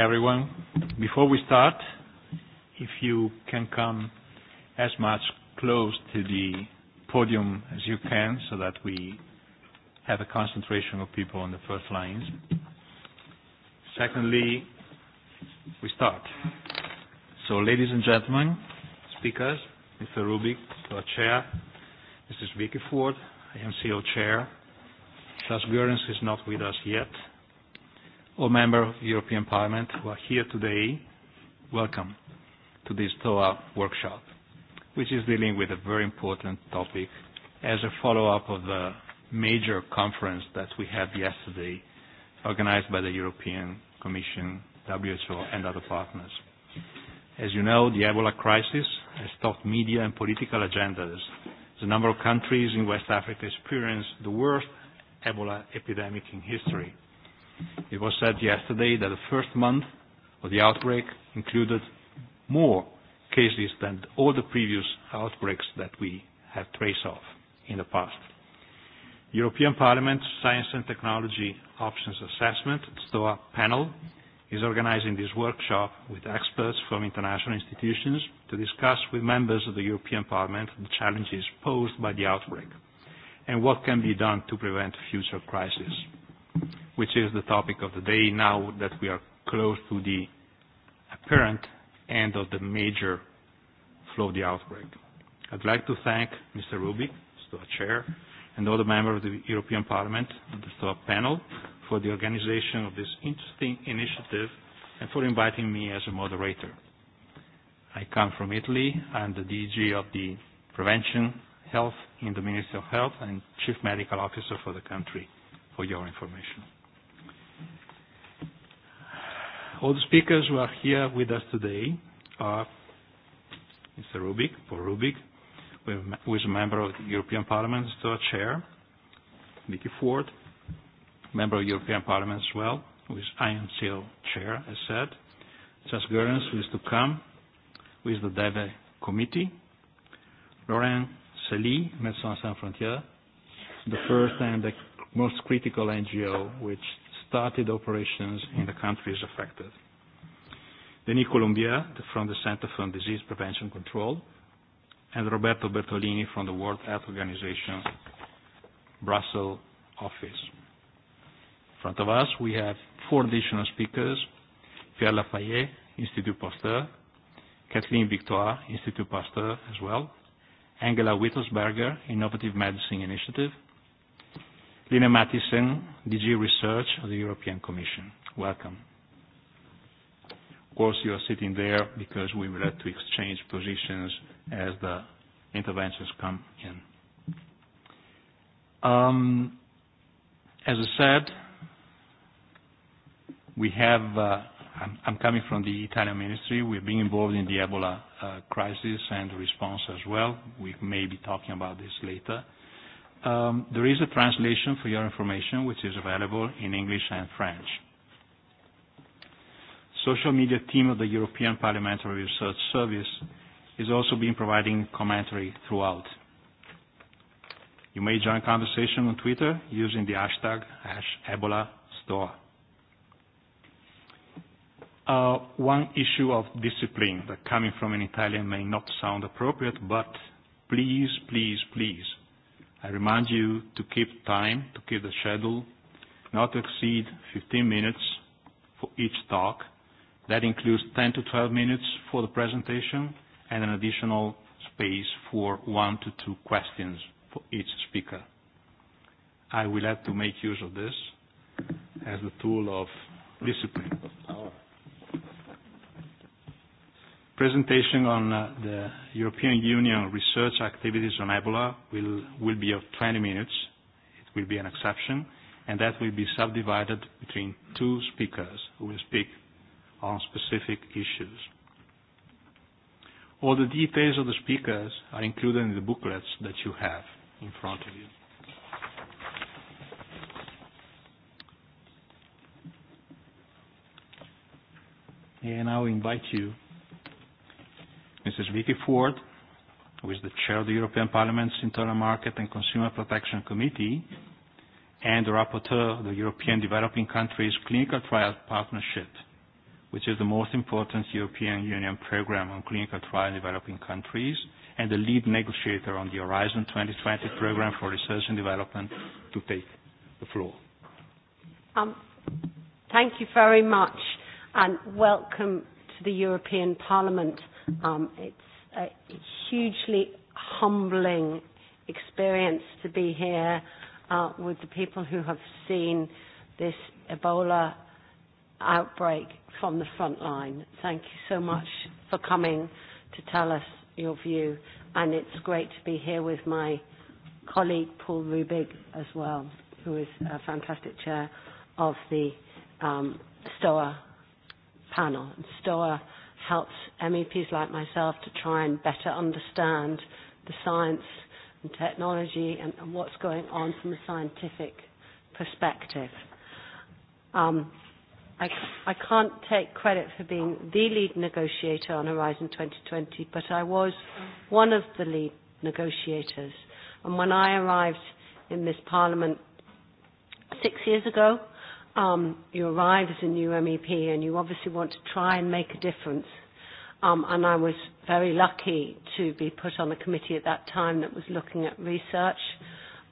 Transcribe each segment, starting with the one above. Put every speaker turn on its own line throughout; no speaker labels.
everyone. Before we start, if you can come as much close to the podium as you can so that we have a concentration of people on the first lines. Secondly, we start. So, ladies and gentlemen, speakers, Mr. Rubik, our chair Mrs. Vicky Ford, I am CEO chair. Charles Goerens is not with us yet all members of the European Parliament who are here today, welcome to this TOA workshop, which is dealing with a very important topic as a follow-up of the major conference that we had yesterday organized by the European Commission, WHO, and other partners. As you know, the Ebola crisis has topped media and political agendas. The number of countries in West Africa experienced the worst Ebola epidemic in history. It was said yesterday that the first month of the outbreak included more cases than all the previous outbreaks that we have trace of in the past. European Parliament Science and Technology Options Assessment, STOA panel, is organizing this workshop with experts from international institutions to discuss with members of the European Parliament the challenges posed by the outbreak and what can be done to prevent future crises which is the topic of the day now that we are close to the apparent end of the major flow of the outbreak. I'd like to thank Mr. Rubik, STOA Chair, and all the members of the European Parliament, the STOA panel, for the organization of this interesting initiative and for inviting me as a moderator. I come from Italy. I'm the DG of the Prevention Health in the Ministry of Health and Chief Medical Officer for the country for your information. All the speakers who are here with us today are Mr. Rubik, Paul Rubik, who is a member of the European Parliament, still chair, Mickey Ford, member of European Parliament as well, who is I chair, as said, Charles Goerens, who is to come, who is the DEVE committee, Laurent Sely, Médecins Sans Frontières, the first and the most critical NGO which started operations in the countries affected. Denis Colombia, from the Center for Disease Prevention Control, and Roberto Bertolini from the World Health Organization Brussels office. In front of us, we have four additional speakers, Pierre Lafayette, Institut Pasteur, Kathleen Victoire, Institut Pasteur as well, Angela Wittelsberger, Innovative Medicine Initiative, Lina Mattison, DG Research of the European Commission. Welcome. Of course, you are sitting there because we would like to exchange positions as the interventions come in. Um, as I said, we have, I'm, I'm coming from the Italian ministry, we've been involved in the Ebola crisis and response as well. We may be talking about this later. Um, there is a translation for your information which is available in English and French. Social media team of the European Parliamentary Research Service is also been providing commentary throughout. You may join conversation on Twitter using the hashtag hash Ebola store. Uh, one issue of discipline that coming from an Italian may not sound appropriate, but please, please, please I remind you to keep time, to keep the schedule, not to exceed 15 minutes for each talk. That includes 10 to 12 minutes for the presentation and an additional space for one to two questions for each speaker. I will have to make use of this as a tool of discipline presentation on the European Union research activities on Ebola will, will be of 20 minutes. It will be an exception, and that will be subdivided between two speakers who will speak on specific issues. All the details of the speakers are included in the booklets that you have in front of you. And I will invite you Mrs. Vicky Ford, who is the chair of the European Parliament's Internal Market and Consumer Protection Committee and the rapporteur of the European Developing Countries Clinical Trial Partnership, which is the most important European Union program on clinical trial in developing countries, and the lead negotiator on the Horizon 2020 program for research and development, to take
the floor.
Um, thank you very much, and welcome to the European Parliament. Um, it's a hugely humbling experience to be here uh, with the people who have seen this Ebola outbreak from the front line. Thank you so much for coming to tell us your view, and it's great to be here with my colleague Paul Rubig as well, who is a fantastic chair of the um, STOA panel. STOA helps MEPs like myself to try and better understand the science and technology and, and what's going on from a scientific perspective. Um, I, I can't take credit for being the lead negotiator on Horizon 2020, but I was one of the lead negotiators. And when I arrived in this parliament six years ago, um, you arrive as a new MEP and you obviously want to try and make a difference. Um, and I was very lucky to be put on a committee at that time that was looking at research.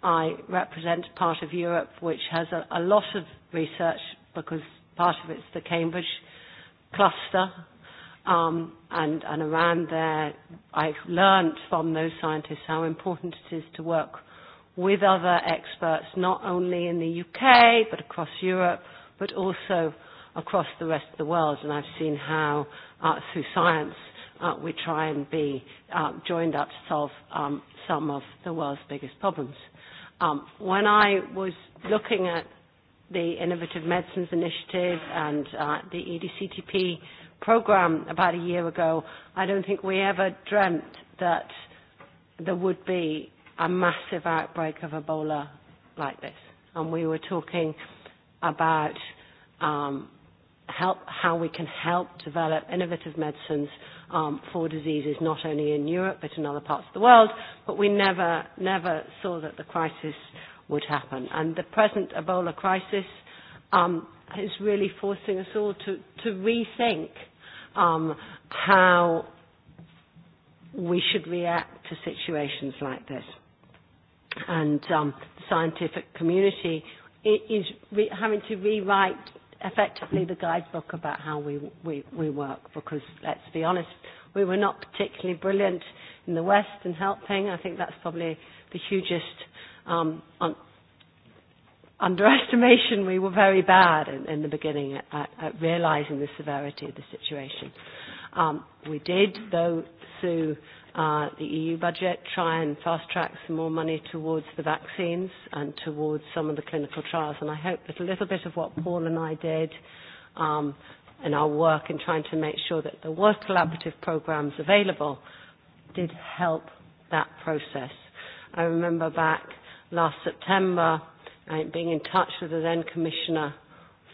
I represent part of Europe which has a, a lot of research because part of it's the Cambridge cluster. Um, and, and around there, I learned from those scientists how important it is to work with other experts, not only in the UK, but across Europe, but also across the rest of the world. And I've seen how, through science, we try and be joined up to solve some of the world's biggest problems. When I was looking at the Innovative Medicines Initiative and the EDCTP program about a year ago, I don't think we ever dreamt that there would be a massive outbreak of Ebola like this. And we were talking about um, help, how we can help develop innovative medicines um, for diseases not only in Europe but in other parts of the world, but we never, never saw that the crisis would happen. And the present Ebola crisis um, is really forcing us all to, to rethink um, how we should react to situations like this and um, the scientific community is re- having to rewrite effectively the guidebook about how we, we, we work because, let's be honest, we were not particularly brilliant in the West in helping. I think that's probably the hugest um, underestimation. We were very bad in, in the beginning at, at, at realizing the severity of the situation. Um, we did, though, through the EU budget, try and fast track some more money towards the vaccines and towards some of the clinical trials. And I hope that a little bit of what Paul and I did um, and our work in trying to make sure that there were collaborative programs available did help that process. I remember back last September being in touch with the then Commissioner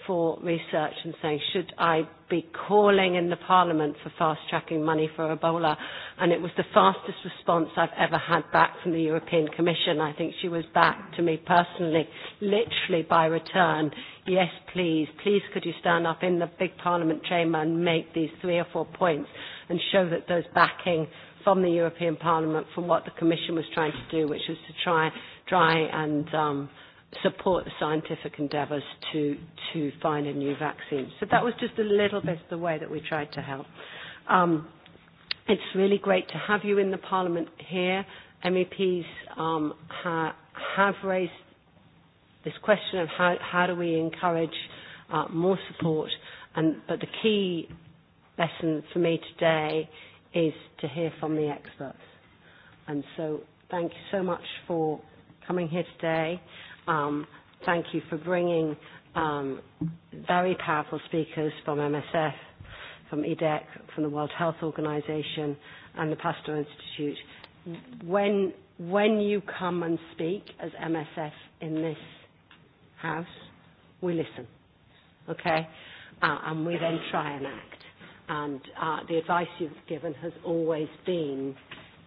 for research and saying, should I be calling in the Parliament for fast-tracking money for Ebola? And it was the fastest response I've ever had back from the European Commission. I think she was back to me personally, literally by return. Yes, please, please could you stand up in the big Parliament chamber and make these three or four points and show that there's backing from the European Parliament from what the Commission was trying to do, which was to try, try and... Um, support the scientific endeavours to, to find a new vaccine. So that was just a little bit of the way that we tried to help. Um, it's really great to have you in the Parliament here. MEPs um, ha, have raised this question of how, how do we encourage uh, more support. And, but the key lesson for me today is to hear from the experts. And so thank you so much for coming here today. Um, thank you for bringing um, very powerful speakers from MSF, from EDEC, from the World Health Organization, and the Pasteur Institute. When, when you come and speak as MSF in this house, we listen, okay? Uh, and we then try and act. And uh, the advice you've given has always been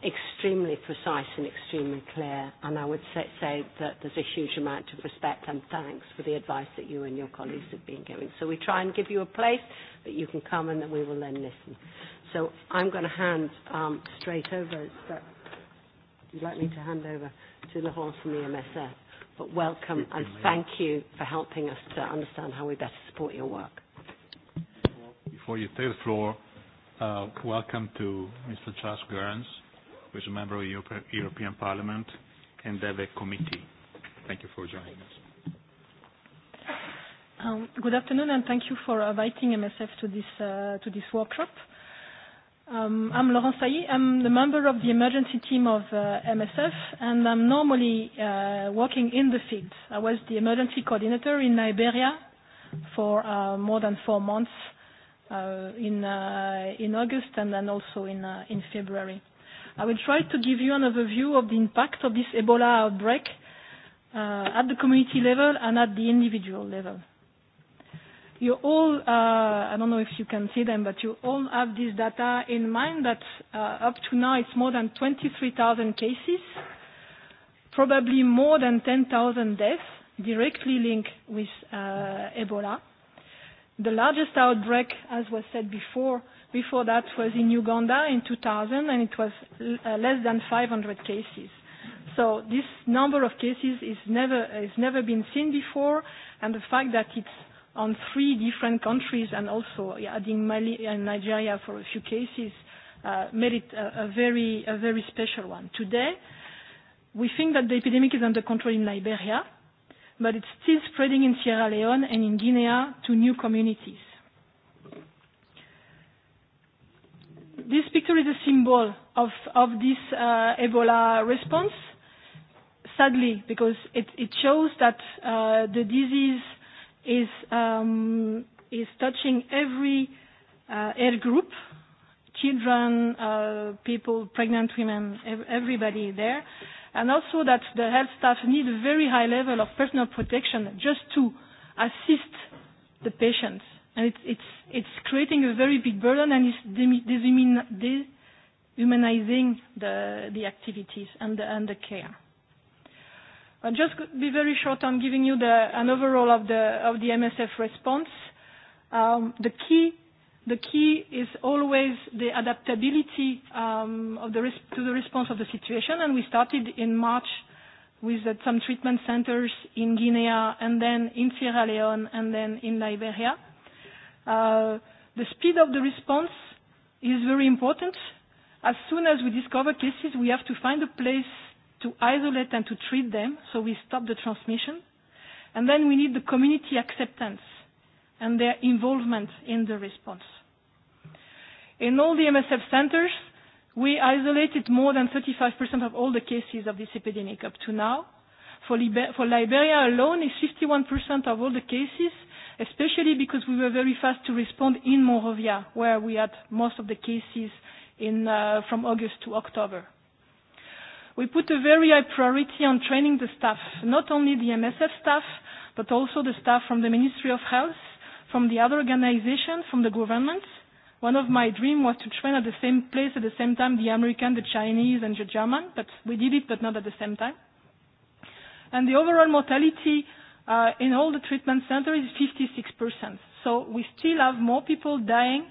extremely precise and extremely clear, and I would say that there's a huge amount of respect and thanks for the advice that you and your colleagues have been giving. So we try and give you a place that you can come and that we will then listen. So I'm going to hand um, straight over. You'd like me to hand over to the from the MSF, but welcome and thank you for helping us to understand how we better support your work.
Before you take the floor, uh, welcome to Mr. Charles Gerns who is a member of the European Parliament and the Committee. Thank you for joining us.
Um, good afternoon and thank you for inviting MSF to this, uh, to this workshop. Um, I'm Laurent Sailly. I'm the member of the emergency team of uh, MSF and I'm normally uh, working in the field. I was the emergency coordinator in Liberia for uh, more than four months uh, in, uh, in August and then also in, uh, in February. I will try to give you an overview of the impact of this Ebola outbreak uh, at the community level and at the individual level. You all, uh, I don't know if you can see them, but you all have this data in mind that uh, up to now it's more than 23,000 cases, probably more than 10,000 deaths directly linked with uh, Ebola. The largest outbreak, as was said before, Before that was in Uganda in 2000, and it was less than 500 cases. So this number of cases is never has never been seen before, and the fact that it's on three different countries and also adding Mali and Nigeria for a few cases made it a very a very special one. Today, we think that the epidemic is under control in Liberia, but it's still spreading in Sierra Leone and in Guinea to new communities. This picture is a symbol of of this Ebola response. Sadly, because it it shows that the disease is um is touching every air group, children, people, pregnant women, everybody there, and also that the health staff need a very high level of personal protection just to assist the patients and it's it's it's creating a very big burden and it's dehumanizing the the activities and the and the care. I'll just be very short on giving you the an overall of the of the MSF response. Um, the key the key is always the adaptability um, of the to the response of the situation, and we started in March with some treatment centers in Guinea and then in Sierra Leone and then in Liberia The speed of the response is very important. As soon as we discover cases, we have to find a place to isolate and to treat them, so we stop the transmission. And then we need the community acceptance and their involvement in the response. In all the MSF centers, we isolated more than 35% of all the cases of this epidemic up to now. For Liberia alone, 51% of all the cases especially because we were very fast to respond in Monrovia, where we had most of the cases in from August to October. We put a very high priority on training the staff, not only the MSF staff, but also the staff from the Ministry of Health, from the other organizations, from the government. One of my dreams was to train at the same place at the same time the American, the Chinese, and the German, but we did it, but not at the same time. And the overall mortality in all the treatment centers is 56%. So we still have more people dying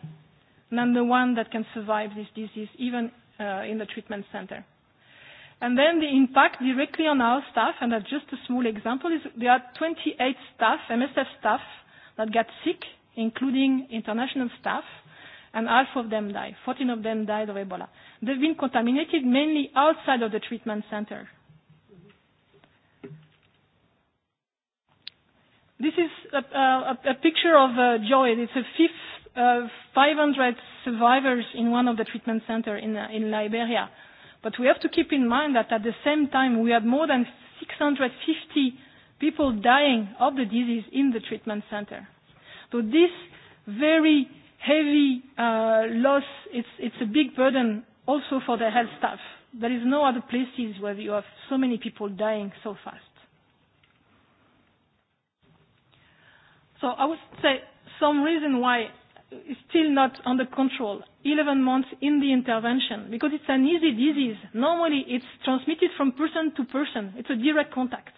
than the one that can survive this disease, even in the treatment center. And then the impact directly on our staff, and that's just a small example, is there are 28 staff, MSF staff, that got sick, including international staff, and half of them died. 14 of them died of Ebola. They've been contaminated mainly outside of the treatment center. This is a, a, picture of uh, Joy. It's a fifth 500 survivors in one of the treatment centers in, in Liberia. But we have to keep in mind that at the same time we have more than 650 people dying of the disease in the treatment center. So this very heavy loss, it's, it's a big burden also for the health staff. There is no other places where you have so many people dying so fast. So I would say some reason why it's still not under control, 11 months in the intervention, because it's an easy disease. Normally it's transmitted from person to person. It's a direct contact.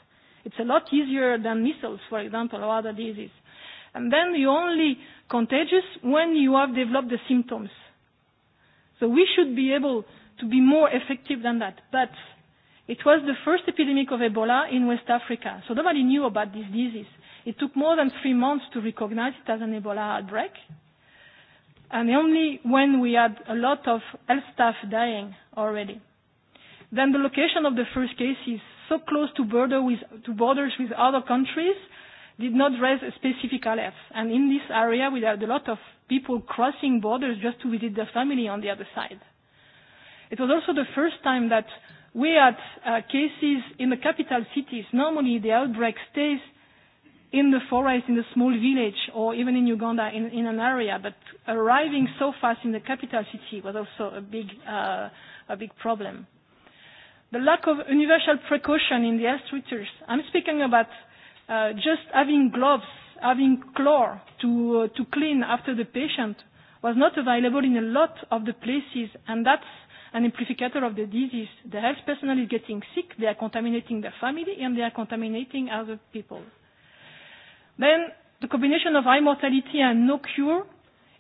It's a lot easier than measles, for example, or other diseases. And then you're only contagious when you have developed the symptoms. So we should be able to be more effective than that. But it was the first epidemic of Ebola in West Africa. So nobody knew about this disease. It took more than three months to recognize it as an Ebola outbreak. And only when we had a lot of health staff dying already. Then the location of the first case so close to, border with, to borders with other countries did not raise a specific alert. And in this area, we had a lot of people crossing borders just to visit their family on the other side. It was also the first time that we had cases in the capital cities. Normally, the outbreak stays in the forest, in a small village, or even in Uganda, in, in an area. But arriving so fast in the capital city was also a big, a big problem. The lack of universal precaution in the health structures. I'm speaking about just having gloves, having chlor to, to clean after the patient was not available in a lot of the places, and that's an amplificator of the disease. The health personnel is getting sick, they are contaminating their family, and they are contaminating other people. Then the combination of high mortality and no cure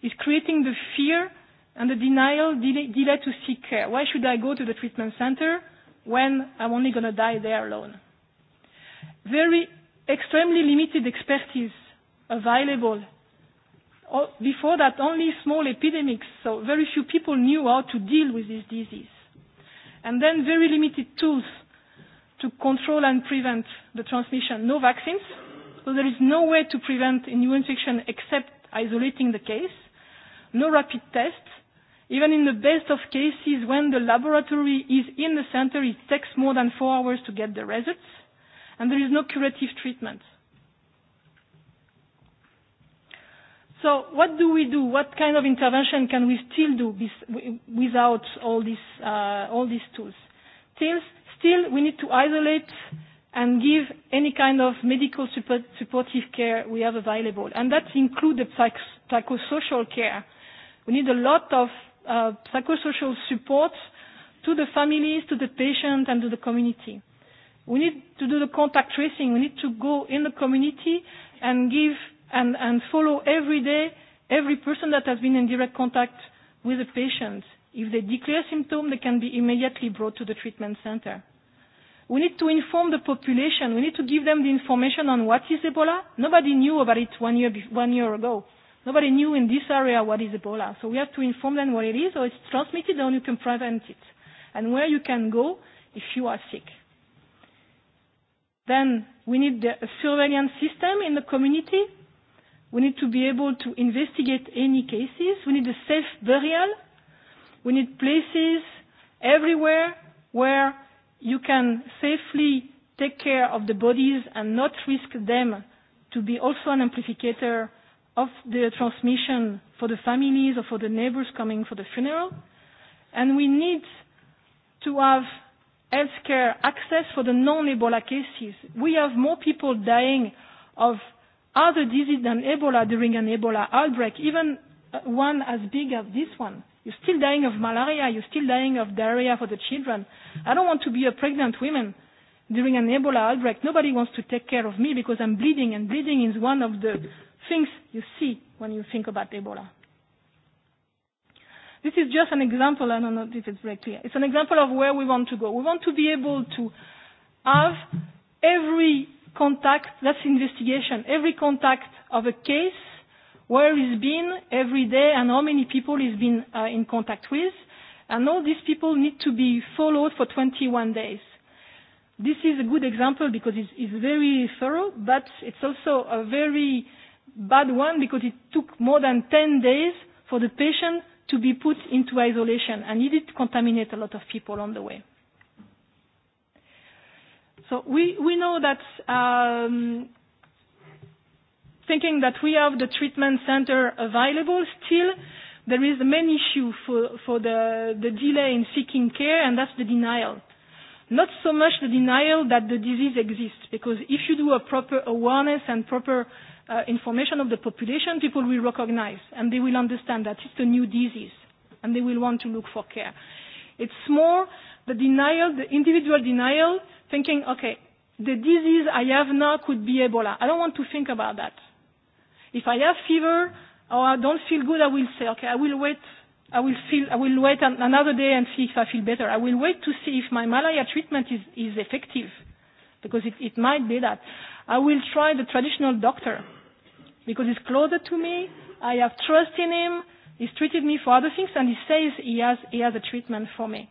is creating the fear and the denial, delay to seek care. Why should I go to the treatment center when I'm only going to die there alone? Very extremely limited expertise available. Before that, only small epidemics, so very few people knew how to deal with this disease. And then very limited tools to control and prevent the transmission. No vaccines, So there is no way to prevent a new infection except isolating the case, no rapid test. Even in the best of cases, when the laboratory is in the center, it takes more than four hours to get the results, and there is no curative treatment. So what do we do? What kind of intervention can we still do without all these, uh, all these tools? Still, still, we need to isolate and give any kind of medical supportive care we have available. And that includes the psychosocial care. We need a lot of psychosocial support to the families, to the patient, and to the community. We need to do the contact tracing. We need to go in the community and give and, and follow every day every person that has been in direct contact with the patient. If they declare symptoms, they can be immediately brought to the treatment center. We need to inform the population. We need to give them the information on what is Ebola. Nobody knew about it one year, ago. Nobody knew in this area what is Ebola. So we have to inform them what it is, or it's transmitted, and you can prevent it, and where you can go if you are sick. Then we need a surveillance system in the community. We need to be able to investigate any cases. We need a safe burial. We need places everywhere where you can safely take care of the bodies and not risk them to be also an amplificator of the transmission for the families or for the neighbors coming for the funeral. And we need to have healthcare access for the non-Ebola cases. We have more people dying of other diseases than Ebola during an Ebola outbreak, even one as big as this one. You're still dying of malaria. You're still dying of diarrhea for the children. I don't want to be a pregnant woman during an Ebola outbreak. Nobody wants to take care of me because I'm bleeding, and bleeding is one of the things you see when you think about Ebola. This is just an example. I don't know if it's very clear. It's an example of where we want to go. We want to be able to have every contact, that's investigation, every contact of a case where he's been every day and how many people he's been in contact with. And all these people need to be followed for 21 days. This is a good example because it's, it's very thorough, but it's also a very bad one because it took more than 10 days for the patient to be put into isolation and it did contaminate a lot of people on the way. So we, we know that um, thinking that we have the treatment center available still, there is the main issue for, for the, the delay in seeking care, and that's the denial. Not so much the denial that the disease exists, because if you do a proper awareness and proper information of the population, people will recognize and they will understand that it's a new disease and they will want to look for care. It's more the denial, the individual denial, thinking, okay, the disease I have now could be Ebola. I don't want to think about that. If I have fever or I don't feel good, I will say, okay, I will wait. I will feel. I will wait another day and see if I feel better. I will wait to see if my malaria treatment is is effective, because it it might be that. I will try the traditional doctor, because he's closer to me. I have trust in him. He's treated me for other things, and he says he has he has a treatment for me.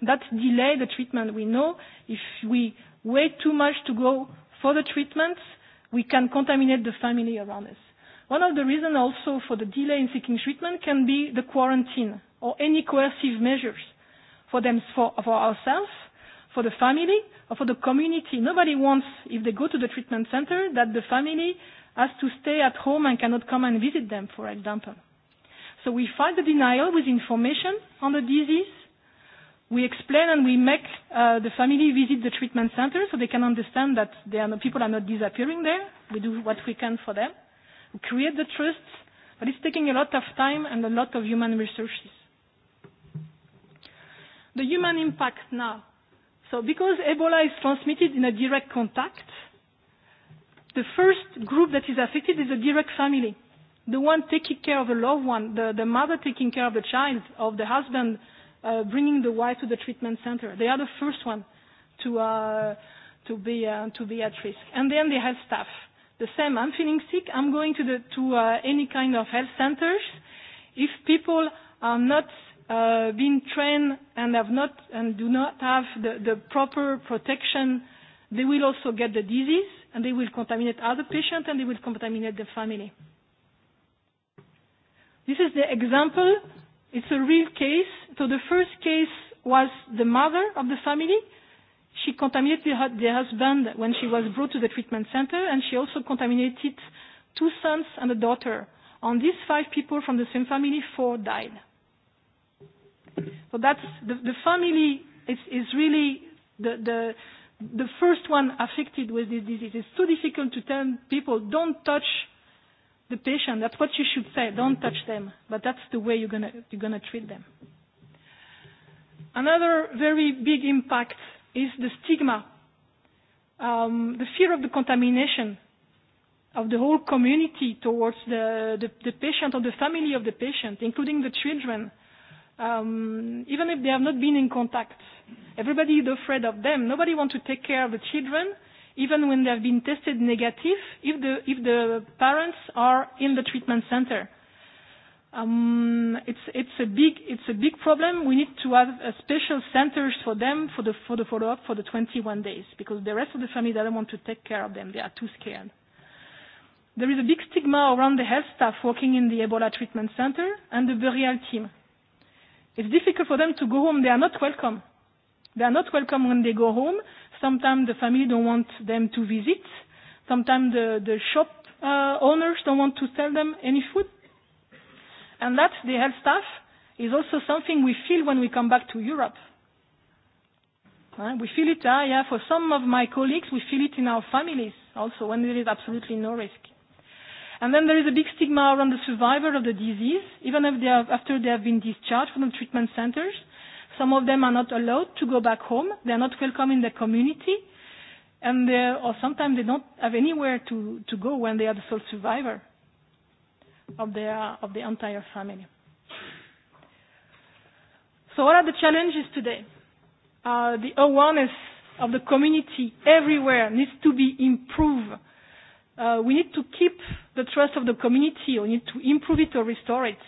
That delay the treatment. We know if we wait too much to go for the treatment, we can contaminate the family around us. One of the reasons also for the delay in seeking treatment can be the quarantine or any coercive measures for them, for, for ourselves, for the family, or for the community. Nobody wants, if they go to the treatment center, that the family has to stay at home and cannot come and visit them, for example. So we fight the denial with information on the disease, We explain and we make the family visit the treatment center so they can understand that they are people are not disappearing there. We do what we can for them. We create the trust, but it's taking a lot of time and a lot of human resources. The human impact now. So because Ebola is transmitted in a direct contact, the first group that is affected is the direct family. The one taking care of the loved one, the, the mother taking care of the child, of the husband, bringing the wife to the treatment center. They are the first one to to be to be at risk. And then they have staff. The same. I'm feeling sick. I'm going to the to any kind of health centers. If people are not being trained and have not and do not have the the proper protection, they will also get the disease and they will contaminate other patients and they will contaminate the family. This is the example It's a real case. So the first case was the mother of the family. She contaminated the husband when she was brought to the treatment center, and she also contaminated two sons and a daughter. On these five people from the same family, four died. So that's the, the family is, is really the, the, the first one affected with this disease. It's too difficult to tell people don't touch the patient. That's what you should say. Don't touch them. But that's the way you're going you're gonna treat them. Another very big impact is the stigma, um, the fear of the contamination of the whole community towards the, the, the patient or the family of the patient, including the children, um, even if they have not been in contact. Everybody is afraid of them. Nobody wants to take care of the children even when they have been tested negative, if the if the parents are in the treatment center. Um, it's it's a big it's a big problem. We need to have a special centers for them for the for the follow up for the 21 days because the rest of the family doesn't want to take care of them. They are too scared. There is a big stigma around the health staff working in the Ebola treatment center and the burial team. It's difficult for them to go home. They are not welcome. They are not welcome when they go home. Sometimes the family don't want them to visit. Sometimes the, the shop uh, owners don't want to sell them any food. And that, the health staff, is also something we feel when we come back to Europe. We feel it, uh, yeah, for some of my colleagues, we feel it in our families also when there is absolutely no risk. And then there is a big stigma around the survivor of the disease, even if they have, after they have been discharged from the treatment centers. Some of them are not allowed to go back home. They are not welcome in the community. And or sometimes they don't have anywhere to, to go when they are the sole survivor of their, of the entire family. So what are the challenges today? Uh, the awareness of the community everywhere needs to be improved. Uh, we need to keep the trust of the community. We need to improve it or restore it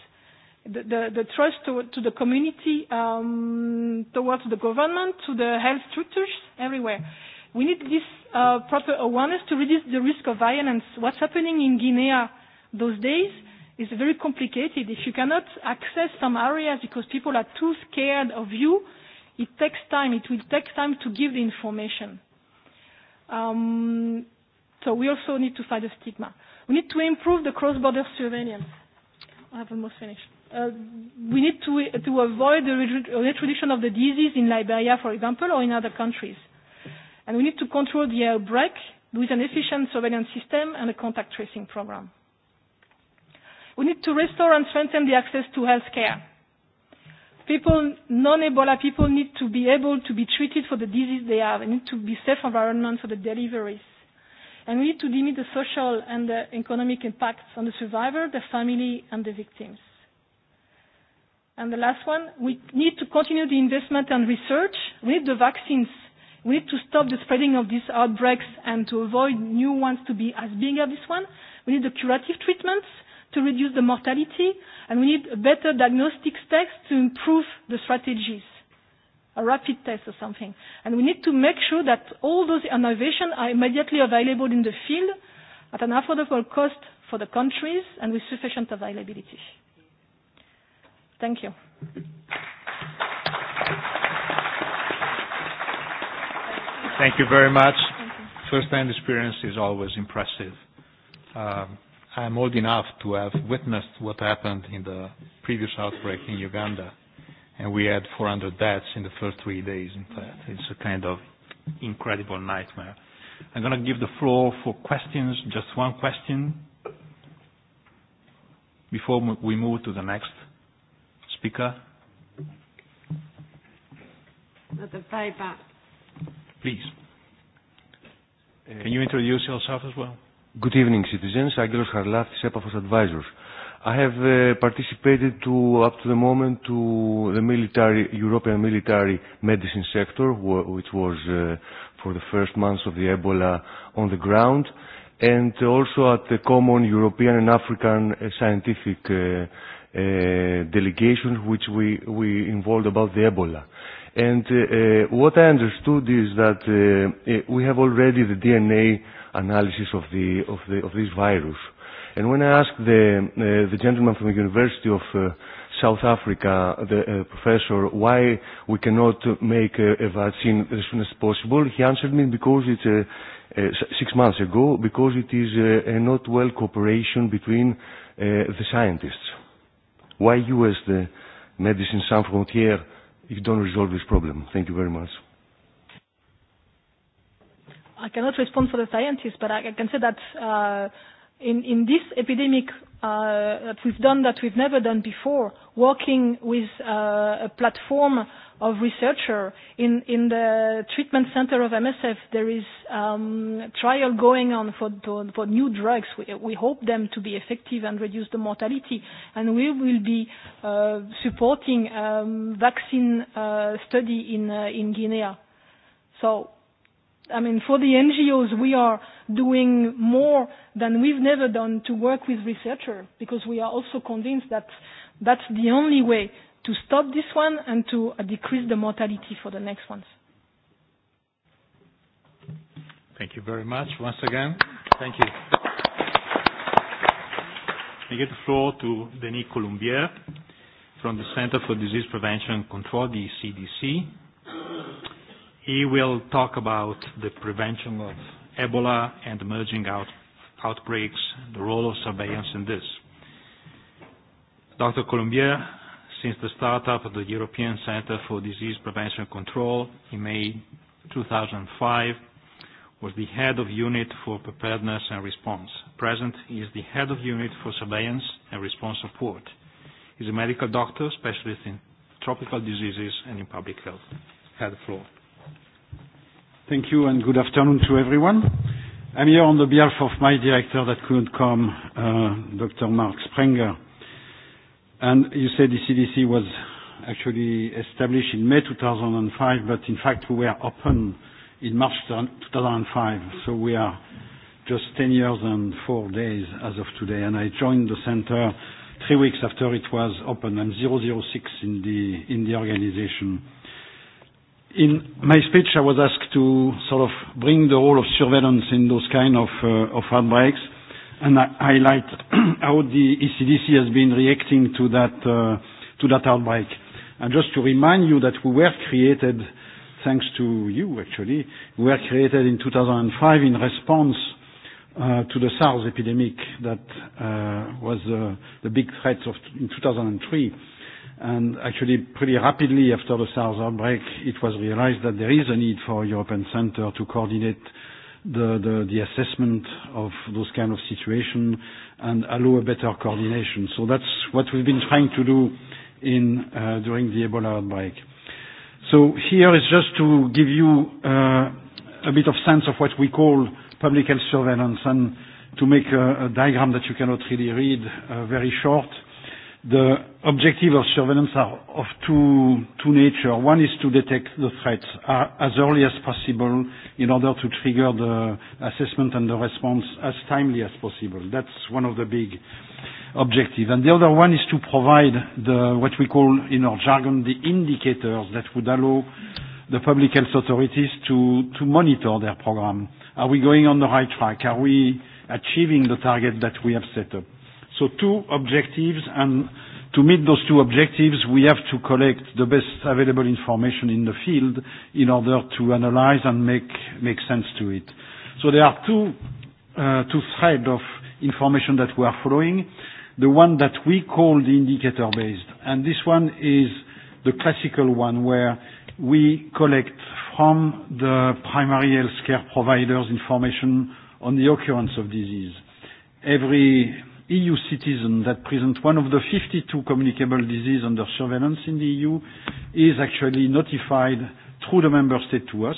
the, the trust to, to the community, um, towards the government, to the health structures, everywhere. We need this uh, proper awareness to reduce the risk of violence. What's happening in Guinea those days is very complicated. If you cannot access some areas because people are too scared of you, it takes time. It will take time to give the information. Um, so we also need to fight the stigma. We need to improve the cross-border surveillance. I have almost finished we need to, to avoid the retribution of the disease in Liberia, for example, or in other countries. And we need to control the outbreak with an efficient surveillance system and a contact tracing program. We need to restore and strengthen the access to health care. People, non-Ebola people need to be able to be treated for the disease they have. They need to be safe environment for the deliveries. And we need to limit the social and economic impacts on the survivor, the family, and the victims. And the last one, we need to continue the investment and research. We need the vaccines. We need to stop the spreading of these outbreaks and to avoid new ones to be as big as this one. We need the curative treatments to reduce the mortality, and we need a better diagnostic tests to improve the strategies, a rapid test or something. And we need to make sure that all those innovations are immediately available in the field at an affordable cost for the countries and with sufficient availability. Thank you.
Thank you very much. First-hand experience is always impressive. Um, I'm old enough to have witnessed what happened in the previous outbreak in Uganda, and we had 400 deaths in the first three days. In fact, it's a kind of incredible nightmare. I'm going to give the floor for questions, just one question, before we move to the next speaker?
Mr. Piper.
Please. Can you introduce yourself as well?
Good evening, citizens. Angelos Harlafis, Epaphos Advisors. I have participated to, up to the moment to the military, European military medicine sector, which was for the first months of the Ebola on the ground, and also at the common European and African scientific delegations which we we involved about the Ebola. And what I understood is that we have already the DNA analysis of the of the of this virus. And when I asked the the gentleman from the University of South Africa, the professor, why we cannot make a vaccine as soon as possible, he answered me because it's six months ago, because it is not well cooperation between the scientists. Why you as the Medicine Sans Frontières you don't resolve this problem? Thank you very much.
I cannot respond for the scientists, but I can say that in in this epidemic that we've done that we've never done before, working with a platform of researcher in in the treatment center of MSF. There is um trial going on for for new drugs. We we hope them to be effective and reduce the mortality. And we will be supporting um vaccine study in in Guinea. So I mean, for the NGOs, we are doing more than we've never done to work with researchers because we are also convinced that that's the only way to stop this one and to decrease the mortality for the next ones.
Thank you very much once again. Thank you. I give the floor to Denis Colombier from the Center for Disease Prevention and Control, the CDC He will talk about the prevention of Ebola and emerging out outbreaks, the role of surveillance in this. Dr. Colombier, since the start-up of the European Center for Disease Prevention and Control in May 2005, was the head of unit for preparedness and response. Present, he is the head of unit for surveillance and response support. He is a medical doctor, specialist in tropical diseases and in public health. Head floor.
Thank you and good afternoon to everyone. I'm here on the behalf of my director that couldn't come, uh, Dr. Mark Sprenger. And you said the CDC was actually established in May 2005, but in fact we were open in March 2005, so we are just 10 years and four days as of today. And I joined the center three weeks after it was open. I'm 006 in the in the organization. In my speech, I was asked to sort of bring the role of surveillance in those kind of, of outbreaks and I highlight how the ECDC has been reacting to that, to that outbreak. And just to remind you that we were created, thanks to you actually, we were created in 2005 in response to the SARS epidemic that was the big threat of in 2003 And actually, pretty rapidly after the SARS outbreak, it was realized that there is a need for a European center to coordinate the, assessment of those kind of situations and allow a better coordination. So that's what we've been trying to do during the Ebola outbreak. So here is just to give you a bit of sense of what we call public health surveillance and to make a, diagram that you cannot really read very short. The objective of surveillance are of two, two nature. One is to detect the threats as early as possible in order to trigger the assessment and the response as timely as possible. That's one of the big objectives. And the other one is to provide the, what we call in our jargon the indicators that would allow the public health authorities to, to monitor their program. Are we going on the right track? Are we achieving the target that we have set up? So two objectives, and to meet those two objectives, we have to collect the best available information in the field in order to analyze and make make sense to it. So there are two two threads of information that we are following. The one that we call the indicator-based, and this one is the classical one where we collect from the primary health care providers information on the occurrence of disease. Every EU citizen that present one of the 52 communicable diseases under surveillance in the EU is actually notified through the member state to us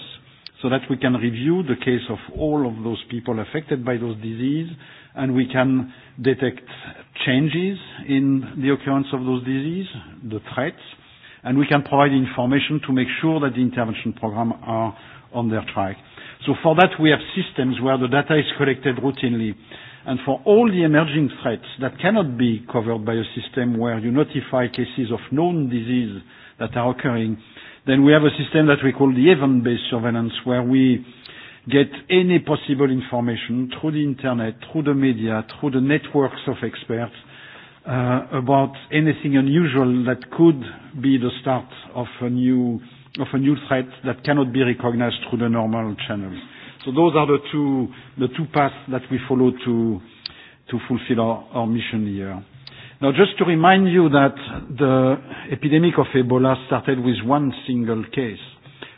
so that we can review the case of all of those people affected by those diseases and we can detect changes in the occurrence of those diseases, the threats, and we can provide information to make sure that the intervention programs are on their track. So for that we have systems where the data is collected routinely and for all the emerging threats that cannot be covered by a system where you notify cases of known disease that are occurring, then we have a system that we call the event-based surveillance, where we get any possible information through the internet, through the media, through the networks of experts about anything unusual that could be the start of a new threat that cannot be recognized through the normal channels. So those are the two the two paths that we follow to to fulfill our, mission here. Now, just to remind you that the epidemic of Ebola started with one single case.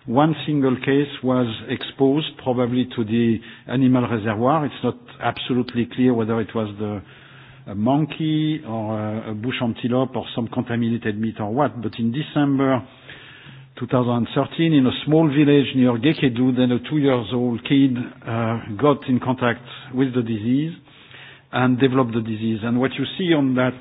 One single case was exposed probably to the animal reservoir. It's not absolutely clear whether it was the a monkey or a bush antelope or some contaminated meat or what. But in December 2013 in a small village near Gekedu, then a two years old kid got in contact with the disease and developed the disease. And what you see on that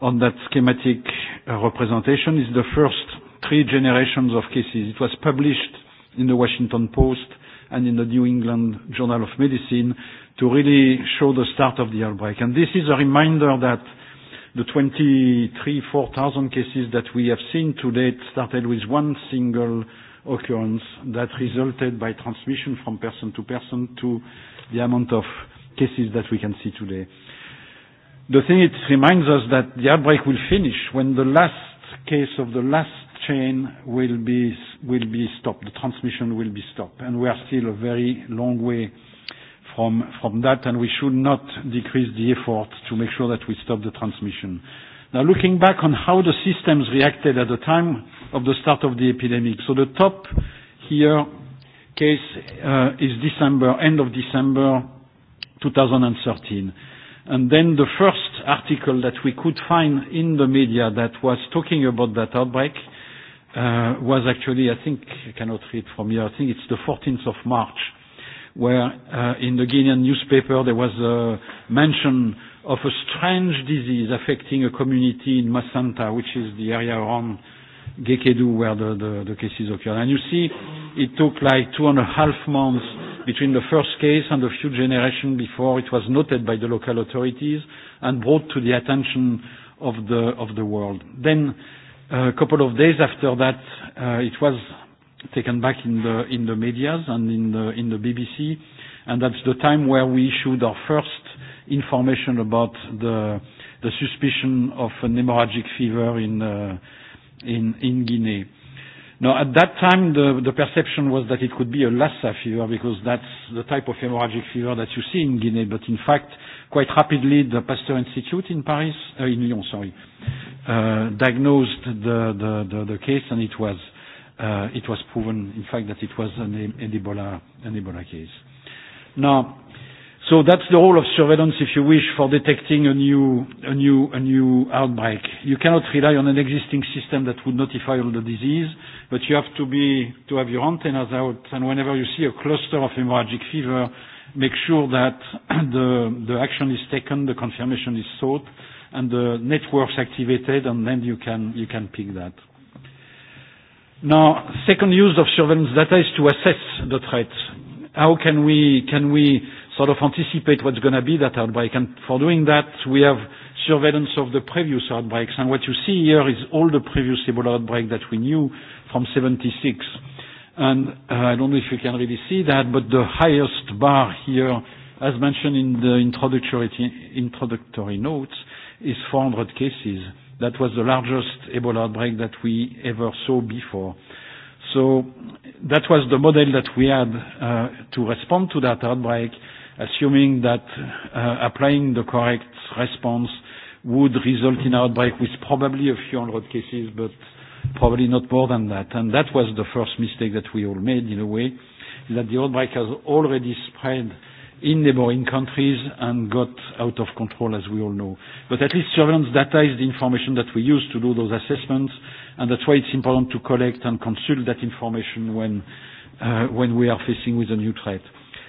on that schematic representation is the first three generations of cases. It was published in the Washington Post and in the New England Journal of Medicine to really show the start of the outbreak. And this is a reminder that The four thousand cases that we have seen to date started with one single occurrence that resulted by transmission from person to person to the amount of cases that we can see today. The thing it reminds us that the outbreak will finish when the last case of the last chain will be will be stopped. The transmission will be stopped, and we are still a very long way from that, and we should not decrease the effort to make sure that we stop the transmission. Now, looking back on how the systems reacted at the time of the start of the epidemic, so the top here case is December, end of December 2013. And then the first article that we could find in the media that was talking about that outbreak was actually, I think, I cannot read from here, I think it's the 14th of March where in the Guinean newspaper there was a mention of a strange disease affecting a community in Masanta, which is the area around Gekedu where the, the, the cases occurred. And you see, it took like two and a half months between the first case and a few generations before it was noted by the local authorities and brought to the attention of the, of the world. Then, a couple of days after that, it was taken back in the in the medias and in the in the BBC, and that's the time where we issued our first information about the the suspicion of an hemorrhagic fever in in in Guinea. Now, at that time, the, the perception was that it could be a Lassa fever because that's the type of hemorrhagic fever that you see in Guinea. But in fact, quite rapidly, the Pasteur Institute in Paris, in Lyon, sorry, diagnosed the, the, the case and it was it was proven, in fact, that it was an Ebola, an case. Now, so that's the role of surveillance, if you wish, for detecting a new, a new, a new outbreak. You cannot rely on an existing system that would notify all the disease, but you have to be, to have your antennas out, and whenever you see a cluster of hemorrhagic fever, make sure that the, the action is taken, the confirmation is sought, and the networks activated, and then you can, you can pick that. Now, second use of surveillance data is to assess the threat. How can we can we sort of anticipate what's going to be that outbreak? And for doing that, we have surveillance of the previous outbreaks. And what you see here is all the previous Ebola outbreak that we knew from 76. And I don't know if you can really see that, but the highest bar here, as mentioned in the introductory introductory notes, is 400 cases. That was the largest Ebola outbreak that we ever saw before. So that was the model that we had to respond to that outbreak, assuming that applying the correct response would result in outbreak with probably a few hundred cases, but probably not more than that. And that was the first mistake that we all made, in a way, that the outbreak has already spread in neighboring countries and got out of control, as we all know. But at least surveillance data is the information that we use to do those assessments, and that's why it's important to collect and consult that information when when we are facing with a new threat.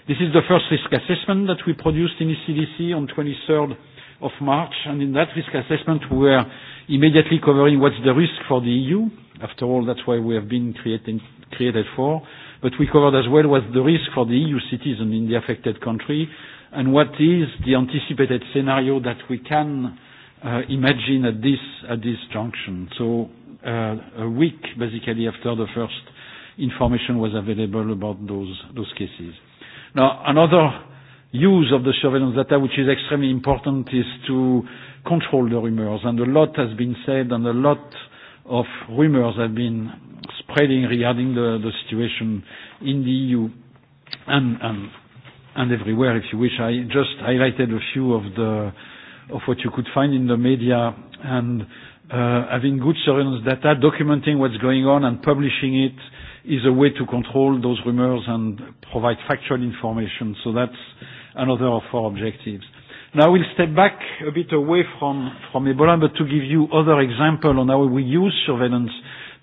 This is the first risk assessment that we produced in ECDC on 23rd of March, and in that risk assessment we were immediately covering what's the risk for the EU. After all, that's why we have been created for But we covered as well was the risk for the EU citizen in the affected country and what is the anticipated scenario that we can imagine at this at this junction. So a week basically after the first information was available about those those cases. Now another use of the surveillance data which is extremely important is to control the rumors and a lot has been said and a lot of rumors have been spreading regarding the, the situation in the EU and, and, and everywhere, if you wish. I just highlighted a few of the of what you could find in the media and having good surveillance data, documenting what's going on and publishing it is a way to control those rumors and provide factual information. So that's another of our objectives. Now we'll step back a bit away from, from Ebola, but to give you other examples on how we use surveillance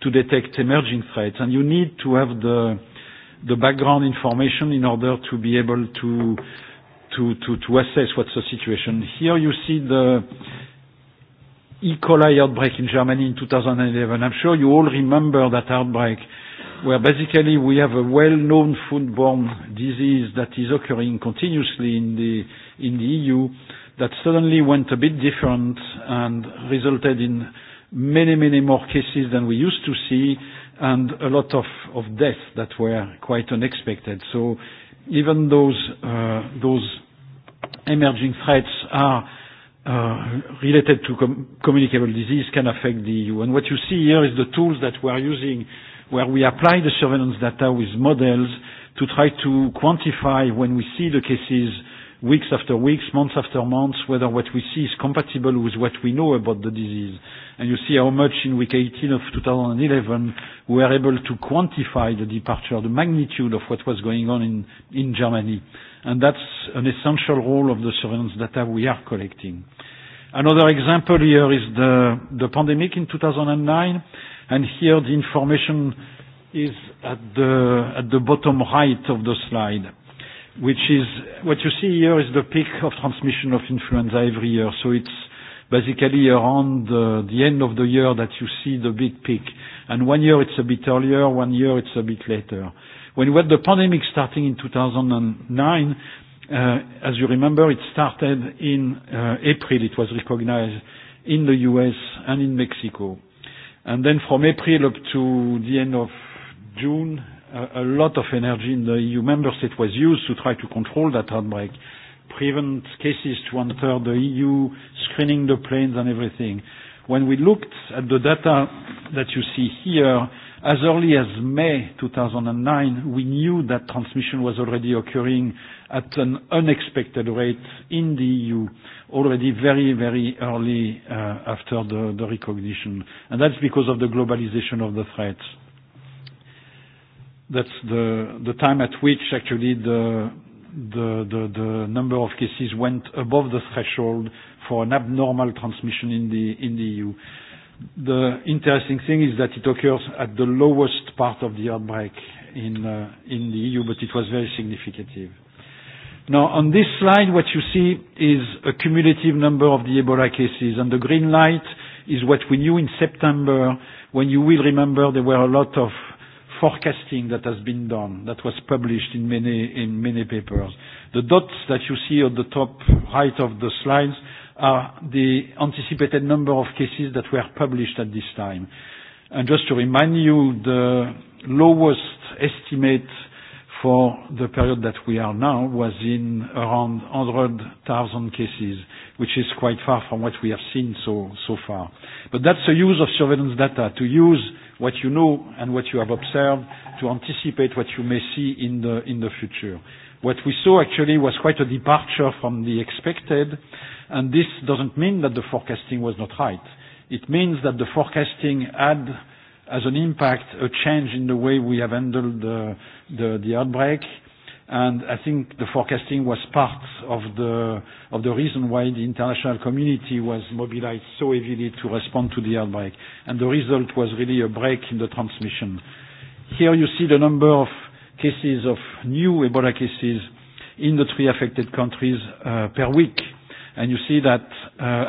to detect emerging threats. And you need to have the, the background information in order to be able to, to, to assess what's the situation. Here you see the E-coli outbreak in Germany in 2011. I'm sure you all remember that outbreak where basically we have a well-known foodborne disease that is occurring continuously in the, in the EU that suddenly went a bit different and resulted in many, many more cases than we used to see and a lot of, of deaths that were quite unexpected. So even those, those emerging threats are uh related to communicable disease can affect the EU. And what you see here is the tools that we are using where we apply the surveillance data with models to try to quantify when we see the cases weeks after weeks, months after months, whether what we see is compatible with what we know about the disease. And you see how much in week 18 of 2011 we were able to quantify the departure, the magnitude of what was going on in, in Germany and that's an essential role of the surveillance data we are collecting. Another example here is the, the pandemic in 2009, and here the information is at the, at the bottom right of the slide, which is, what you see here is the peak of transmission of influenza every year, so it's basically around the, the end of the year that you see the big peak. And one year it's a bit earlier, one year it's a bit later. When we had the pandemic starting in 2009, as you remember, it started in April. It was recognized in the U.S. and in Mexico. And then from April up to the end of June, a lot of energy in the EU member state was used to try to control that outbreak, prevent cases to enter the EU, screening the planes and everything. When we looked at the data that you see here, As early as May 2009, we knew that transmission was already occurring at an unexpected rate in the EU, already very, very early after the recognition. And that's because of the globalization of the threats. That's the time at which actually the the number of cases went above the threshold for an abnormal transmission in the in the EU. The interesting thing is that it occurs at the lowest part of the outbreak in in the EU, but it was very significant. Now, on this slide, what you see is a cumulative number of the Ebola cases, and the green light is what we knew in September, when you will remember there were a lot of forecasting that has been done, that was published in many in many papers. The dots that you see at the top right of the slides are the anticipated number of cases that were published at this time. And just to remind you, the lowest estimate for the period that we are now was in around 100,000 cases, which is quite far from what we have seen so, so far. But that's the use of surveillance data, to use what you know and what you have observed to anticipate what you may see in the, in the future. What we saw actually was quite a departure from the expected And this doesn't mean that the forecasting was not right. It means that the forecasting had, as an impact, a change in the way we have handled the, the, outbreak. And I think the forecasting was part of the, of the reason why the international community was mobilized so heavily to respond to the outbreak. And the result was really a break in the transmission. Here you see the number of cases of new Ebola cases in the three affected countries per week. And you see that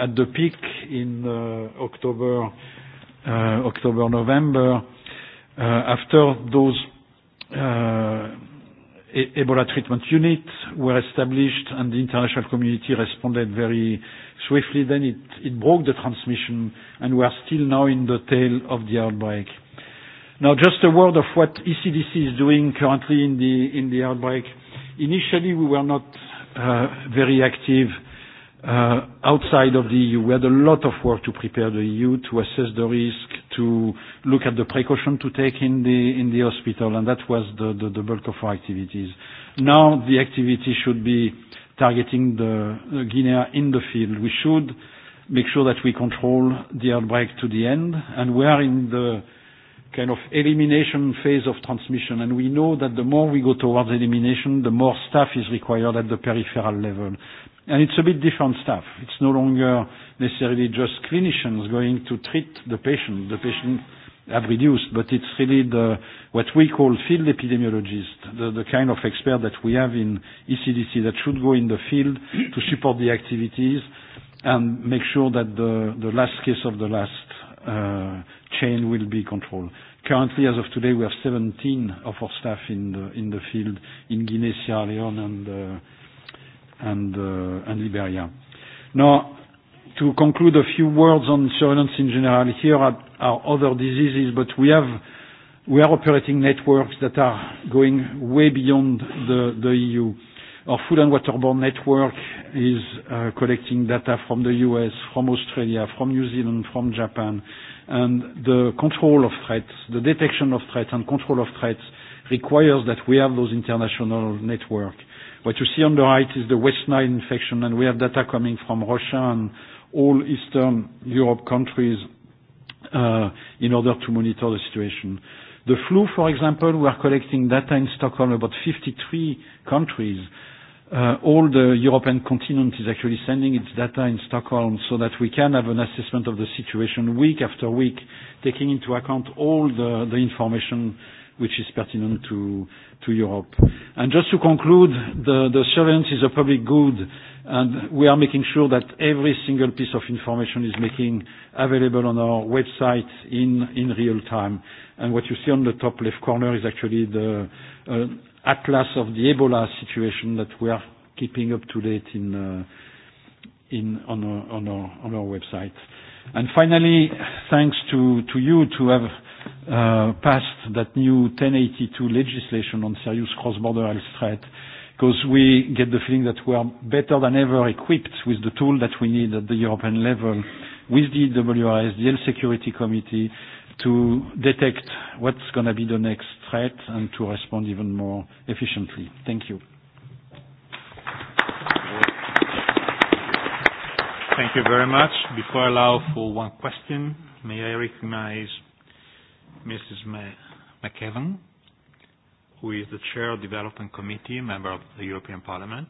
at the peak in October, October, November, after those Ebola treatment units were established and the international community responded very swiftly, then it, it broke the transmission and we are still now in the tail of the outbreak. Now just a word of what ECDC is doing currently in the, in the outbreak. Initially we were not very active outside of the EU. We had a lot of work to prepare the EU, to assess the risk, to look at the precaution to take in the in the hospital, and that was the the bulk of our activities. Now the activity should be targeting the Guinea in the field. We should make sure that we control the outbreak to the end, and we are in the kind of elimination phase of transmission, and we know that the more we go towards elimination, the more staff is required at the peripheral level. And it's a bit different stuff. It's no longer necessarily just clinicians going to treat the patient. The patient have reduced, but it's really the, what we call field epidemiologists, the, the kind of expert that we have in ECDC that should go in the field to support the activities and make sure that the, the last case of the last chain will be controlled. Currently, as of today, we have 17 of our staff in the, in the field in Guinea, Sierra Leone, and and Liberia. Now, to conclude, a few words on surveillance in general. Here are other diseases, but we have we are operating networks that are going way beyond the the EU. Our food and waterborne network is collecting data from the US, from Australia, from New Zealand, from Japan, and the control of threats, the detection of threats and control of threats requires that we have those international networks. What you see on the right is the West Nile infection, and we have data coming from Russia and all Eastern Europe countries in order to monitor the situation. The flu, for example, we are collecting data in Stockholm, about 53 countries. All the European continent is actually sending its data in Stockholm so that we can have an assessment of the situation week after week, taking into account all the information which is pertinent to to Europe. And just to conclude, the the surveillance is a public good, and we are making sure that every single piece of information is making available on our website in in real time. And what you see on the top left corner is actually the atlas of the Ebola situation that we are keeping up to date in in on our on our on our website. And finally, thanks to to you to have passed that new 1082 legislation on serious cross-border health threat because we get the feeling that we are better than ever equipped with the tool that we need at the European level with the WRS, the Health Security Committee to detect what's going to be the next threat and to respond even more
efficiently. Thank you. Thank you very much. Before I allow for one question, may I recognize Mrs. McEvan, who is the Chair of Development Committee, member of the European Parliament.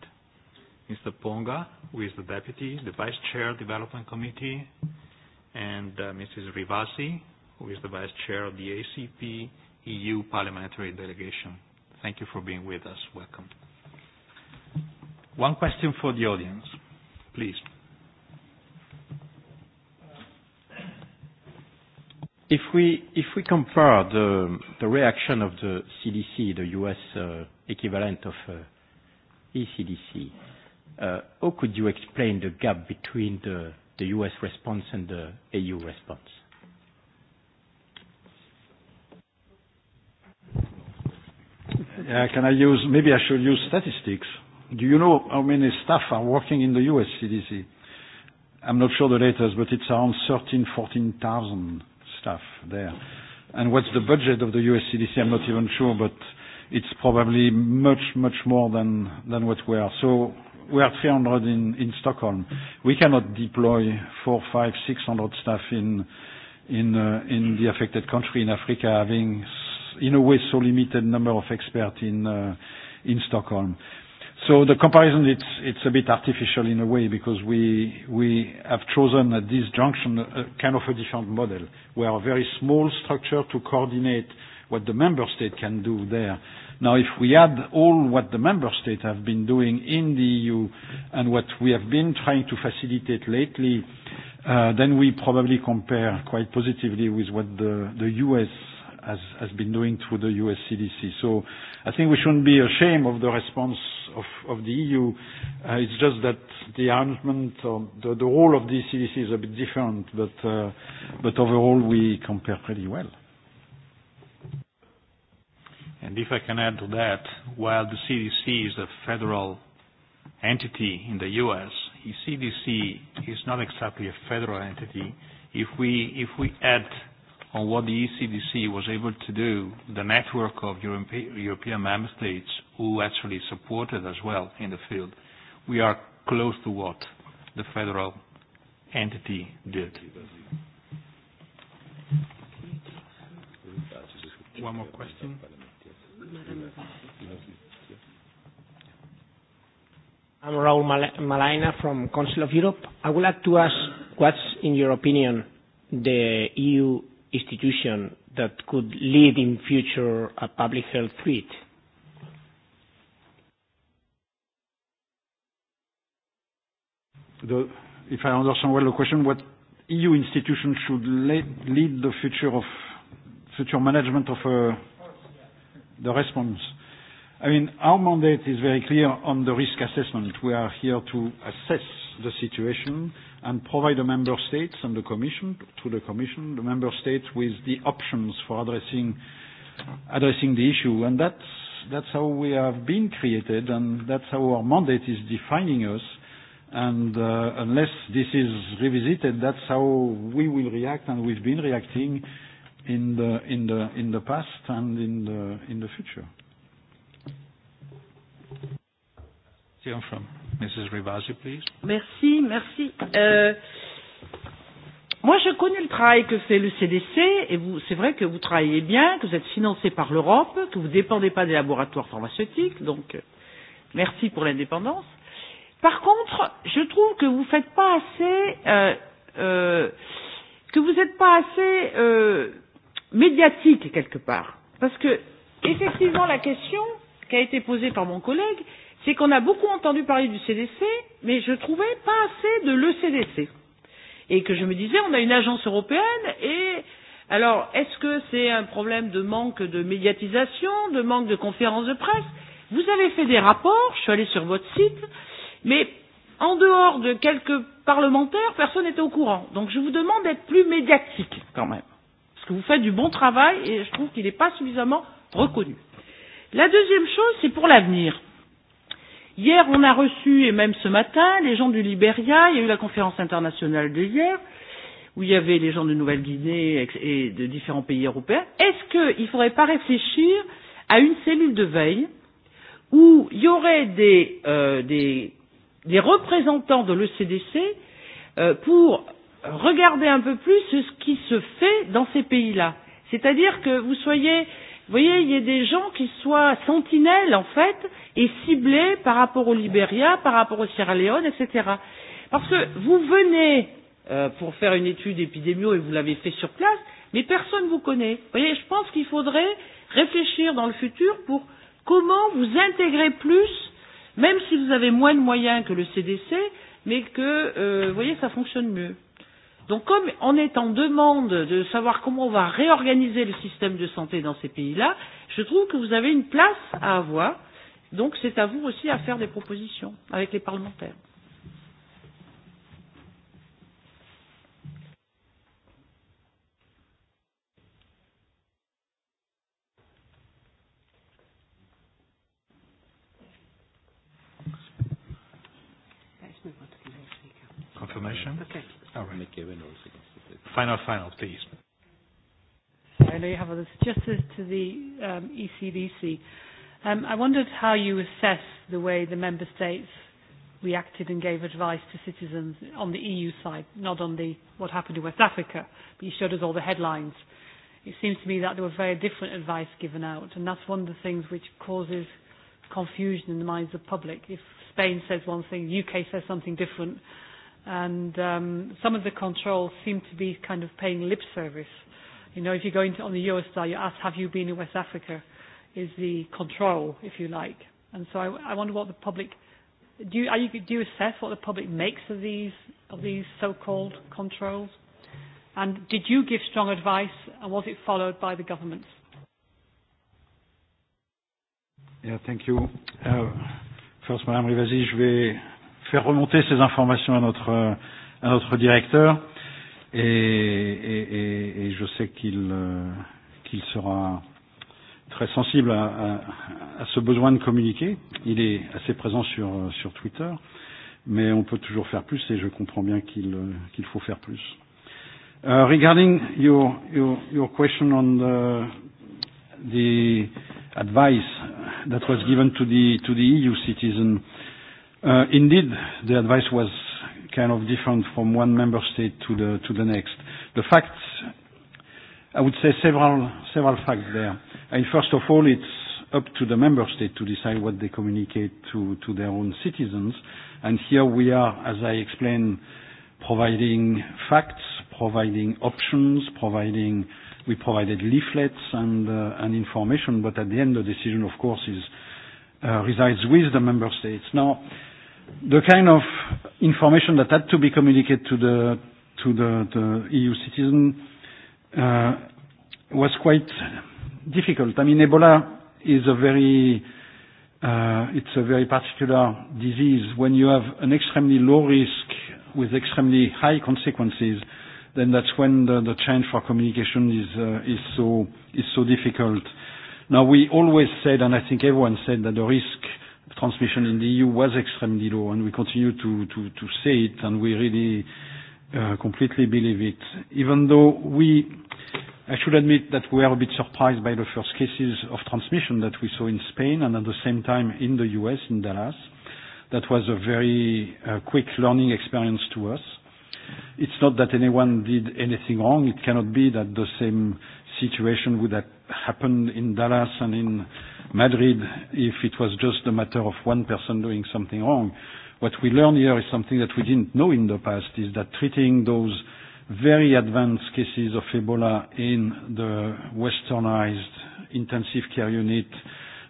Mr. Ponga, who is the Deputy, the Vice Chair of Development Committee, and Mrs. Rivasi, who is the Vice Chair of the ACP EU Parliamentary Delegation. Thank you for being with us. Welcome. One question for the audience,
please. If we if we compare the the reaction of the CDC, the U.S. equivalent of ECDC, how could you explain the gap between the the U.S. response and the EU response?
Can I use? Maybe I should use statistics. Do you know how many staff are working in the U.S. CDC? I'm not sure the latest, but it's around 13, 14,000 staff there. And what's the budget of the USCDC? I'm not even sure, but it's probably much, much more than, than what we are. So we are 300 in, in Stockholm. We cannot deploy four, five, 600 staff in, in, in the affected country in Africa having, in a way, so limited number of experts in, in Stockholm. So the comparison, it's it's a bit artificial in a way because we we have chosen at this junction a kind of a different model, where a very small structure to coordinate what the member state can do there. Now, if we add all what the member states have been doing in the EU and what we have been trying to facilitate lately, then we probably compare quite positively with what the U.S. has has been doing through the U.S. CDC. So I think we shouldn't be ashamed of the response of, of the EU. Uh, it's just that the arrangement, or the, the role of the CDC is a bit different, but, uh, but overall we compare pretty well.
And if I can add to that, while the CDC is a federal entity in the U.S., the CDC is not exactly a federal entity. If we, if we add on what the ECDC was able to do, the network of European member states who actually supported as well in the field, we are close to what the federal entity did. One more question.
I'm Raul Malaina from Council of Europe. I would like to ask what's, in your opinion, the EU institution that could lead in future a public health threat?
The, if I understand well the question, what EU institution should lead the future of future management of the response? I mean, our mandate is very clear on the risk assessment. We are here to assess the situation and provide the member states and the commission, to the commission, the member states with the options for addressing, addressing the issue. And that's, that's how we have been created and that's how our mandate is defining us. And unless this is revisited, that's how we will react and we've been reacting in the, in the, in the past and in the, in the future.
Mrs. Rivasi, please.
Merci, merci. Euh, moi, je connais le travail que fait le CDC, et c'est vrai que vous travaillez bien, que vous êtes financé par l'Europe, que vous ne dépendez pas des laboratoires pharmaceutiques, donc merci pour l'indépendance. Par contre, je trouve que vous faites pas assez, euh, euh, que vous n'êtes pas assez euh, médiatique quelque part, parce que effectivement, la question qui a été posée par mon collègue, c'est qu'on a beaucoup entendu parler du CDC, mais je trouvais pas assez de le CDC. Et que je me disais, on a une agence européenne et alors, est-ce que c'est un problème de manque de médiatisation, de manque de conférences de presse Vous avez fait des rapports, je suis allée sur votre site, mais en dehors de quelques parlementaires, personne n'était au courant. Donc je vous demande d'être plus médiatique quand même. Parce que vous faites du bon travail et je trouve qu'il n'est pas suffisamment reconnu. La deuxième chose, c'est pour l'avenir. Hier, on a reçu, et même ce matin, les gens du Liberia. Il y a eu la conférence internationale de hier, où il y avait les gens de Nouvelle-Guinée et de différents pays européens. Est-ce qu'il ne faudrait pas réfléchir à une cellule de veille où il y aurait des, des, des représentants de l'ECDC pour regarder un peu plus ce qui se fait dans ces pays-là C'est-à-dire que vous soyez Vous voyez, il y a des gens qui soient sentinelles, en fait, et ciblés par rapport au Libéria, par rapport au Sierra Leone, etc. Parce que vous venez pour faire une étude épidémio et vous l'avez fait sur place, mais personne ne vous connaît. Vous voyez, je pense qu'il faudrait réfléchir dans le futur pour comment vous intégrer plus, même si vous avez moins de moyens que le CDC, mais que, vous voyez, ça fonctionne mieux. Donc comme on est en demande de savoir comment on va réorganiser le système de santé dans ces pays-là, je trouve que vous avez une place à avoir. Donc c'est à vous aussi à faire des propositions avec les parlementaires.
Confirmation. Okay. All
right. also Final, final, please.
I know you have others. Just as to the um, ECDC, um, I wondered
how you assess the way the member states reacted and gave advice to citizens
on the EU side, not on the what happened in West Africa, but you showed us all the headlines. It seems to me that there was very different advice given out, and that's one of the things which causes confusion in the minds of the public. If Spain says one thing, the UK says something different, and um, some of the controls seem to be kind of paying lip service. You know, if you go into on the Eurostar, you ask, "Have you been in West Africa?" is the control, if you like. And so I, I wonder what the public do. You, are you, do you assess what the public makes of these of these so-called controls? And did you give strong advice, and was it followed by the governments?
Yeah, thank you. Uh, first, Madame Rivasi, je vais faire remonter ces informations à notre, à notre directeur et, et, et, je sais qu'il qu'il sera très sensible à, à, ce besoin de communiquer. Il est assez présent sur, sur Twitter, mais on peut toujours faire plus et je comprends bien qu'il qu'il faut faire plus. regarding your, your, your question on the, the advice that was given to the, to the EU citizen, Indeed, the advice was kind of different from one member state to the to the next. The facts, I would say several several facts there. And first of all, it's up to the member state to decide what they communicate to to their own citizens. And here we are, as I explained, providing facts, providing options, providing we provided leaflets and and information. But at the end, the decision, of course, is resides with the member states. Now the kind of information that had to be communicated to the to the, the EU citizen uh, was quite difficult. I mean, Ebola is a very uh, it's a very particular disease. When you have an extremely low risk with extremely high consequences, then that's when the, the change for communication is uh, is so is so difficult. Now we always said, and I think everyone said that the risk transmission in the EU was extremely low, and we continue to say it, and we really completely believe it. Even though we, I should admit that we are a bit surprised by the first cases of transmission that we saw in Spain and at the same time in the U.S., in Dallas. That was a very quick learning experience to us. It's not that anyone did anything wrong. It cannot be that the same situation would have happened in Dallas and in Madrid if it was just a matter of one person doing something wrong. What we learn here is something that we didn't know in the past, is that treating those very advanced cases of Ebola in the westernized intensive care unit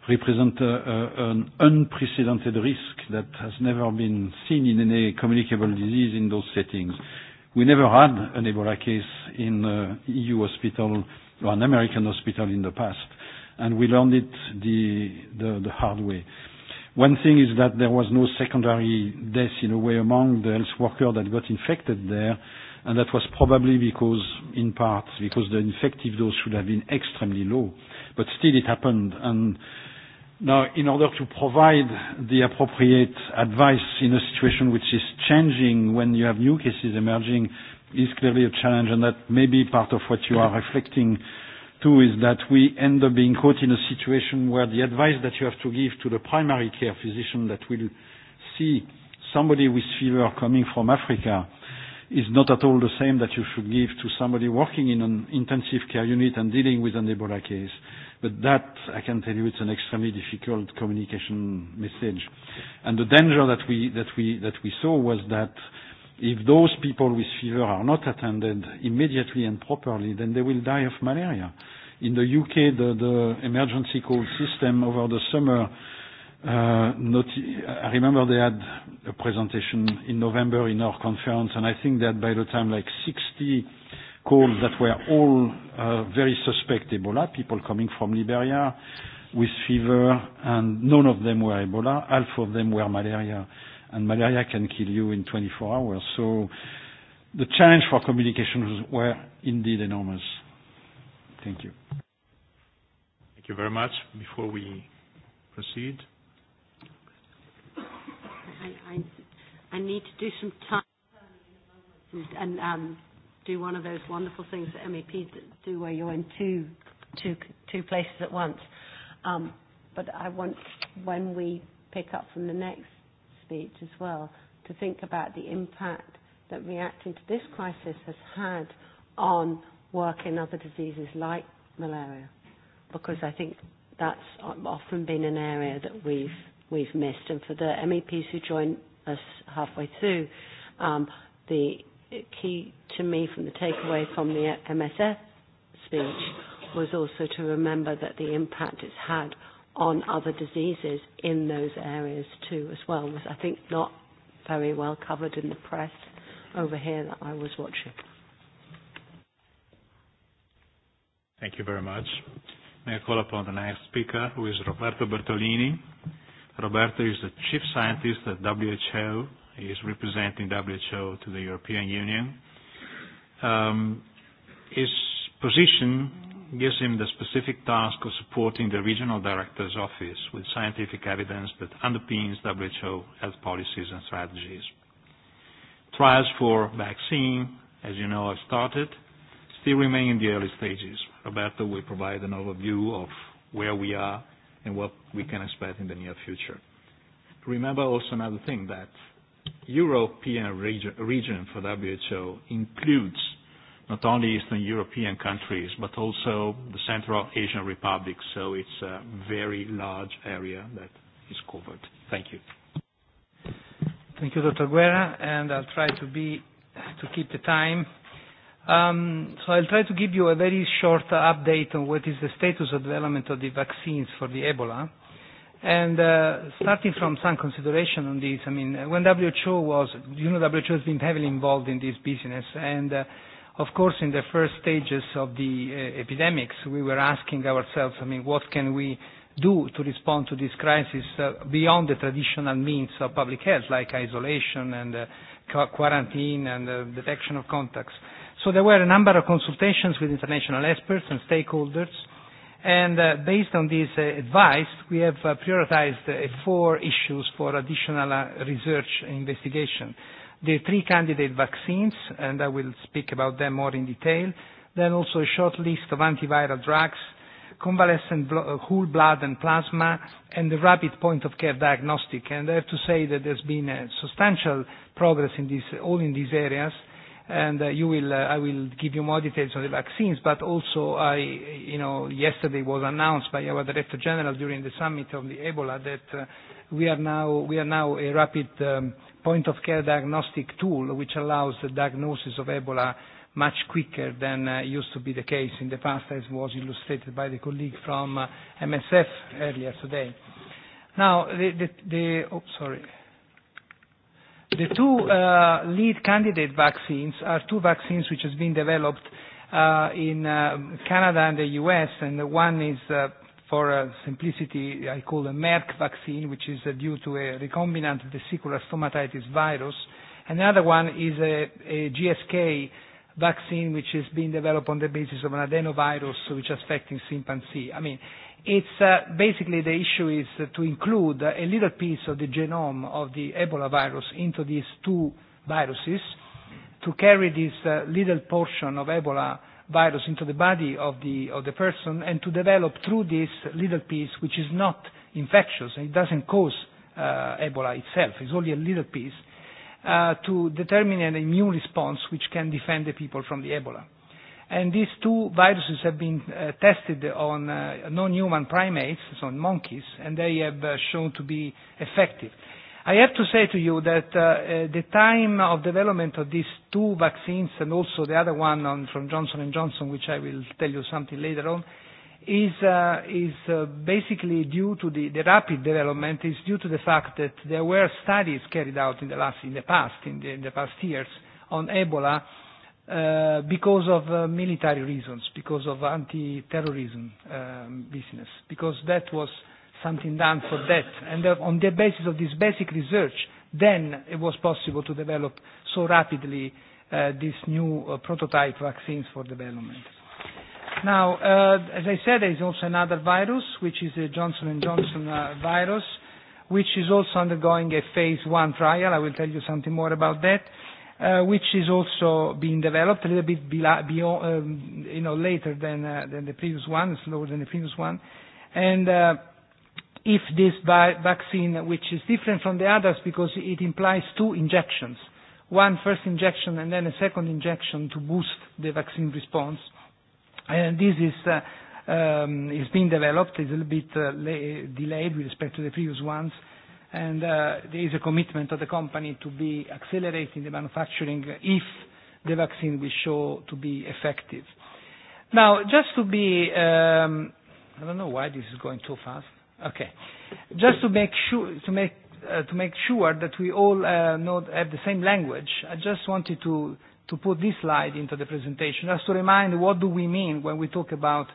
represent an unprecedented risk that has never been seen in any communicable disease in those settings. We never had an Ebola case in an EU hospital or an American hospital in the past and we learned it the, the, the hard way. One thing is that there was no secondary death in a way among the health workers that got infected there, and that was probably because, in part, because the infective dose should have been extremely low. But still it happened, and Now, in order to provide the appropriate advice in a situation which is changing when you have new cases emerging is clearly a challenge, and that may be part of what you are reflecting Two is that we end up being caught in a situation where the advice that you have to give to the primary care physician that will see somebody with fever coming from Africa is not at all the same that you should give to somebody working in an intensive care unit and dealing with an Ebola case. But that, I can tell you, it's an extremely difficult communication message. And the danger that we, that we, that we saw was that If those people with fever are not attended immediately and properly, then they will die of malaria. In the UK, the, the emergency call system over the summer, uh, I remember they had a presentation in November in our conference, and I think that by the time like 60 calls that were all uh, very suspect Ebola, people coming from Liberia with fever, and none of them were Ebola, half of them were malaria and malaria can kill you in 24 hours. So the challenge for communications were indeed enormous.
Thank you. Thank you very much. Before we proceed.
I, I, I need to do some time and um, do one of those wonderful things that MEPs do where you're in two, two, two places at once. Um, but I want, when we pick up from the next speech as well, to think about the impact that reacting to this crisis has had on work in other diseases like malaria, because I think that's often been an area that we've we've missed. And for the MEPs who joined us halfway through, um, the key to me from the takeaway from the MSF speech was also to remember that the impact it's had on other diseases in those areas too as well was I think not very well covered in the press over here that I was watching.
Thank you very much. May I call upon the next speaker who is Roberto Bertolini. Roberto is the chief scientist at WHO. He is representing WHO to the European Union. Um, his position gives him the specific task of supporting the regional director's office with scientific evidence that underpins WHO health policies and strategies. Trials for vaccine, as you know, have started, still remain in the early stages. Roberto will provide an overview of where we are and what we can expect in the near future. Remember also another thing that European region for WHO includes not only Eastern European countries, but also the Central Asian Republic. So it's a very large area that is covered. Thank you.
Thank you, Dr. Guerra, and I'll try to be to keep the time. Um, so I'll try to give you a very short update on what is the status of development of the vaccines for the Ebola. And starting from some consideration on this, I mean, when WHO was, you know, WHO has been heavily involved in this business, and Of course, in the first stages of the epidemics, we were asking ourselves, I mean, what can we do to respond to this crisis beyond the traditional means of public health, like isolation and quarantine and detection of contacts. So there were a number of consultations with international experts and stakeholders, and based on this advice, we have prioritized four issues for additional research and investigation the three candidate vaccines, and I will speak about them more in detail, then also a short list of antiviral drugs, convalescent whole blood and plasma, and the rapid point-of-care diagnostic. And I have to say that there's been a substantial progress in this, all in these areas, and you will, I will give you more details on the vaccines, but also I, you know, yesterday was announced by our Director General during the summit on the Ebola that we are now, we are now a rapid point-of-care diagnostic tool which allows the diagnosis of Ebola much quicker than used to be the case in the past, as was illustrated by the colleague from MSF earlier today. Now, the sorry. The two lead candidate vaccines are two vaccines which has been developed in Canada and the U.S., and one is for simplicity, I call a Merck vaccine, which is due to a recombinant vesicular stomatitis virus. Another one is a GSK vaccine, which is being developed on the basis of an adenovirus, which is affecting chimpanzee. I mean, it's basically the issue is to include a little piece of the genome of the Ebola virus into these two viruses, to carry this little portion of Ebola virus into the body of the of the person and to develop through this little piece which is not infectious and it doesn't cause Ebola itself, it's only a little piece, to determine an immune response which can defend the people from the Ebola. And these two viruses have been tested on non-human primates, so on monkeys, and they have shown to be effective. I have to say to you that the time of development of these two vaccines and also the other one on, from Johnson and Johnson, which I will tell you something later on, is, is basically due to the, the rapid development, is due to the fact that there were studies carried out in the, last, in the past, in the, in the past years, on Ebola uh, because of military reasons, because of anti-terrorism business, because that was something done for that. And on the basis of this basic research, then it was possible to develop so rapidly this new prototype vaccines for development. Now, as I said, there is also another virus, which is the Johnson and Johnson virus, which is also undergoing a phase one trial. I will tell you something more about that, which is also being developed a little bit beyond, you know, later than than the previous one, slower than the previous one. And if this vaccine, which is different from the others because it implies two injections, one first injection and then a second injection to boost the vaccine response. And this is is being developed, It's a little bit delayed with respect to the previous ones, and there is a commitment of the company to be accelerating the manufacturing if the vaccine will show to be effective. Now, just to be, I don't know why this is going too fast. Okay. Just to make sure to make uh, to make sure that we all uh, know have the same language, I just wanted to to put this slide into the presentation just to remind what do we mean when we talk about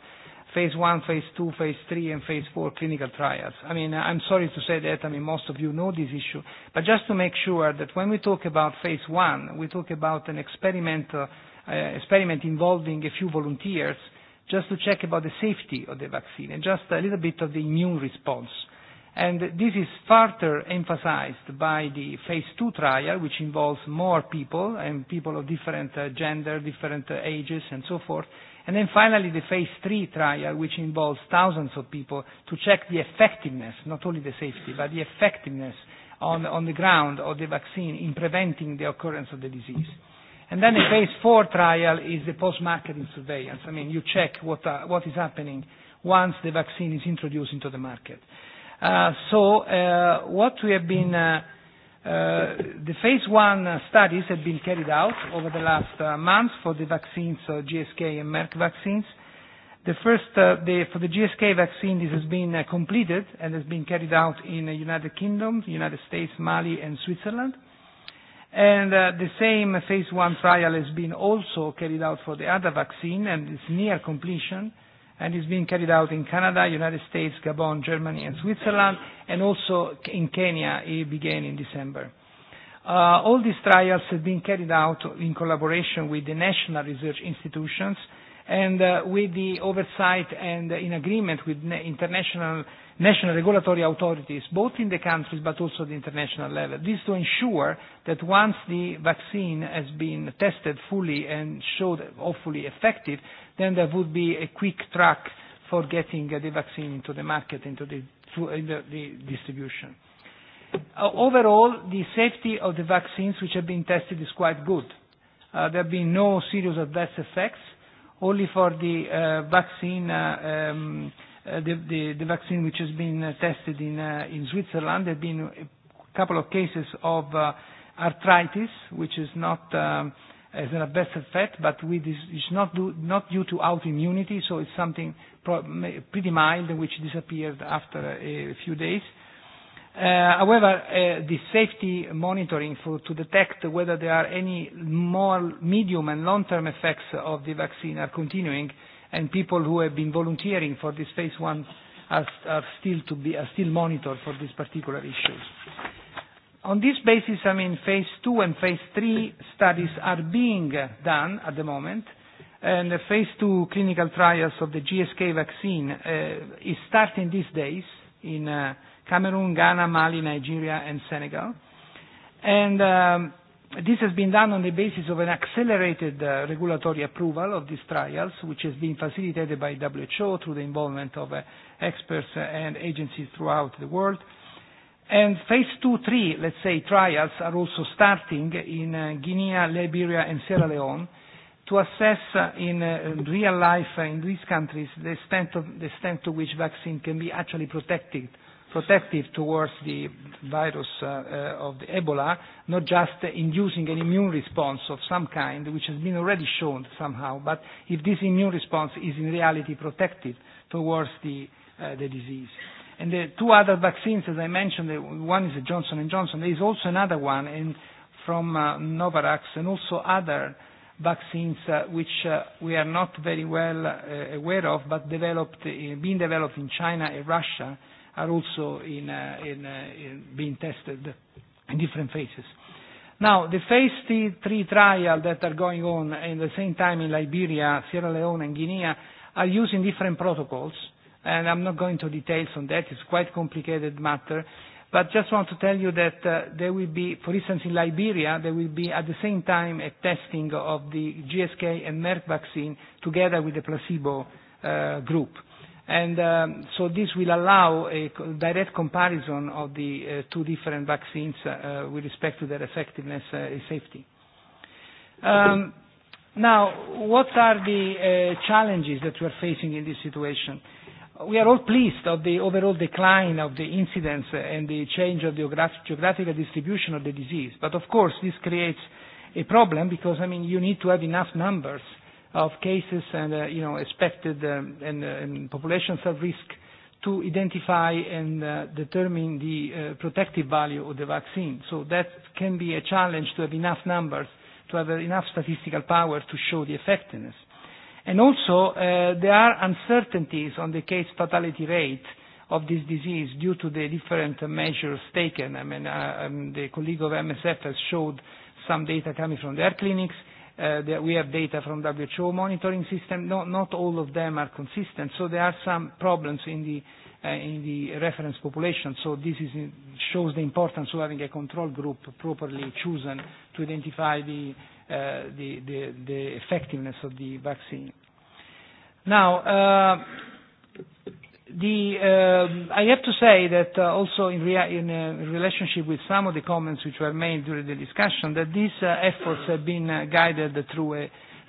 phase one, phase two, phase three, and phase four clinical trials. I mean, I'm sorry to say that. I mean, most of you know this issue, but just to make sure that when we talk about phase one, we talk about an experiment, uh, experiment involving a few volunteers just to check about the safety of the vaccine and just a little bit of the immune response. And this is further emphasized by the phase two trial, which involves more people and people of different gender, different ages, and so forth. And then finally the phase three trial, which involves thousands of people to check the effectiveness, not only the safety, but the effectiveness on, on the ground of the vaccine in preventing the occurrence of the disease. And then the phase four trial is the post-marketing surveillance. I mean, you check what what is happening once the vaccine is introduced into the market. So what we have been, the phase one studies have been carried out over the last months for the vaccines, GSK and Merck vaccines. The first, for the GSK vaccine, this has been completed and has been carried out in the United Kingdom, United States, Mali and Switzerland. And the same phase one trial has been also carried out for the other vaccine and is near completion and is being carried out in Canada, United States, Gabon, Germany and Switzerland and also in Kenya it began in December. All these trials have been carried out in collaboration with the national research institutions and with the oversight and in agreement with international national regulatory authorities, both in the countries but also at the international level. This to ensure that once the vaccine has been tested fully and showed hopefully effective, then there would be a quick track for getting the vaccine into the market, into the distribution. Overall, the safety of the vaccines which have been tested is quite good. There have been no serious adverse effects, only for the vaccine the vaccine which has been tested in Switzerland. There have been a couple of cases of arthritis, which is not as an adverse effect, but it's is not due to autoimmunity, so it's something pretty mild which disappeared after a few days. However, the safety monitoring to detect whether there are any more medium and long-term effects of the vaccine are continuing and people who have been volunteering for this phase one are, still to be are still monitored for these particular issues. On this basis, I mean, phase two and phase three studies are being done at the moment, and the phase two clinical trials of the GSK vaccine is starting these days in Cameroon, Ghana, Mali, Nigeria, and Senegal. And This has been done on the basis of an accelerated regulatory approval of these trials, which has been facilitated by WHO through the involvement of experts and agencies throughout the world. And phase two, three, let's say, trials are also starting in Guinea, Liberia, and Sierra Leone to assess in real life in these countries the extent to which vaccine can be actually protected protective towards the virus of the Ebola, not just inducing an immune response of some kind, which has been already shown somehow, but if this immune response is in reality protective towards the the disease. And the two other vaccines, as I mentioned, one is Johnson and Johnson. There is also another one from Novavax and also other vaccines which we are not very well aware of, but developed, being developed in China and Russia are also in in being tested in different phases. Now, the phase three trial that are going on at the same time in Liberia, Sierra Leone, and Guinea are using different protocols, and I'm not going to details on that. It's quite complicated matter. But just want to tell you that there will be, for instance, in Liberia, there will be at the same time a testing of the GSK and Merck vaccine together with the placebo group. And so this will allow a direct comparison of the two different vaccines with respect to their effectiveness and safety. Now, what are the challenges that we are facing in this situation? We are all pleased of the overall decline of the incidence and the change of the geographical distribution of the disease. But of course, this creates a problem because, I mean, you need to have enough numbers of cases and, you know, expected and populations at risk to identify and determine the protective value of the vaccine. So that can be a challenge to have enough numbers, to have enough statistical power to show the effectiveness. And also, there are uncertainties on the case fatality rate of this disease due to the different measures taken. I mean, the colleague of MSF has showed some data coming from their clinics that we have data from WHO monitoring system. Not all of them are consistent, so there are some problems in the in the reference population. So this shows the importance of having a control group properly chosen to identify the the the the effectiveness of the vaccine. Now The I have to say that also in in relationship with some of the comments which were made during the discussion that these efforts have been guided through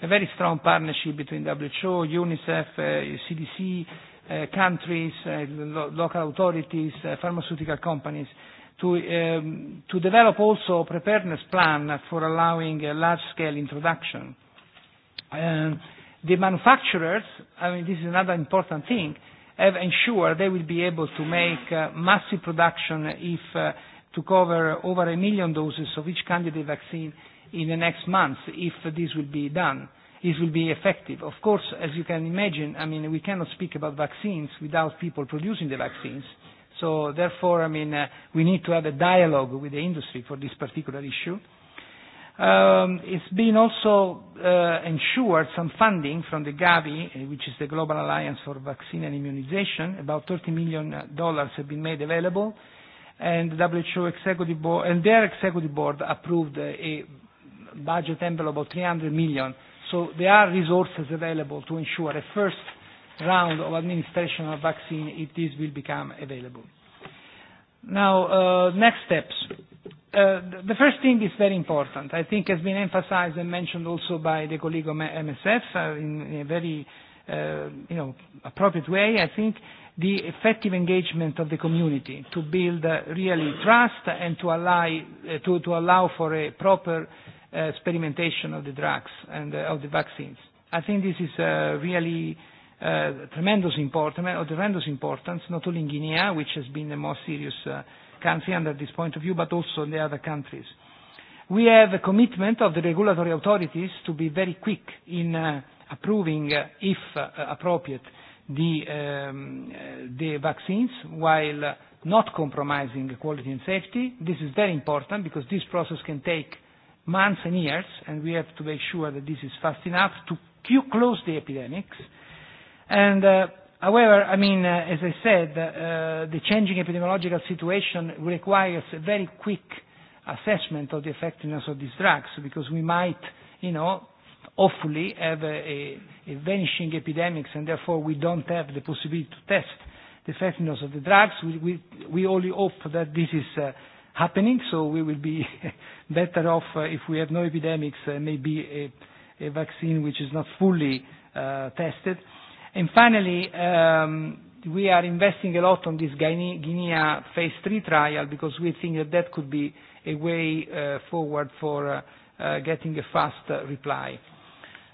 a very strong partnership between WHO, UNICEF, CDC, countries, local authorities, pharmaceutical companies to to develop also a preparedness plan for allowing a large scale introduction. The manufacturers, I mean this is another important thing have ensured they will be able to make massive production if to cover over a million doses of each candidate vaccine in the next months if this will be done. This will be effective. Of course, as you can imagine, I mean, we cannot speak about vaccines without people producing the vaccines. So therefore, I mean, we need to have a dialogue with the industry for this particular issue. It's been also ensured some funding from the Gavi, which is the Global Alliance for Vaccine and Immunization. About 30 million dollars have been made available, and the WHO executive board and their executive board approved a budget envelope of 300 million. So there are resources available to ensure a first round of administration of vaccine if this will become available. Now, next steps The first thing is very important. I think has been emphasized and mentioned also by the colleague of MSF in a very you know, appropriate way, I think, the effective engagement of the community to build really trust and to allow, for a proper experimentation of the drugs and of the vaccines. I think this is really tremendous tremendous importance, not only in Guinea, which has been the most serious country under this point of view, but also in the other countries. We have a commitment of the regulatory authorities to be very quick in approving, if appropriate, the the vaccines while not compromising quality and safety. This is very important because this process can take months and years, and we have to make sure that this is fast enough to close the epidemics. And However, I mean, as I said, the changing epidemiological situation requires a very quick assessment of the effectiveness of these drugs because we might, you know, hopefully have a vanishing epidemics and therefore we don't have the possibility to test the effectiveness of the drugs. We we only hope that this is happening, so we will be better off if we have no epidemics, maybe a vaccine which is not fully tested. And finally, we are investing a lot on this Guinea phase III trial because we think that that could be a way forward for getting a fast reply.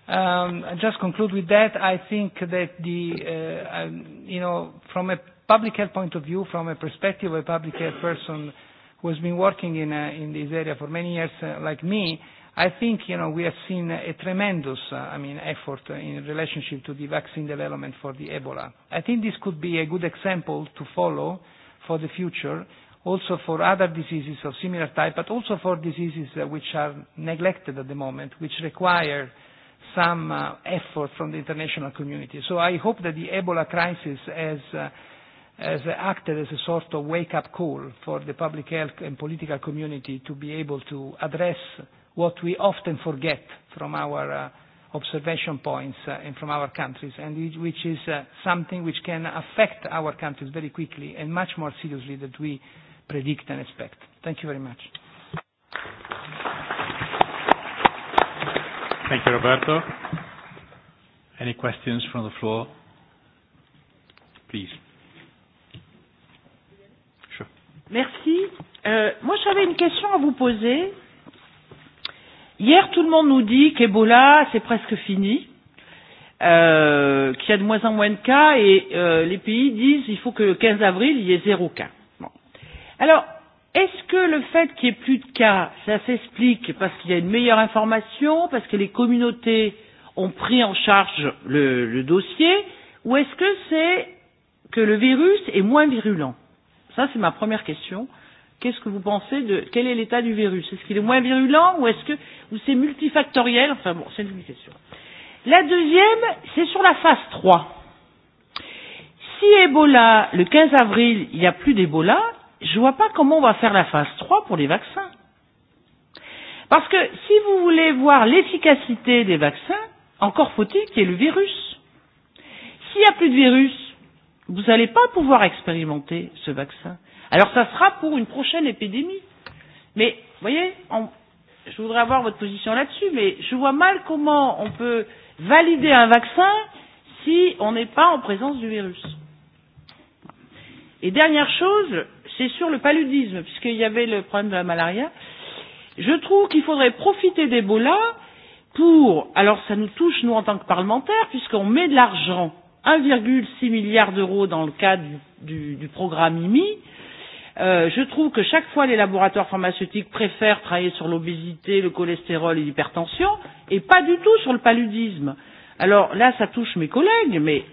Um, I just conclude with that. I think that the, you know, from a public health point of view, from a perspective of a public health person who has been working in, in this area for many years, like me, I think, you know, we have seen a tremendous, I mean, effort in relationship to the vaccine development for the Ebola. I think this could be a good example to follow for the future, also for other diseases of similar type, but also for diseases which are neglected at the moment, which require some effort from the international community. So I hope that the Ebola crisis has has acted as a sort of wake-up call for the public health and political community to be able to address what we often forget from our observation points and from our countries, and which is something which can affect our countries very quickly and much more seriously than we predict and expect. Thank you very much.
Thank you, Roberto. Any questions from the floor?
Please.
Sure. Merci. Euh, moi, j'avais une question à vous poser Hier, tout le monde nous dit qu'Ebola, c'est presque fini, euh, qu'il y a de moins en moins de cas, et euh, les pays disent qu'il faut que le 15 avril, il y ait zéro cas. Bon. Alors, est-ce que le fait qu'il n'y ait plus de cas, ça s'explique parce qu'il y a une meilleure information, parce que les communautés ont pris en charge le, le dossier, ou est-ce que c'est que le virus est moins virulent Ça, c'est ma première question qu'est-ce que vous pensez de quel est l'état du virus Est-ce qu'il est moins virulent ou est-ce que ou c'est multifactoriel Enfin bon, c'est une question. La deuxième, c'est sur la phase 3. Si Ebola, le 15 avril, il n'y a plus d'Ebola, je ne vois pas comment on va faire la phase 3 pour les vaccins. Parce que si vous voulez voir l'efficacité des vaccins, encore faut-il qu'il y ait le virus. S'il n'y a plus de virus, vous n'allez pas pouvoir expérimenter ce vaccin. Alors ça sera pour une prochaine épidémie. Mais, vous voyez, on, je voudrais avoir votre position là-dessus, mais je vois mal comment on peut valider un vaccin si on n'est pas en présence du virus. Et dernière chose, c'est sur le paludisme, puisqu'il y avait le problème de la malaria. Je trouve qu'il faudrait profiter d'Ebola pour, alors ça nous touche nous en tant que parlementaires, puisqu'on met de l'argent, 1,6 milliard d'euros dans le cadre du, du, du programme IMI, je trouve que chaque fois les laboratoires pharmaceutiques préfèrent travailler sur l'obésité, le cholestérol et l'hypertension et pas du tout sur le paludisme. Alors là ça touche mes collègues mais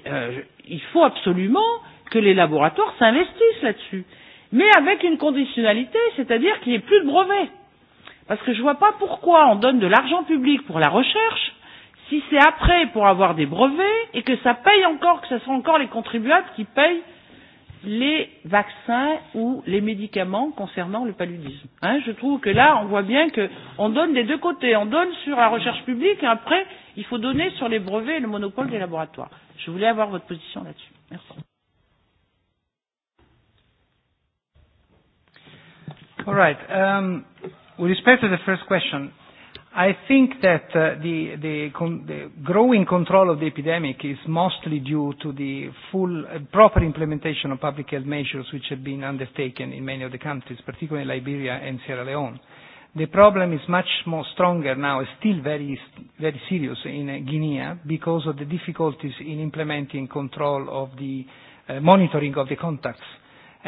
il faut absolument que les laboratoires s'investissent là-dessus mais avec une conditionnalité, c'est-à-dire qu'il n'y ait plus de brevets. Parce que je ne vois pas pourquoi on donne de l'argent public pour la recherche si c'est après pour avoir des brevets et que ça paye encore, que ce sont encore les contribuables qui payent les vaccins ou les médicaments concernant le paludisme. Hein, je trouve que là, on voit bien qu'on donne des deux côtés. On donne sur la recherche publique et après, il faut donner sur les brevets et le monopole des laboratoires. Je voulais avoir votre position
là-dessus. Merci. All right. Um, with respect the first question, I think that the the the growing control of the epidemic is mostly due to the full proper implementation of public health measures which have been undertaken in many of the countries, particularly Liberia and Sierra Leone. The problem is much more stronger now, still very very serious in Guinea because of the difficulties in implementing control of the monitoring of the contacts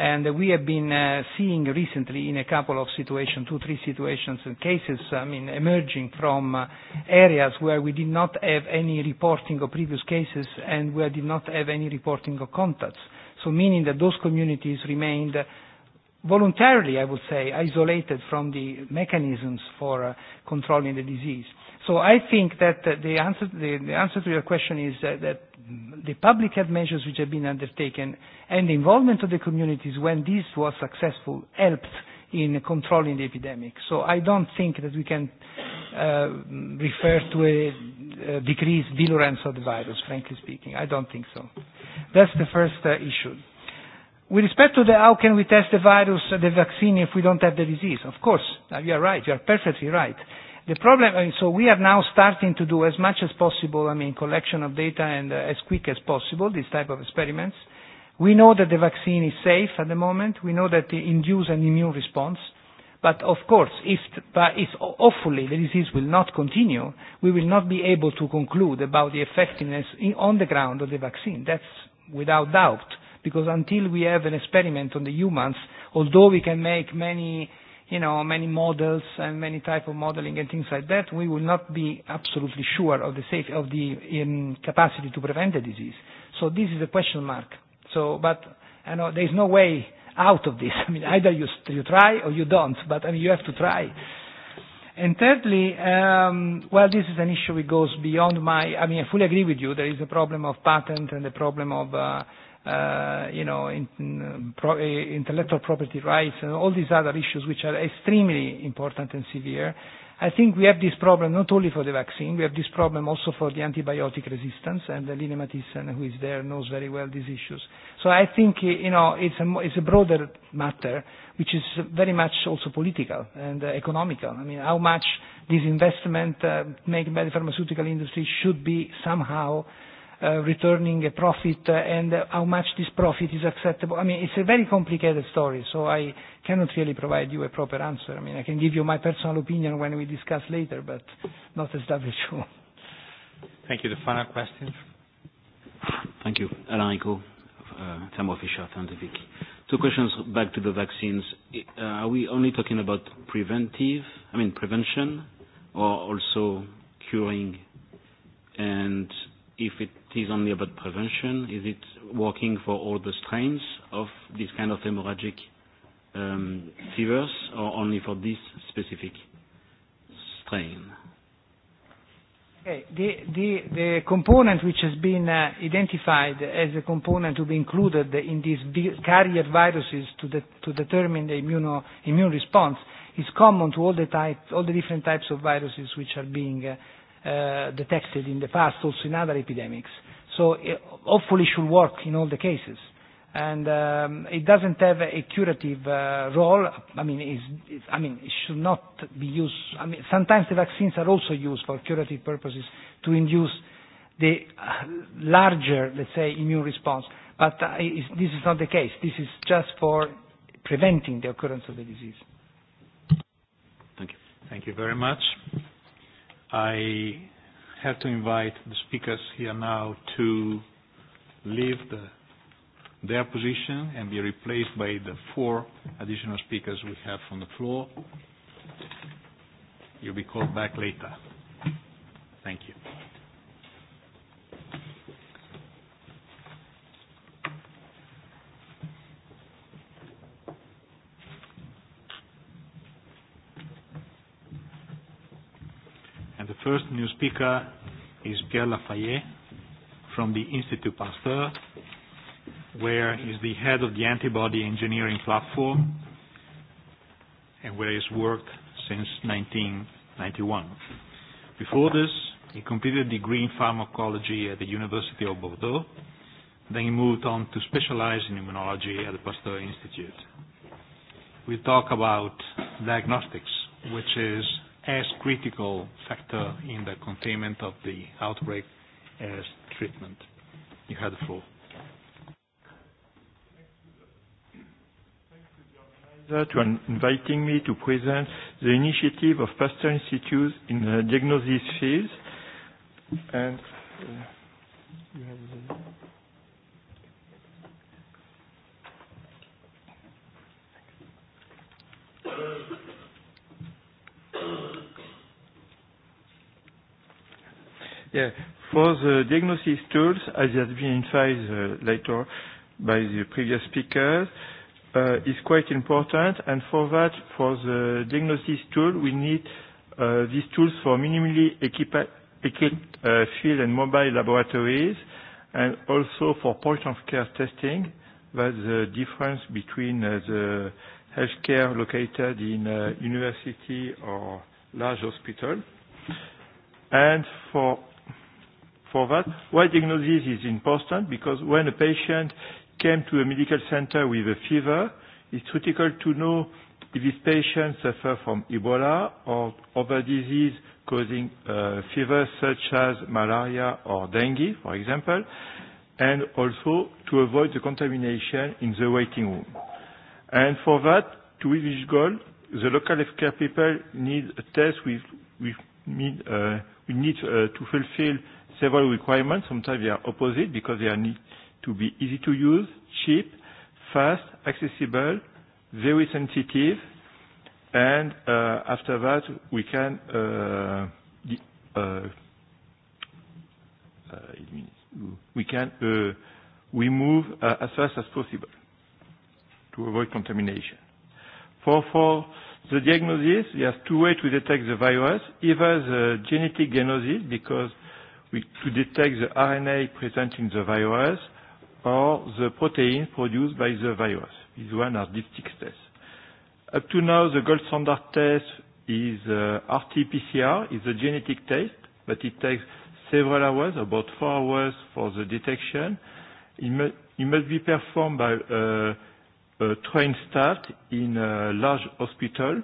And we have been seeing recently in a couple of situations, two, three situations and cases, I mean, emerging from areas where we did not have any reporting of previous cases and where did not have any reporting of contacts. So meaning that those communities remained voluntarily, I would say, isolated from the mechanisms for controlling the disease. So I think that the answer, the answer to your question is that the public health measures which have been undertaken and the involvement of the communities when this was successful helped in controlling the epidemic. So I don't think that we can refer to a decreased virulence of the virus, frankly speaking. I don't think so. That's the first issue. With respect to the how can we test the virus, the vaccine, if we don't have the disease? Of course, you are right. You are perfectly right. The problem, and so we are now starting to do as much as possible, I mean, collection of data and as quick as possible, these type of experiments. We know that the vaccine is safe at the moment. We know that it induces an immune response. But of course, if, if hopefully the disease will not continue, we will not be able to conclude about the effectiveness on the ground of the vaccine. That's without doubt, because until we have an experiment on the humans, although we can make many you know, many models and many type of modeling and things like that, we will not be absolutely sure of the safety of the capacity to prevent the disease. So this is a question mark. So, but I know there is no way out of this. I mean, either you you try or you don't. But I mean, you have to try. And thirdly, um, well, this is an issue that goes beyond my. I mean, I fully agree with you. There is a problem of patent and the problem of you know, intellectual property rights and all these other issues which are extremely important and severe. I think we have this problem not only for the vaccine, we have this problem also for the antibiotic resistance, and Lina Matissen, who is there, knows very well these issues. So I think, you know, it's a, it's a broader matter, which is very much also political and economical. I mean, how much this investment made by the pharmaceutical industry should be somehow returning a profit and how much this profit is acceptable. I mean, it's a very complicated story, so I cannot really provide you a proper answer. I mean, I can give you my personal opinion when we discuss later, but not as WHO.
Thank you. The final question. Thank you. Alain Thermo Fisher Scientific. Two questions back to the vaccines. Are we only talking about preventive, I mean prevention, or also curing? And if it is only about prevention? Is it working for all the strains of this kind of hemorrhagic um, fevers or only for this specific strain?
Okay. The, the, the component which has been uh, identified as a component to be included in these carrier viruses to, to determine the immuno immune response is common to all the, type, all the different types of viruses which are being uh, detected in the past also in other epidemics. So it hopefully should work in all the cases. And it doesn't have a curative role. I mean, I mean, it should not be used. I mean, sometimes the vaccines are also used for curative purposes to induce the larger, let's say, immune response. But this is not the case. This is just for preventing the occurrence of the disease.
Thank you. Thank you very much. I have to invite the speakers here now to leave their position and be replaced by the four additional speakers we have on the floor. You'll be called back later. Thank you. First new speaker is Pierre Lafayette from the Institut Pasteur, where he is the head of the antibody engineering platform and where he has worked since 1991. Before this, he completed a degree in pharmacology at the University of Bordeaux. Then he moved on to specialize in immunology at the Pasteur Institute. We talk about diagnostics, which is as critical factor in the containment of the outbreak as treatment. You had the floor.
for inviting me to present the initiative of Pasteur Institute in the diagnosis field. And you have Yeah. For the diagnosis tools, as has been emphasized later by the previous speakers, is quite important. And for that, for the diagnosis tool, we need these tools for minimally equipped field and mobile laboratories, and also for point-of-care testing. That's the difference between the healthcare located in university or large hospital. And for for that. Why diagnosis is important? Because when a patient came to a medical center with a fever, it's critical to know if this patient suffers from Ebola or other disease causing fever such as malaria or dengue, for example, and also to avoid the contamination in the waiting room. And for that, to reach this goal, the local healthcare people need a test with, need, uh, we need uh, to fulfill several requirements. Sometimes they are opposite because they need to be easy to use, cheap, fast, accessible, very sensitive, and after that we can we can remove as fast as possible to avoid contamination. For for the diagnosis, there are two ways to detect the virus, either the genetic diagnosis because to detect the RNA present in the virus or the protein produced by the virus. These one are distinct tests. Up to now, the gold standard test is RT-PCR, is a genetic test, but it takes several hours, about four hours for the detection. It must be performed by a trained staff in a large hospital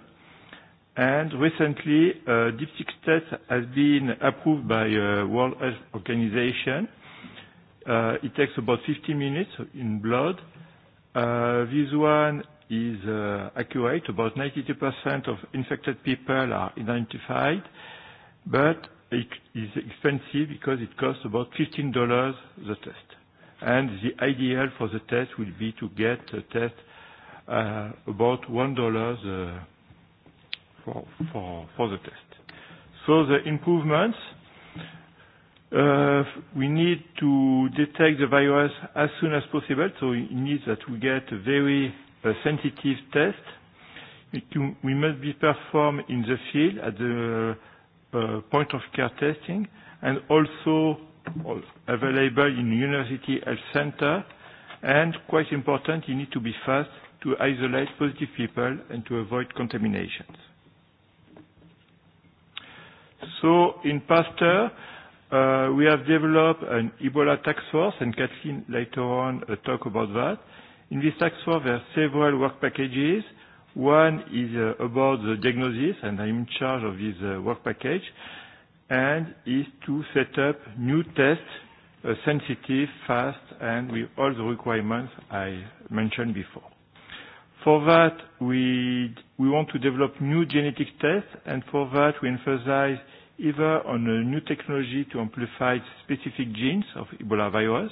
And recently, dipstick test has been approved by World Health Organization. It takes about 50 minutes in blood. This one is accurate. About 92% of infected people are identified, but it is expensive because it costs about $15 the test. And the ideal for the test will be to get a test about $1 for, the test. So the improvements, we need to detect the virus as soon as possible, so it needs that we get a very sensitive test. we must be performed in the field at the point of care testing and also available in university health center and quite important, you need to be fast to isolate positive people and to avoid contaminations. So in Pasteur, we have developed an Ebola task force, and Kathleen later on talk about that. In this task force, there are several work packages. One is about the diagnosis, and I'm in charge of this work package, and is to set up new tests, sensitive, fast, and with all the requirements I mentioned before. For that, we we want to develop new genetic tests, and for that, we emphasize either on a new technology to amplify specific genes of Ebola virus,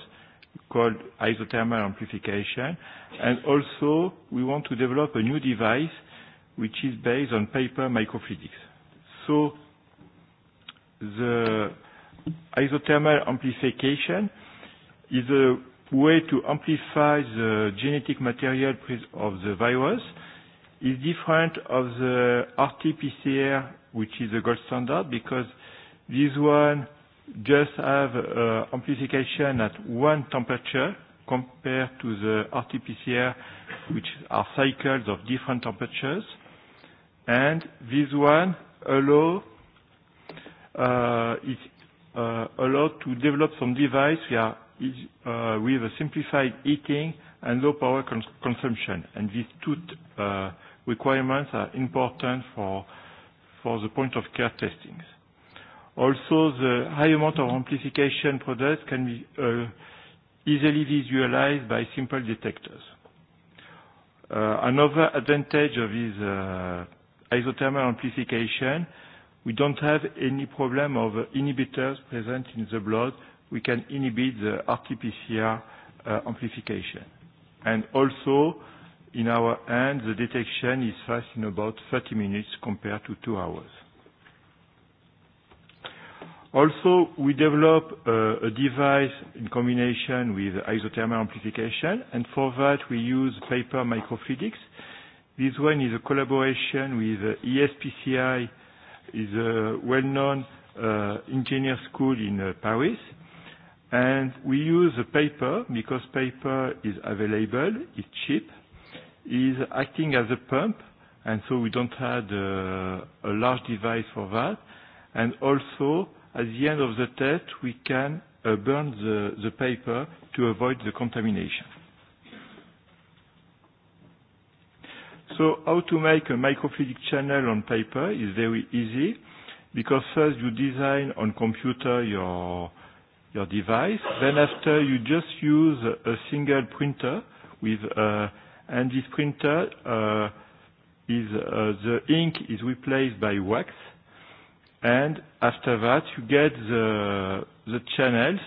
called isothermal amplification, and also we want to develop a new device which is based on paper microfluidics. So the isothermal amplification is a way to amplify the genetic material of the virus is different of the RT-PCR, which is the gold standard, because this one just have amplification at one temperature compared to the RT-PCR, which are cycles of different temperatures. And this one allow uh, it uh, to develop some device. We are with a simplified heating and low power consumption. And these two requirements are important for for the point of care testing. Also, the high amount of amplification products can be easily visualized by simple detectors. Another advantage of this isothermal amplification, we don't have any problem of inhibitors present in the blood we can inhibit the RT-PCR amplification. And also, in our end, the detection is fast in about 30 minutes compared to two hours. Also, we develop a device in combination with isothermal amplification, and for that we use paper microfluidics. This one is a collaboration with ESPCI, is a well-known engineer school in Paris, And we use paper because paper is available, it's cheap, is acting as a pump, and so we don't have a large device for that. And also, at the end of the test, we can burn the, the paper to avoid the contamination. So how to make a microfluidic channel on paper is very easy because first you design on computer your your device. Then after, you just use a single printer with, and this printer is the ink is replaced by wax. And after that, you get the the channels,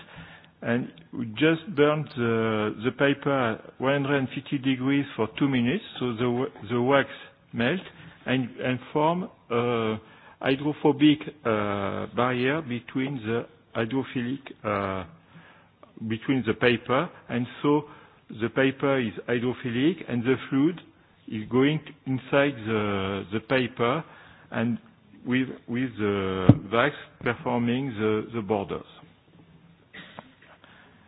and we just burn the the paper 150 degrees for two minutes, so the the wax melts and and form a hydrophobic barrier between the hydrophilic between the paper, and so the paper is hydrophilic and the fluid is going inside the the paper and with with the wax performing the the borders.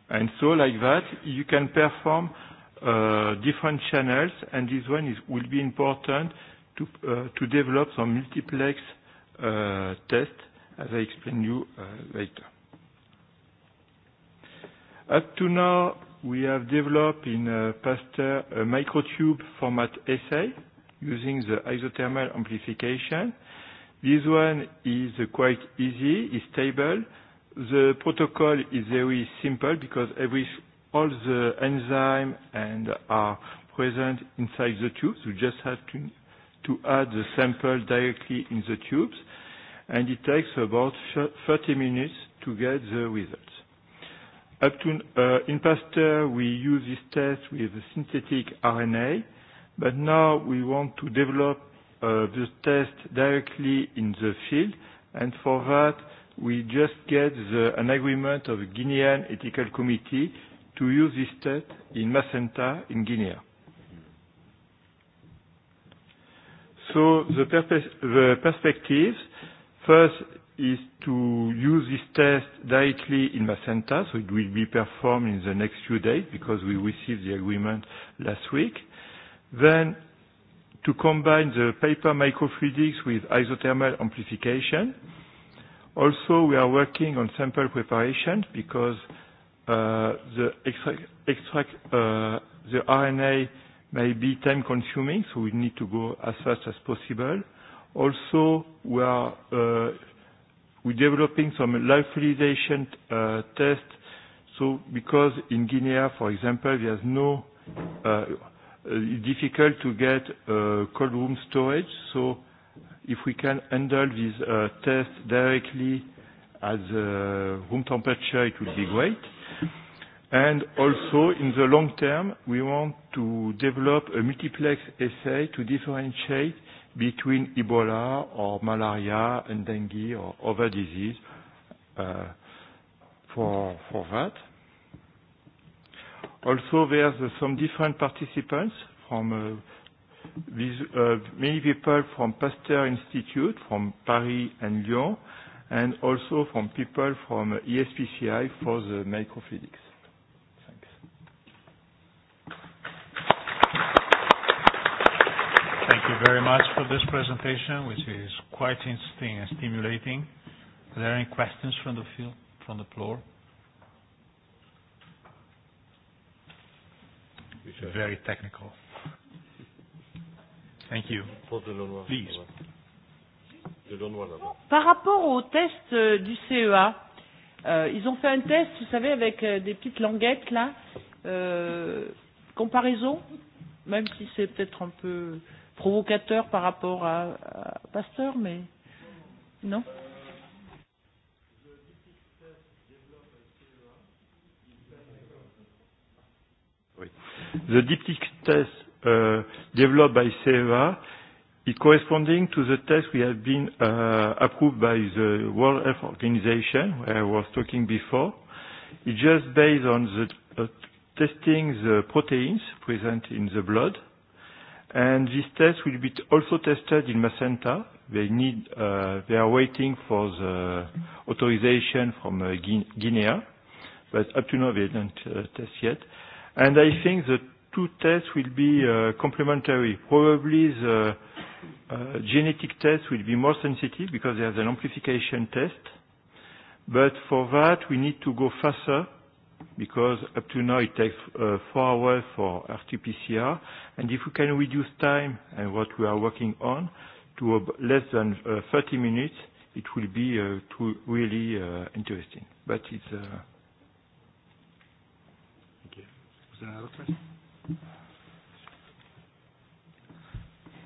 And so like that you can perform different channels and this one is will be important to to develop some multiplex test as I explain you later. Up to now, we have developed in PASTEUR a microtube format assay using the isothermal amplification. This one is quite easy, is stable. The protocol is very simple because every all the enzymes and are present inside the tubes. You just have to to add the sample directly in the tubes, and it takes about 30 minutes to get the result. Up to in past we use this test with synthetic RNA, but now we want to develop this test directly in the field, and for that we just get an agreement of the Guinean Ethical Committee to use this test in Macenta in Guinea. So the perspectives, first is to use this test directly in Macenta, so it will be performed in the next few days because we received the agreement last week. Then to combine the paper microfluidics with isothermal amplification. Also, we are working on sample preparation because the extract the RNA may be time consuming, so we need to go as fast as possible. Also, we are We're developing some lyophilization uh, tests. So because in Guinea, for example, there's no, it's difficult to get cold room storage. So if we can handle these uh, tests directly at the room temperature, it would be great. And also, in the long term, we want to develop a multiplex assay to differentiate between Ebola or malaria and dengue or other disease for for that. Also, there's some different participants from many people from Pasteur Institute, from Paris and Lyon, and also from people from ESPCI for the microfluidics.
Thank you very much for this presentation, which is quite interesting and stimulating. Are there any questions from the field, from the floor? Very technical. Thank you. Please.
Par rapport au test du CEA, ils ont fait un test, vous savez, avec des petites languettes là. comparaison, même si c'est peut-être un peu provocateur par rapport à, Pasteur, mais
non
oui. The diptych test uh, developed by CEA is corresponding to the test we have been uh, approved by the World Health Organization, where I was talking before. It's just based on the uh, testing the proteins present in the blood And this test will be also tested in Macenta. They need, uh, they are waiting for the authorization from uh, Guinea, but up to now they don't uh, test yet. And I think the two tests will be uh, complementary. Probably the uh, genetic test will be more sensitive because there's an amplification test. But for that, we need to go faster because up to now it takes uh, four hours for RT-PCR, and if we can reduce time and what we are working on to less than uh, 30 minutes, it will be uh, too really uh, interesting. But it's. Uh,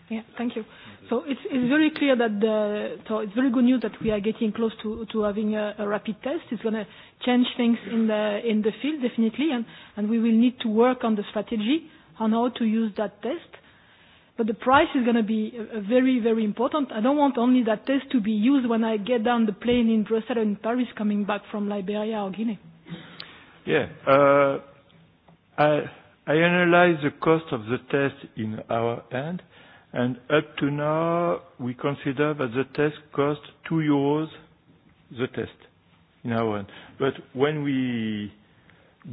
Yeah, thank you. So it's, it's very clear that the, so it's very good news that we are getting close to, to having a, rapid test. It's going to change things in the, in the field, definitely, and, and we will need to work on the strategy on how to use that test. But the price is going to be very, very important. I don't want only that test to be used when I get down the plane in Brussels and Paris coming back from Liberia or Guinea.
Yeah. Uh, I, I analyze the cost of the test in our end and up to now we consider that the test cost 2 euros the test in our end. But when we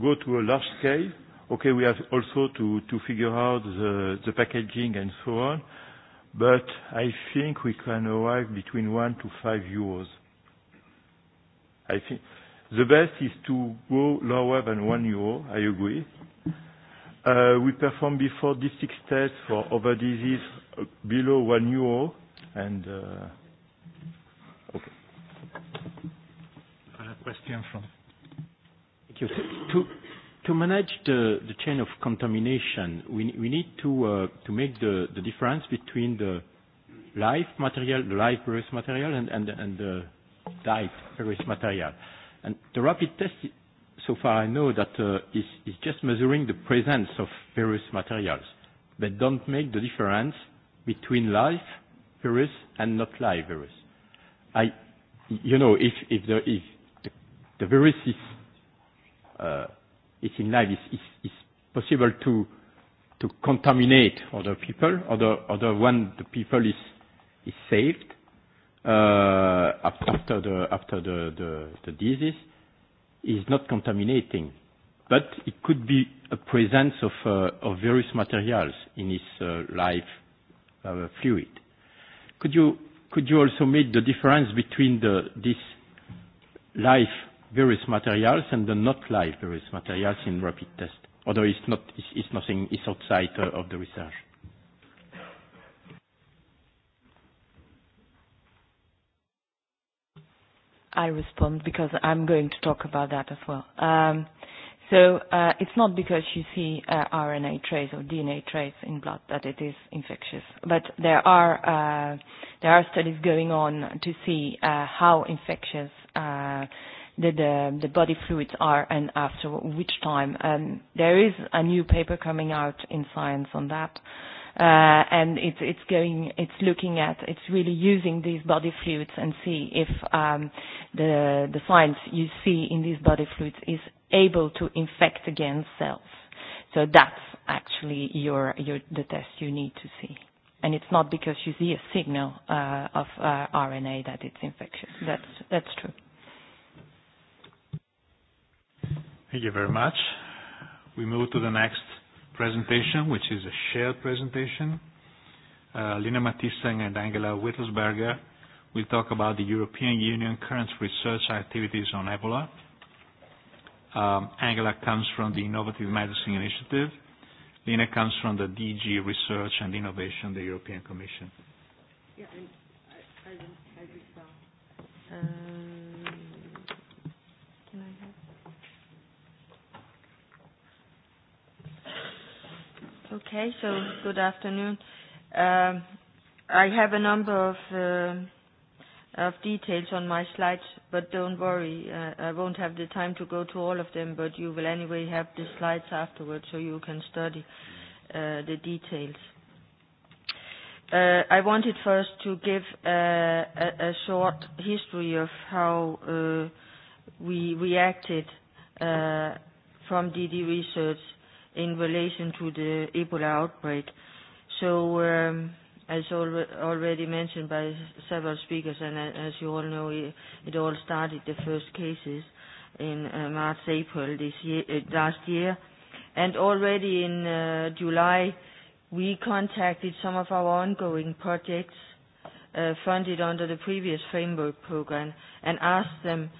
go to a large scale, okay, we have also to, to figure out the, the packaging and so on, but I think we can arrive between 1 to 5 euros. I think the best is to go lower than 1 euro, I agree, We performed before six tests for other disease below 1
euro and okay.
A question from.
Thank you. To to manage the the chain of contamination, we we need to to make the the difference between the live material, the live virus material, and and and the died virus material. And the rapid test so far I know that is it's just measuring the presence of various materials. but don't make the difference between live virus and not live virus. I, you know, if, if, the, if the, the virus is, uh, is in live, it's, it's, it's possible to, to contaminate other people, other, other when the people is, is saved uh, after, the, after the, the, the disease is not contaminating. But it could be a presence of, of various materials in its live fluid. Could you, could you also make the difference between the, this live various materials and the not live various materials in rapid test? Although it's, not, it's, it's nothing, it's outside of the research.
I respond because I'm going to talk about that as well. Um, so uh, it's not because you see uh, RNA trace or DNA trace in blood that it is infectious, but there are uh, there are studies going on to see uh, how infectious uh, the, the the body fluids are and after which time. Um, there is a new paper coming out in Science on that and it's it's going it's looking at it's really using these body fluids and see if um the the science you see in these body fluids is able to infect against cells so that's actually your your the test you need to see and it's not because you see a signal uh of uh RNA that it's infectious that's that's true
thank you very much we move to the next presentation, which is a shared presentation. Lina Mathiesen and Angela Wittelsberger will talk about the European Union current research activities on Ebola. Um, Angela comes from the Innovative Medicine Initiative. Lina comes from the DG Research and Innovation, the European Commission.
Yeah, and I, I,
Okay, so good afternoon. Um, I have a number of uh, of details on my slides, but don't worry, uh, I won't have the time to go to all of them. But you will anyway have the slides afterwards, so you can study uh, the details. I wanted first to give a short history of how we reacted from DD Research in relation to the Ebola outbreak. So, as already mentioned by several speakers, and as you all know, it all started the first cases in March, April this year, last year. And already in July, we contacted some of our ongoing projects funded under the previous framework program and asked them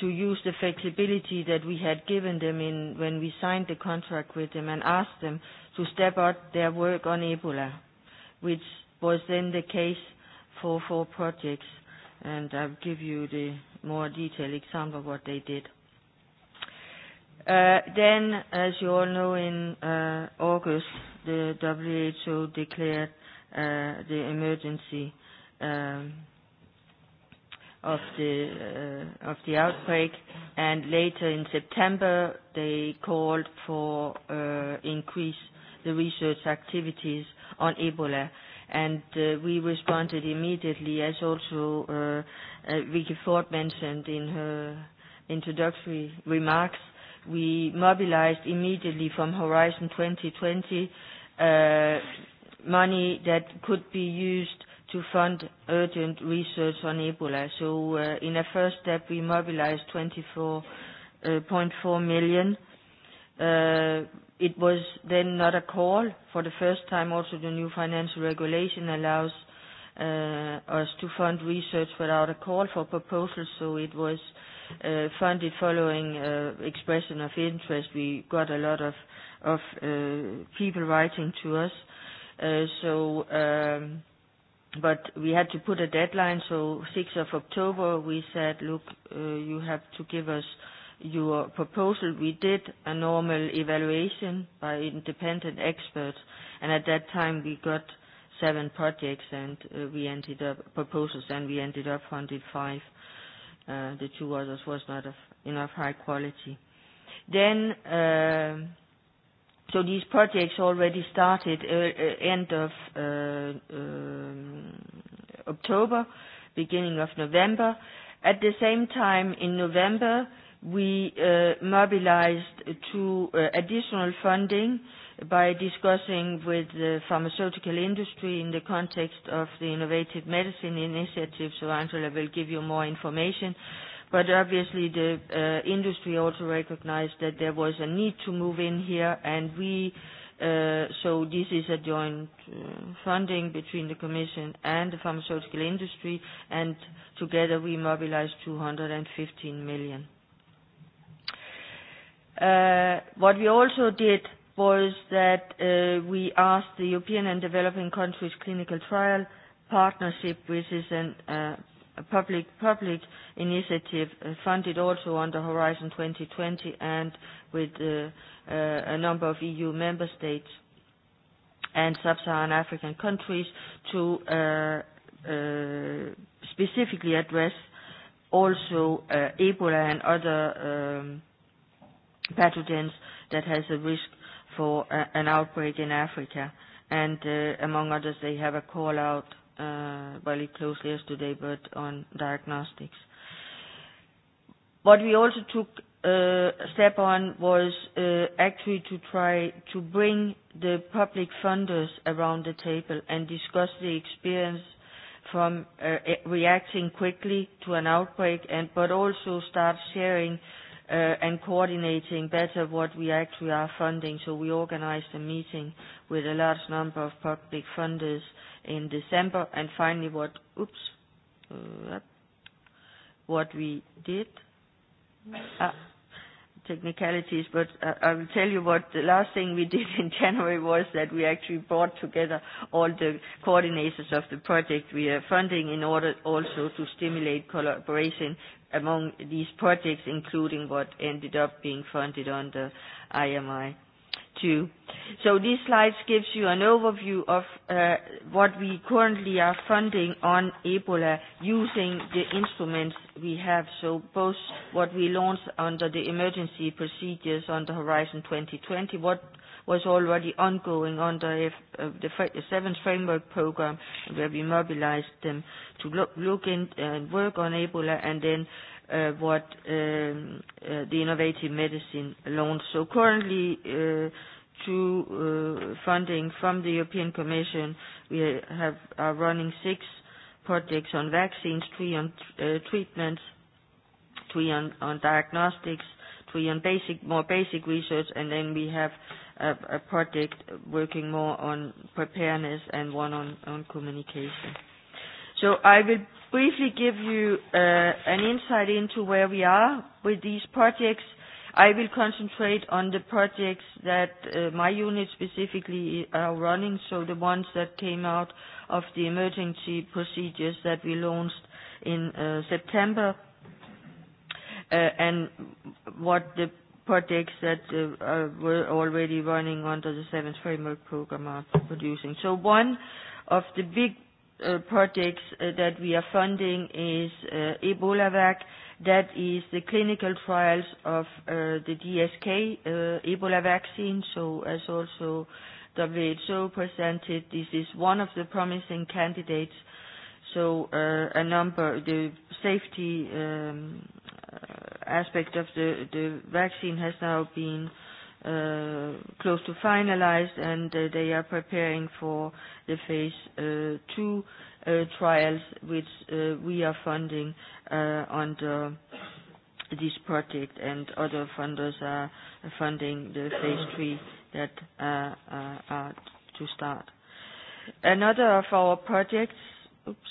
to use the flexibility that we had given them in when we signed the contract with them and asked them to step up their work on Ebola, which was then the case for four projects. And I'll give you the more detailed example of what they did. Then, as you all know, in August, the WHO declared the emergency of the of the outbreak and later in September they called for increase the research activities on Ebola and we responded immediately as also Vicky Ford mentioned in her introductory remarks we mobilized immediately from Horizon 2020 money that could be used to fund urgent research on Ebola. So in a first step, we mobilized 24.4 million. It was then not a call. For the first time, also the new financial regulation allows us to fund research without a call for proposals, so it was funded following expression of interest. We got a lot of of people writing to us. So but we had to put a deadline, so 6th of October we said, look, you have to give us your proposal. We did a normal evaluation by independent experts, and at that time we got seven projects and we ended up proposals and we ended up funded five. The two others was not of enough high quality. Then So these projects already started end of October, beginning of November. At the same time, in November, we mobilized to additional funding by discussing with the pharmaceutical industry in the context of the Innovative Medicine Initiative. So Angela will give you more information. But obviously the industry also recognized that there was a need to move in here and we so this is a joint funding between the Commission and the pharmaceutical industry, and together we mobilized 215 million. What we also did was that we asked the European and developing countries clinical trial partnership, which is a public public initiative funded also under Horizon 2020 and with a number of EU member states and sub-Saharan African countries to specifically address also Ebola and other pathogens that has a risk for an outbreak in Africa. And among others, they have a call out very closely as today, but on diagnostics. What we also took a step on was actually to try to bring the public funders around the table and discuss the experience from reacting quickly to an outbreak, and but also start sharing and coordinating better what we actually are funding. So we organized a meeting with a large number of public funders in December. And finally, what oops, what we did technicalities, but I will tell you what the last thing we did in January was that we actually brought together all the coordinators of the project we are funding in order also to stimulate collaboration among these projects, including what ended up being funded under IMI. So these slides gives you an overview of what we currently are funding on Ebola using the instruments we have. So both what we launched under the emergency procedures on the Horizon 2020, what was already ongoing under the seventh framework program, where we mobilized them to look and work on Ebola, and then what the innovative medicine loans. So currently, through funding from the European Commission, we have are running six projects on vaccines, three on treatments, three on diagnostics, three on basic more basic research, and then we have a project working more on preparedness and one on on communication. So I will briefly give you an insight into where we are with these projects. I will concentrate on the projects that my unit specifically are running, so the ones that came out of the emergency procedures that we launched in September, and what the projects that were already running under the seventh framework program are producing. So one of the big projects that we are funding is EbolaVac. That is the clinical trials of the GSK Ebola vaccine. So as also WHO presented, this is one of the promising candidates. So a number, the safety aspect of the vaccine has now been close to finalized, and they are preparing for the phase two trials, which we are funding under this project, and other funders are funding the phase three that are to start. Another of our projects, oops,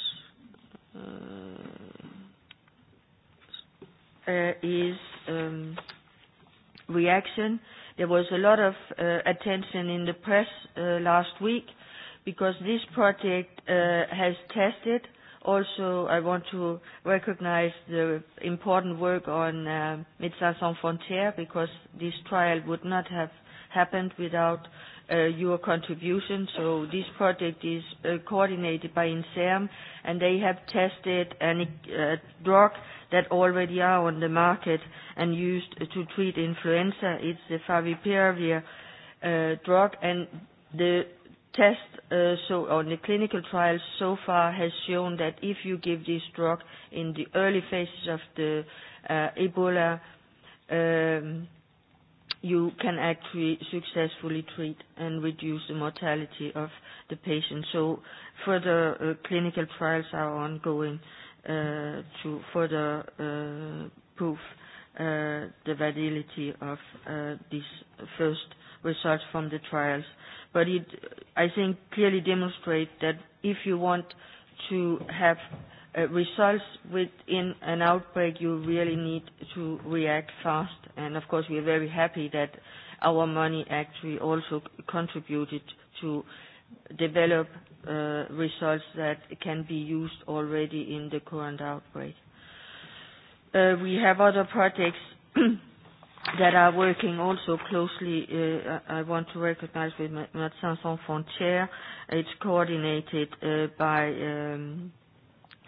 is reaction There was a lot of attention in the press last week because this project has tested. Also, I want to recognize the important work on Médecins Sans Frontières because this trial would not have happened without your contribution. So this project is coordinated by INSERM, and they have tested a drug that already are on the market and used to treat influenza. It's the favipiravir drug, and the test so on the clinical trials so far has shown that if you give this drug in the early phases of the Ebola you can actually successfully treat and reduce the mortality of the patient. So further clinical trials are ongoing to further prove the validity of these first results from the trials. But it, I think, clearly demonstrates that if you want to have results within an outbreak, you really need to react fast. And of course, we are very happy that our money actually also contributed to develop results that can be used already in the current outbreak. We have other projects that are working also closely. I want to recognize with Médecins Sans Frontières. It's coordinated by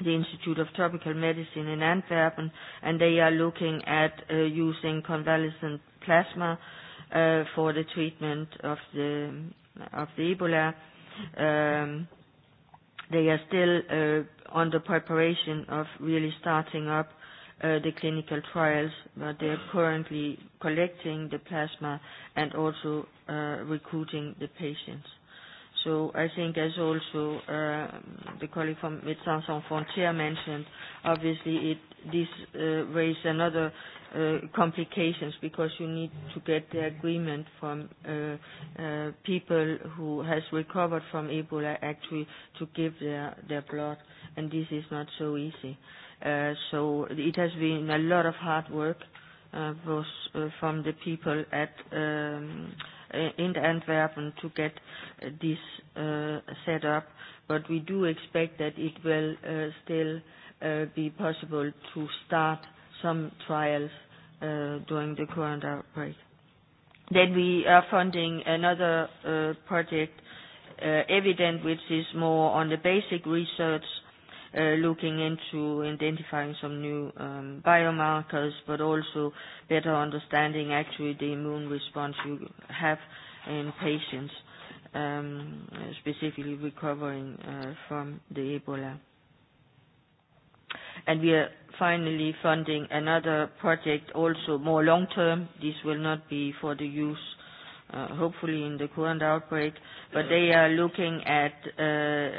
the Institute of Tropical Medicine in Antwerp, and they are looking at using convalescent plasma for the treatment of the of Ebola. Um, they are still on the preparation of really starting up the clinical trials, but they are currently collecting the plasma and also recruiting the patients. So I think as also the colleague from Médecins Sans Frontières mentioned, obviously it this raises another complications because you need to get the agreement from people who has recovered from Ebola actually to give their their blood, and this is not so easy. So it has been a lot of hard work both from the people at in Antwerpen to get this set up, but we do expect that it will still be possible to start some trials during the current outbreak. Then we are funding another project, Evident, which is more on the basic research looking into identifying some new biomarkers, but also better understanding actually the immune response you have in patients, specifically recovering from the Ebola. And we are finally funding another project also more long-term. This will not be for the use hopefully in the current outbreak, but they are looking at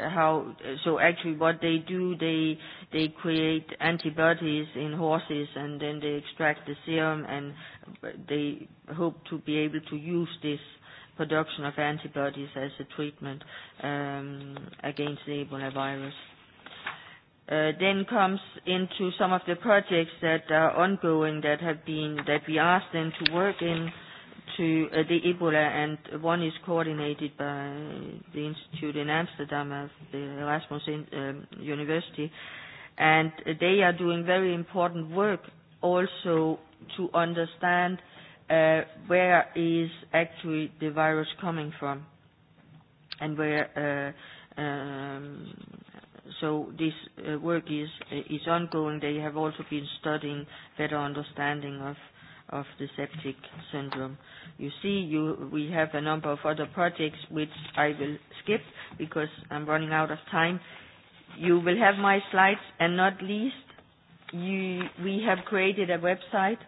how, so actually what they do, they they create antibodies in horses and then they extract the serum and they hope to be able to use this production of antibodies as a treatment against the Ebola virus. Then comes into some of the projects that are ongoing that have been, that we asked them to work in to the Ebola, and one is coordinated by the Institute in Amsterdam as the Erasmus University, and they are doing very important work also to understand where is actually the virus coming from, and where. So this work is is ongoing. They have also been studying better understanding of of the septic syndrome. You see, you, we have a number of other projects which I will skip because I'm running out of time. You will have my slides, and not least, you, we have created a website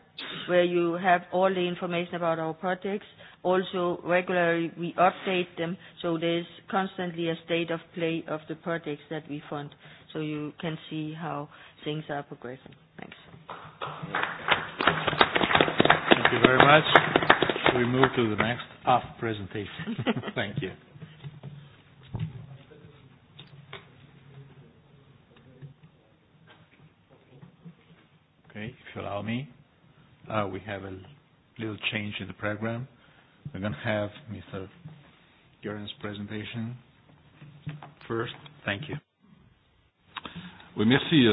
where you have all the information about our projects. Also, regularly we update them, so there is constantly a state of play of the projects that we fund, so you can see how things are progressing. Thanks.
Thank you very much. We move to the next half presentation. Thank you. Okay, if you allow me, uh, we have a little change in the program. We're going to have Mr. Guerin's presentation first. Thank you.
Oui, merci.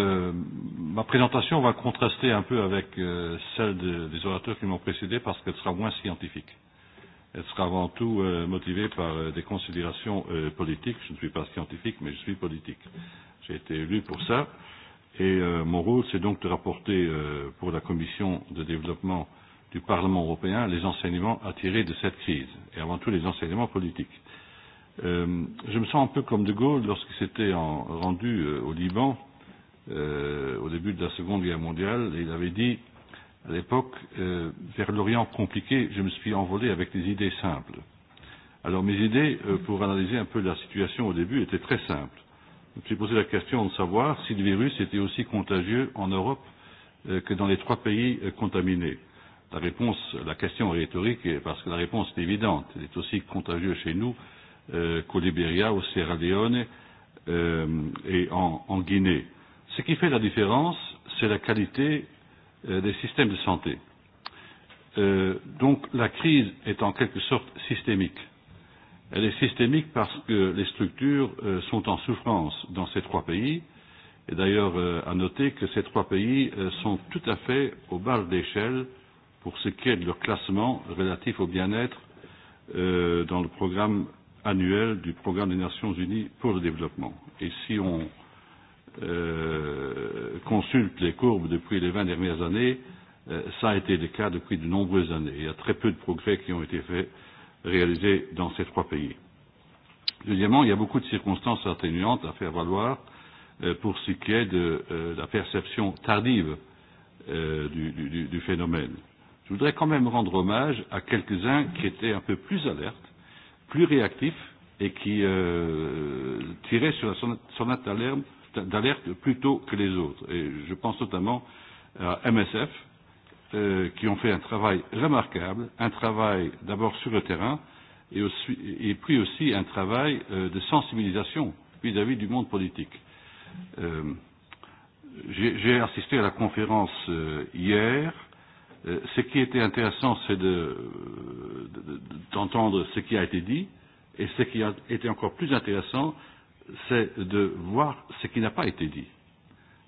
ma présentation va contraster un peu avec celle des orateurs qui m'ont précédé parce qu'elle sera moins scientifique. Elle sera avant tout motivée par des considérations politiques. Je ne suis pas scientifique, mais je suis politique. J'ai été élu pour ça. Et mon rôle, c'est donc de rapporter pour la Commission de développement du Parlement européen les enseignements à tirer de cette crise, et avant tout les enseignements politiques. Je me sens un peu comme De Gaulle lorsqu'il s'était rendu au Liban au début de la Seconde Guerre mondiale, il avait dit à l'époque vers l'Orient compliqué, je me suis envolé avec des idées simples. Alors mes idées, pour analyser un peu la situation au début, étaient très simples. Je me suis posé la question de savoir si le virus était aussi contagieux en Europe que dans les trois pays contaminés. La réponse, la question est rhétorique parce que la réponse est évidente. Il est aussi contagieux chez nous qu'au Libéria, au Sierra Leone et en, en Guinée. Ce qui fait la différence, c'est la qualité des systèmes de santé. Donc la crise est en quelque sorte systémique. Elle est systémique parce que les structures sont en souffrance dans ces trois pays. Et d'ailleurs, à noter que ces trois pays sont tout à fait au bas d'échelle pour ce qui est de leur classement relatif au bien-être dans le programme annuel du programme des Nations Unies pour le développement. Et si on consulte les courbes depuis les 20 dernières années, ça a été le cas depuis de nombreuses années. Il y a très peu de progrès qui ont été faits, réalisés dans ces trois pays. Deuxièmement, il y a beaucoup de circonstances atténuantes à faire valoir pour ce qui est de la perception tardive du phénomène. Je voudrais quand même rendre hommage à quelques-uns qui étaient un peu plus alertes, plus réactifs et qui tiraient sur la sonnette d'alerte d'alerte plus tôt que les autres. Et je pense notamment à MSF, qui ont fait un travail remarquable, un travail d'abord sur le terrain, et, aussi, et puis aussi un travail de sensibilisation vis-à-vis du monde politique. Euh, J'ai assisté à la conférence hier. Ce qui était intéressant, c'est d'entendre ce qui a été dit, et ce qui a été encore plus intéressant, c'est de voir ce qui n'a pas été dit.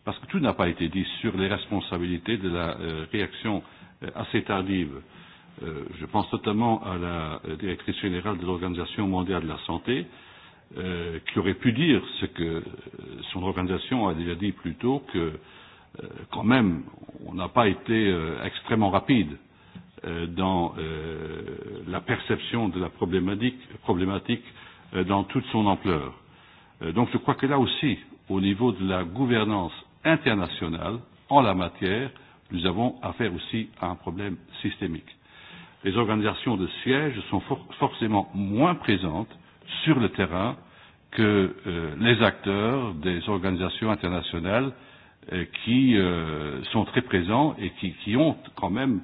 Parce que tout n'a pas été dit sur les responsabilités de la réaction assez tardive. Je pense notamment à la directrice générale de l'Organisation mondiale de la santé, qui aurait pu dire ce que son organisation a déjà dit plus tôt, que quand même, on n'a pas été extrêmement rapide dans la perception de la problématique dans toute son ampleur. Donc je crois que là aussi, au niveau de la gouvernance internationale en la matière, nous avons affaire aussi à un problème systémique. Les organisations de siège sont forcément moins présentes sur le terrain que les acteurs des organisations internationales qui sont très présents et qui, qui ont quand même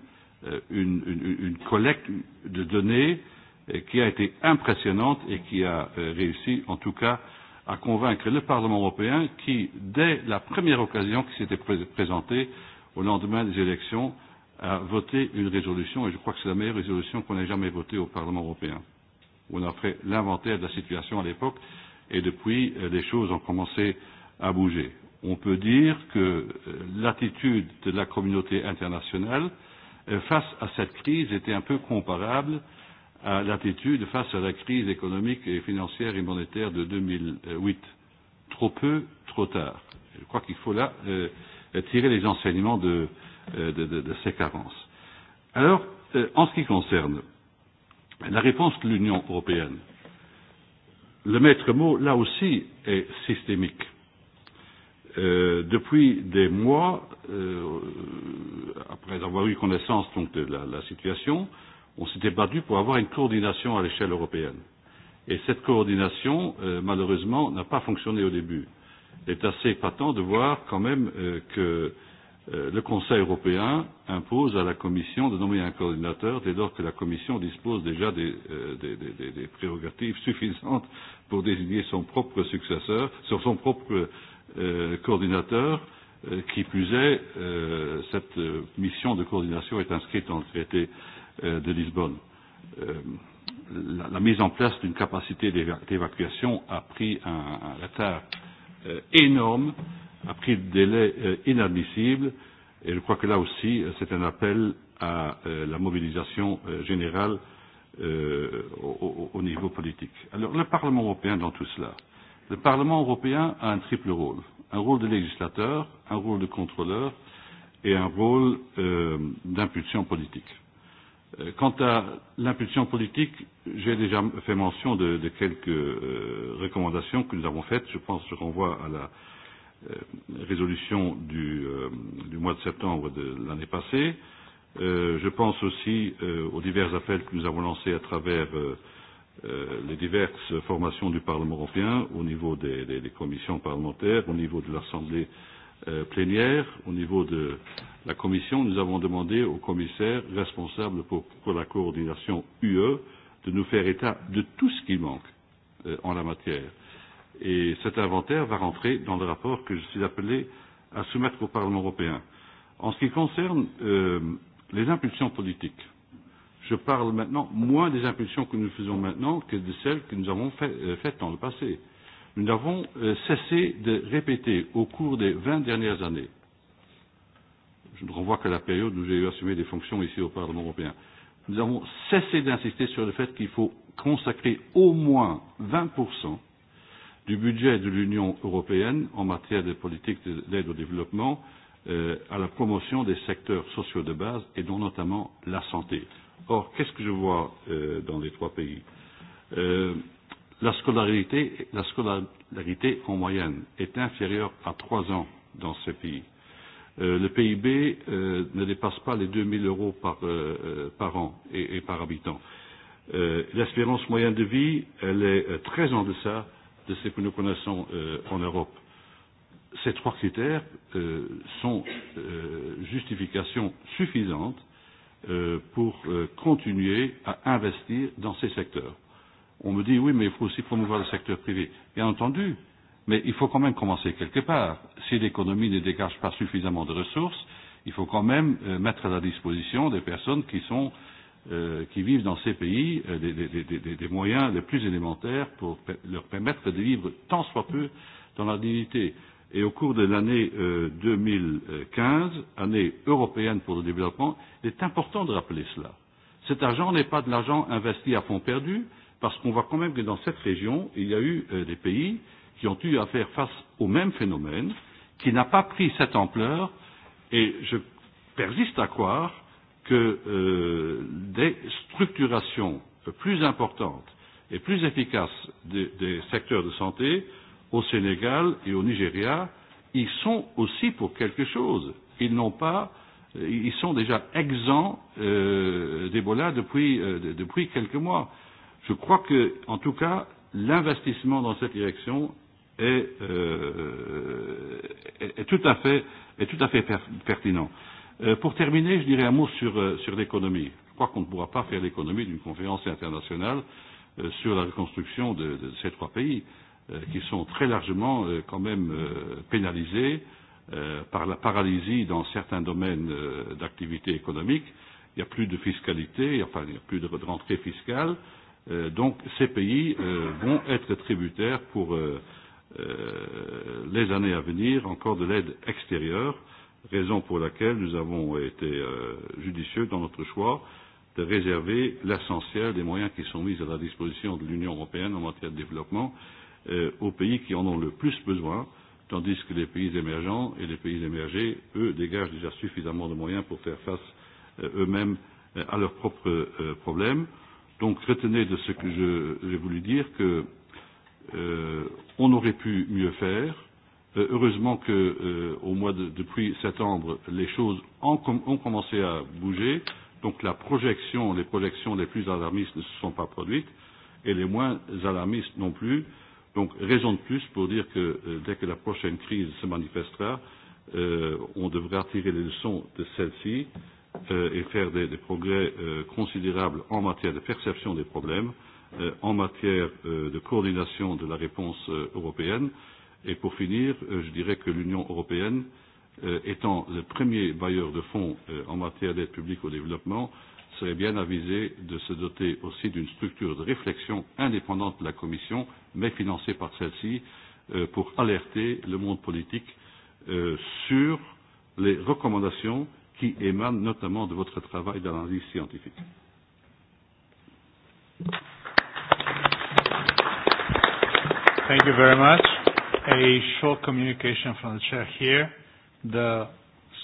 une, une, une collecte de données qui a été impressionnante et qui a réussi en tout cas à convaincre le Parlement européen qui, dès la première occasion qui s'était présentée au lendemain des élections, a voté une résolution, et je crois que c'est la meilleure résolution qu'on ait jamais votée au Parlement européen. On a fait l'inventaire de la situation à l'époque, et depuis, les choses ont commencé à bouger. On peut dire que l'attitude de la communauté internationale face à cette crise était un peu comparable à l'attitude face à la crise économique et financière et monétaire de 2008. Trop peu, trop tard. Je crois qu'il faut là tirer les enseignements de, de, de, de ces carences. Alors, en ce qui concerne la réponse de l'Union européenne, le maître mot, là aussi, est systémique. depuis des mois, après avoir eu connaissance donc, de la, la situation, on s'était battu pour avoir une coordination à l'échelle européenne. Et cette coordination, malheureusement, n'a pas fonctionné au début. Il est assez épatant de voir quand même que le Conseil européen impose à la Commission de nommer un coordinateur dès lors que la Commission dispose déjà des, des, des, des prérogatives suffisantes pour désigner son propre successeur, sur son propre coordinateur, qui plus est, cette mission de coordination est inscrite dans le traité de Lisbonne. La mise en place d'une capacité d'évacuation a pris un retard énorme, a pris des délais inadmissibles et je crois que là aussi c'est un appel à la mobilisation générale au niveau politique. Alors le Parlement européen dans tout cela. Le Parlement européen a un triple rôle. Un rôle de législateur, un rôle de contrôleur et un rôle d'impulsion politique. Quant à l'impulsion politique, j'ai déjà fait mention de, de quelques recommandations que nous avons faites. Je pense, je renvoie à la résolution du, du mois de septembre de l'année passée. je pense aussi aux divers appels que nous avons lancés à travers les diverses formations du Parlement européen, au niveau des, des, des commissions parlementaires, au niveau de l'Assemblée plénière, au niveau de la Commission, nous avons demandé au commissaire responsable pour, la coordination UE de nous faire état de tout ce qui manque en la matière. Et cet inventaire va rentrer dans le rapport que je suis appelé à soumettre au Parlement européen. En ce qui concerne les impulsions politiques, je parle maintenant moins des impulsions que nous faisons maintenant que de celles que nous avons faites dans le passé. Nous n'avons cessé de répéter au cours des vingt dernières années, je ne renvoie que la période où j'ai eu assumé des fonctions ici au Parlement européen, nous avons cessé d'insister sur le fait qu'il faut consacrer au moins 20% du budget de l'Union européenne en matière de politique d'aide au développement à la promotion des secteurs sociaux de base et dont notamment la santé. Or, qu'est-ce que je vois dans les trois pays La scolarité, la scolarité en moyenne est inférieure à trois ans dans ces pays. Le PIB ne dépasse pas les 2000 euros par an et par habitant. L'espérance moyenne de vie, elle est très en deçà de ce que nous connaissons en Europe. Ces trois critères sont justifications suffisantes pour continuer à investir dans ces secteurs On me dit oui, mais il faut aussi promouvoir le secteur privé. Bien entendu, mais il faut quand même commencer quelque part. Si l'économie ne dégage pas suffisamment de ressources, il faut quand même mettre à la disposition des personnes qui sont qui vivent dans ces pays des, des, des, des moyens les plus élémentaires pour leur permettre de vivre tant soit peu dans la dignité. Et au cours de l'année 2015, année européenne pour le développement, il est important de rappeler cela. Cet argent n'est pas de l'argent investi à fonds perdu, parce qu'on voit quand même que dans cette région, il y a eu des pays qui ont eu à faire face au même phénomène, qui n'a pas pris cette ampleur, et je persiste à croire que des structurations plus importantes et plus efficaces des secteurs de santé au Sénégal et au Nigeria, ils sont aussi pour quelque chose. Ils n'ont pas ils sont déjà exempts d'Ebola depuis depuis quelques mois Je crois que, en tout cas, l'investissement dans cette direction est, euh, est, tout à fait, est tout à fait pertinent. Euh, pour terminer, je dirais un mot sur, sur l'économie. Je crois qu'on ne pourra pas faire l'économie d'une conférence internationale sur la reconstruction de, ces trois pays qui sont très largement quand même pénalisés euh, par la paralysie dans certains domaines d'activité économique. Il n'y a plus de fiscalité, enfin il n'y a plus de rentrée fiscale. Donc ces pays vont être tributaires pour les années à venir encore de l'aide extérieure, raison pour laquelle nous avons été judicieux dans notre choix de réserver l'essentiel des moyens qui sont mis à la disposition de l'Union européenne en matière de développement aux pays qui en ont le plus besoin, tandis que les pays émergents et les pays émergés, eux, dégagent déjà suffisamment de moyens pour faire face eux-mêmes à leurs propres problèmes. Donc retenez de ce que j'ai voulu dire que euh, on aurait pu mieux faire. Euh, heureusement que euh, au mois de, depuis septembre, les choses ont, ont commencé à bouger. Donc la projection, les projections les plus alarmistes ne se sont pas produites et les moins alarmistes non plus. Donc raison de plus pour dire que dès que la prochaine crise se manifestera, euh, on devrait tirer les leçons de celle-ci et faire des progrès considérables en matière de perception des problèmes, en matière de coordination de la réponse européenne. Et pour finir, je dirais que l'Union européenne, étant le premier bailleur de fonds en matière d'aide publique au développement, serait bien avisée de se doter aussi d'une structure de réflexion indépendante de la Commission, mais financée par celle-ci, pour alerter le monde politique sur les recommandations qui émanent notamment de votre travail
d'analyse scientifique. Thank you very much. A short communication from the chair here. The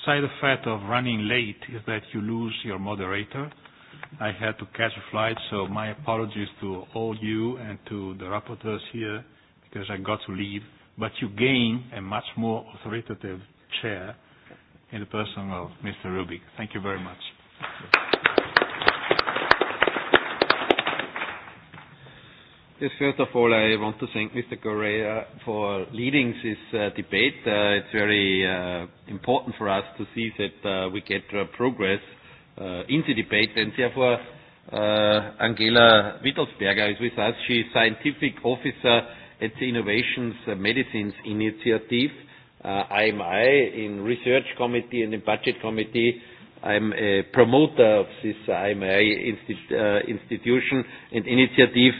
side effect of running late is that you lose your moderator. I had to catch a flight, so my apologies to all you and to the rapporteurs here because I got to leave. But you gain a much more authoritative chair in the person of Mr. Rubik. Thank you very much.
Yes, first of all, I want to thank Mr. Correa for leading this debate. it's very uh, important for us to see that we get progress in the debate, and therefore Angela Wittelsberger is with us. She is scientific officer at the Innovations Medicines Initiative, IMI in research committee and in budget committee. I'm a promoter of this IMI institution and initiative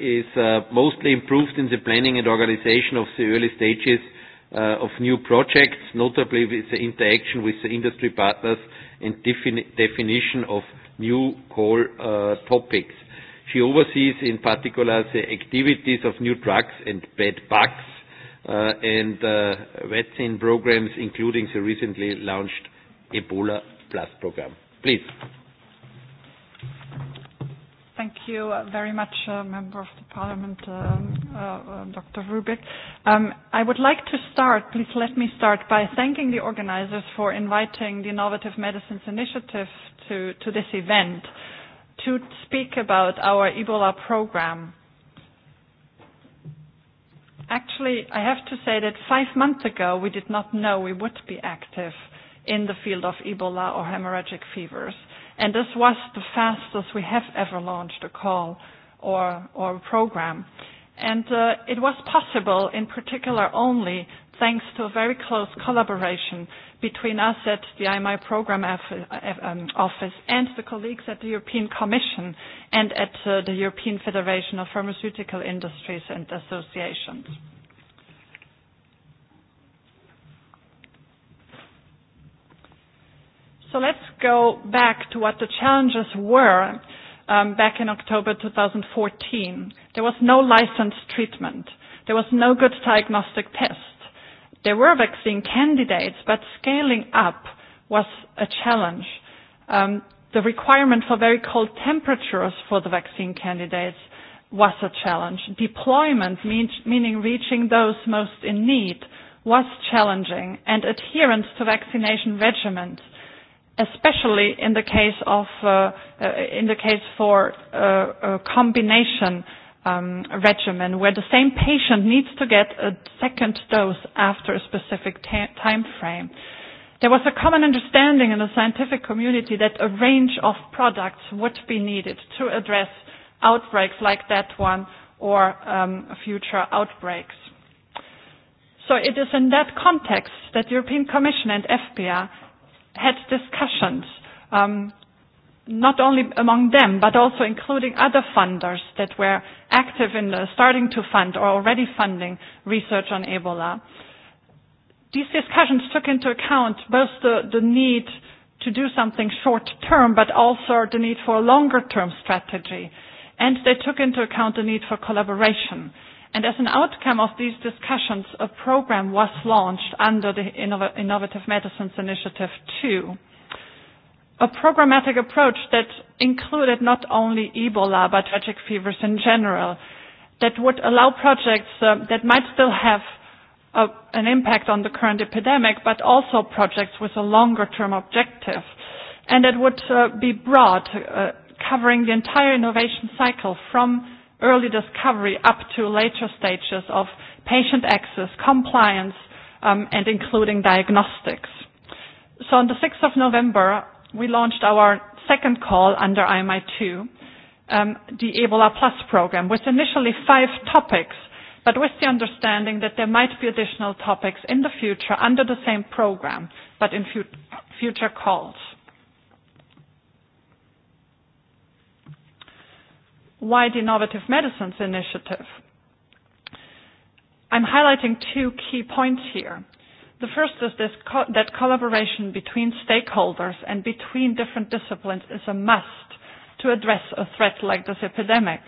is mostly improved in the planning and organization of the early stages of new projects, notably with the interaction with the industry partners and definition of new core topics. She oversees in particular the activities of new drugs and bad bugs and vaccine programs, including the recently launched Ebola Plus program. Please.
Thank you very much, Member of the Parliament, Dr. Rubik. I would like to start, please let me start, by thanking the organizers for inviting the Innovative Medicines Initiative to this event to speak about our Ebola program. Actually, I have to say that five months ago, we did not know we would be active in the field of Ebola or hemorrhagic fevers. And this was the fastest we have ever launched a call or, or a program. And it was possible in particular only thanks to a very close collaboration between us at the IMI Program Office and the colleagues at the European Commission and at the European Federation of Pharmaceutical Industries and Associations. So let's go back to what the challenges were back in October 2014. There was no licensed treatment. There was no good diagnostic test There were vaccine candidates, but scaling up was a challenge. The requirement for very cold temperatures for the vaccine candidates was a challenge. Deployment, meaning reaching those most in need, was challenging, and adherence to vaccination regimens, especially in the case of in the case for combination regimen where the same patient needs to get a second dose after a specific time frame. There was a common understanding in the scientific community that a range of products would be needed to address outbreaks like that one or future outbreaks. So it is in that context that the European Commission and FBI had discussions not only among them, but also including other funders that were active in starting to fund or already funding research on Ebola. These discussions took into account both the, the need to do something short term, but also the need for a longer term strategy. And they took into account the need for collaboration. And as an outcome of these discussions, a program was launched under the Innovative Medicines Initiative 2 a programmatic approach that included not only Ebola but tragic fevers in general, that would allow projects that might still have an impact on the current epidemic, but also projects with a longer-term objective, and that would be broad, covering the entire innovation cycle from early discovery up to later stages of patient access, compliance, and including diagnostics. So on the 6th of November, we launched our second call under IMI 2, the Ebola Plus program, with initially five topics, but with the understanding that there might be additional topics in the future under the same program, but in future calls. Why the Innovative Medicines Initiative? I'm highlighting two key points here. The first is this that collaboration between stakeholders and between different disciplines is a must to address a threat like this epidemic.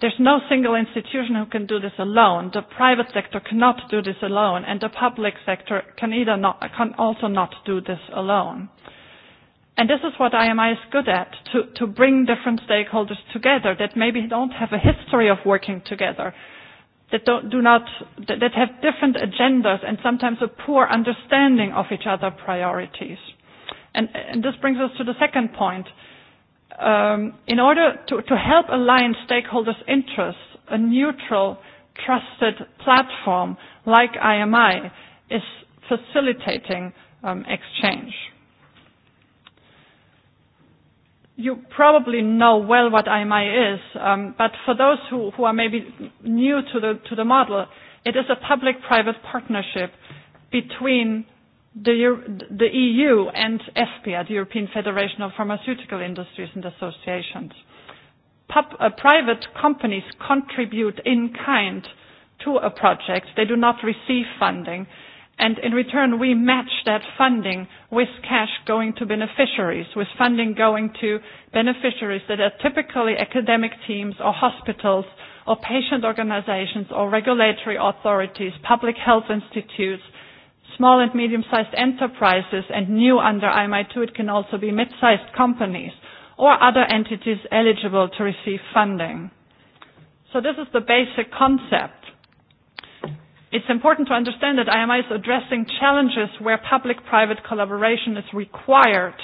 There's no single institution who can do this alone. The private sector cannot do this alone, and the public sector can either not can also not do this alone. And this is what IMI is good at, to, to bring different stakeholders together that maybe don't have a history of working together, that do not that have different agendas and sometimes a poor understanding of each other's priorities and and this brings us to the second point um in order to to help align stakeholders interests a neutral trusted platform like IMI is facilitating exchange you probably know well what IMI is, um, but for those who, who are maybe new to the, to the model, it is a public-private partnership between the, the EU and EFPIA, the European Federation of Pharmaceutical Industries and Associations. Pub, uh, private companies contribute in kind to a project. They do not receive funding and in return we match that funding with cash going to beneficiaries, with funding going to beneficiaries that are typically academic teams or hospitals or patient organizations or regulatory authorities, public health institutes, small and medium-sized enterprises, and new under IMI2 it can also be mid-sized companies or other entities eligible to receive funding. So this is the basic concept. It's important to understand that IMI is addressing challenges where public-private collaboration is required.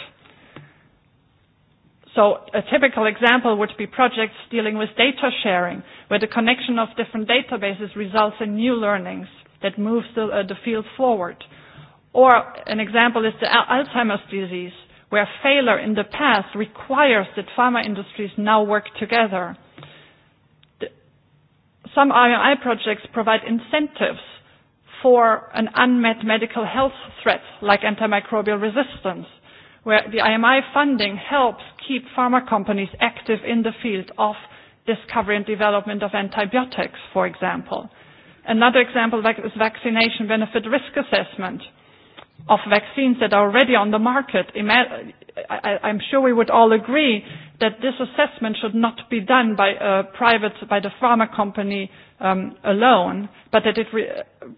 So a typical example would be projects dealing with data sharing, where the connection of different databases results in new learnings that moves the, the field forward. Or an example is the Alzheimer's disease, where failure in the past requires that pharma industries now work together Some IMI projects provide incentives for an unmet medical health threat like antimicrobial resistance, where the IMI funding helps keep pharma companies active in the field of discovery and development of antibiotics, for example. Another example is vaccination benefit risk assessment of vaccines that are already on the market, I, I'm sure we would all agree that this assessment should not be done by a private, by the pharma company um, alone, but that it re,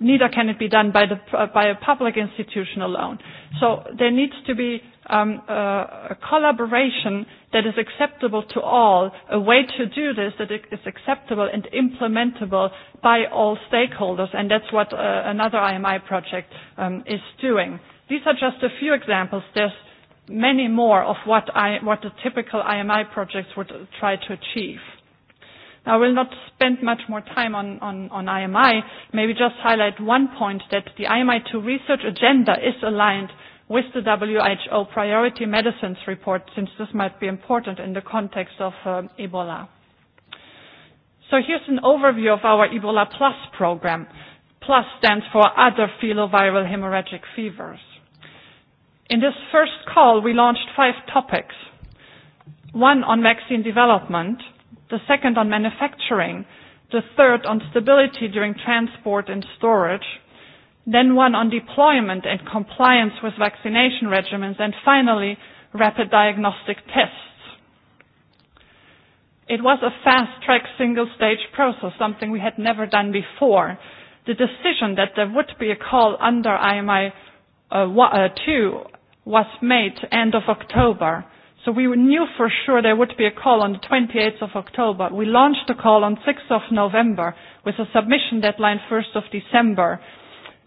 neither can it be done by, the, by a public institution alone. So there needs to be um, a collaboration that is acceptable to all, a way to do this that is acceptable and implementable by all stakeholders, and that's what uh, another IMI project um, is doing. These are just a few examples. There's many more of what the typical IMI projects would try to achieve. Now I will not spend much more time on IMI, maybe just highlight one point that the IMI2 research agenda is aligned with the WHO Priority Medicines report, since this might be important in the context of Ebola. So here's an overview of our Ebola Plus program. Plus stands for Other Filoviral Hemorrhagic Fevers. In this first call, we launched five topics. One on vaccine development, the second on manufacturing, the third on stability during transport and storage, then one on deployment and compliance with vaccination regimens, and finally, rapid diagnostic tests. It was a fast-track single-stage process, something we had never done before. The decision that there would be a call under IMI 2 was made end of October. So we knew for sure there would be a call on the 28th of October. We launched the call on 6th of November with a submission deadline 1st of December.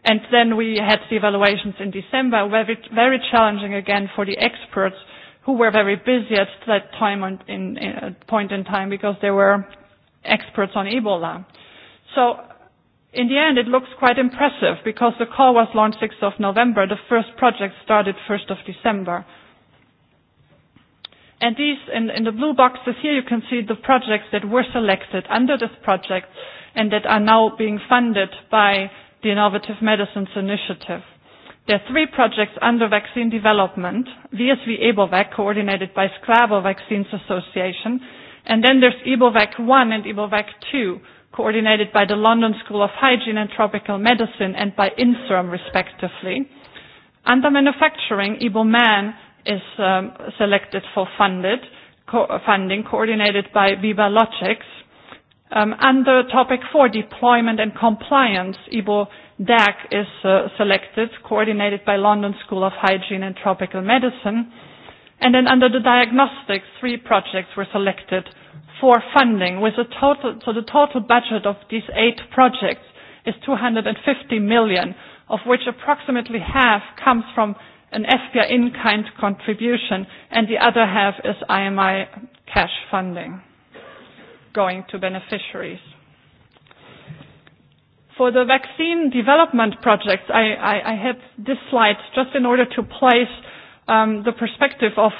And then we had the evaluations in December, very, very challenging again for the experts who were very busy at that time in, in, point in time because they were experts on Ebola. So In the end, it looks quite impressive because the call was launched 6th of November. The first project started 1st of December. And these, in, in the blue boxes here, you can see the projects that were selected under this project and that are now being funded by the Innovative Medicines Initiative. There are three projects under vaccine development, VSV EBOVAC, coordinated by SCLAVO Vaccines Association, and then there's EBOVAC 1 and EBOVAC 2, coordinated by the London School of Hygiene and Tropical Medicine and by INSERM respectively. Under manufacturing, IBOMAN is selected for funded funding coordinated by Viva Logics. Under topic four, deployment and compliance, IBO DAC is selected, coordinated by London School of Hygiene and Tropical Medicine. And then under the diagnostics, three projects were selected for funding with a total, so the total budget of these eight projects is 250 million, of which approximately half comes from an FBI in-kind contribution and the other half is IMI cash funding going to beneficiaries. For the vaccine development projects, I, I, I had this slide just in order to place the perspective of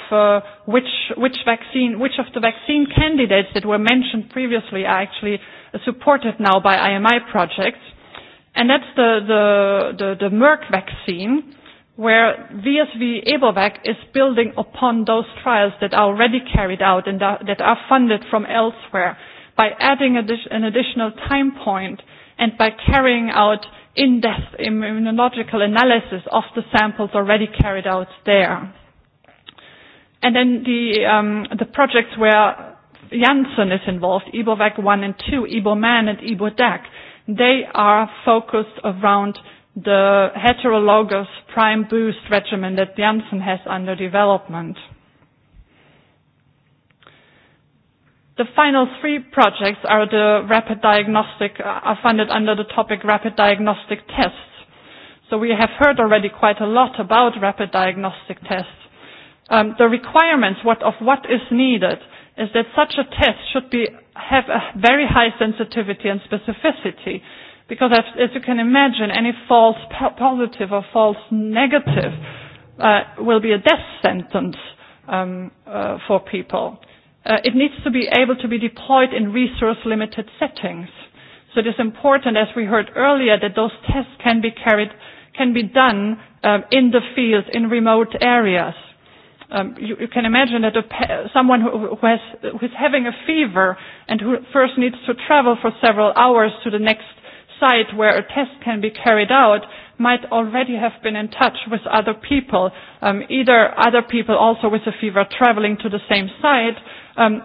which which vaccine, which of the vaccine candidates that were mentioned previously are actually supported now by IMI projects, and that's the the the Merck vaccine, where VSV Ebovac is building upon those trials that are already carried out and that are funded from elsewhere by adding an additional time point and by carrying out in-depth immunological analysis of the samples already carried out there. And then the the projects where Janssen is involved, EBOVAC 1 and 2, EBOMAN and EBODAC, they are focused around the heterologous prime boost regimen that Janssen has under development. The final three projects are the rapid diagnostic, are funded under the topic rapid diagnostic tests. So we have heard already quite a lot about rapid diagnostic tests. Um, the requirements what, of what is needed is that such a test should be, have a very high sensitivity and specificity. Because as, as you can imagine, any false positive or false negative uh, will be a death sentence um, for people. It needs to be able to be deployed in resource-limited settings. So it is important, as we heard earlier, that those tests can be carried, can be done in the field, in remote areas. You can imagine that someone who is having a fever and who first needs to travel for several hours to the next site where a test can be carried out might already have been in touch with other people, either other people also with a fever traveling to the same site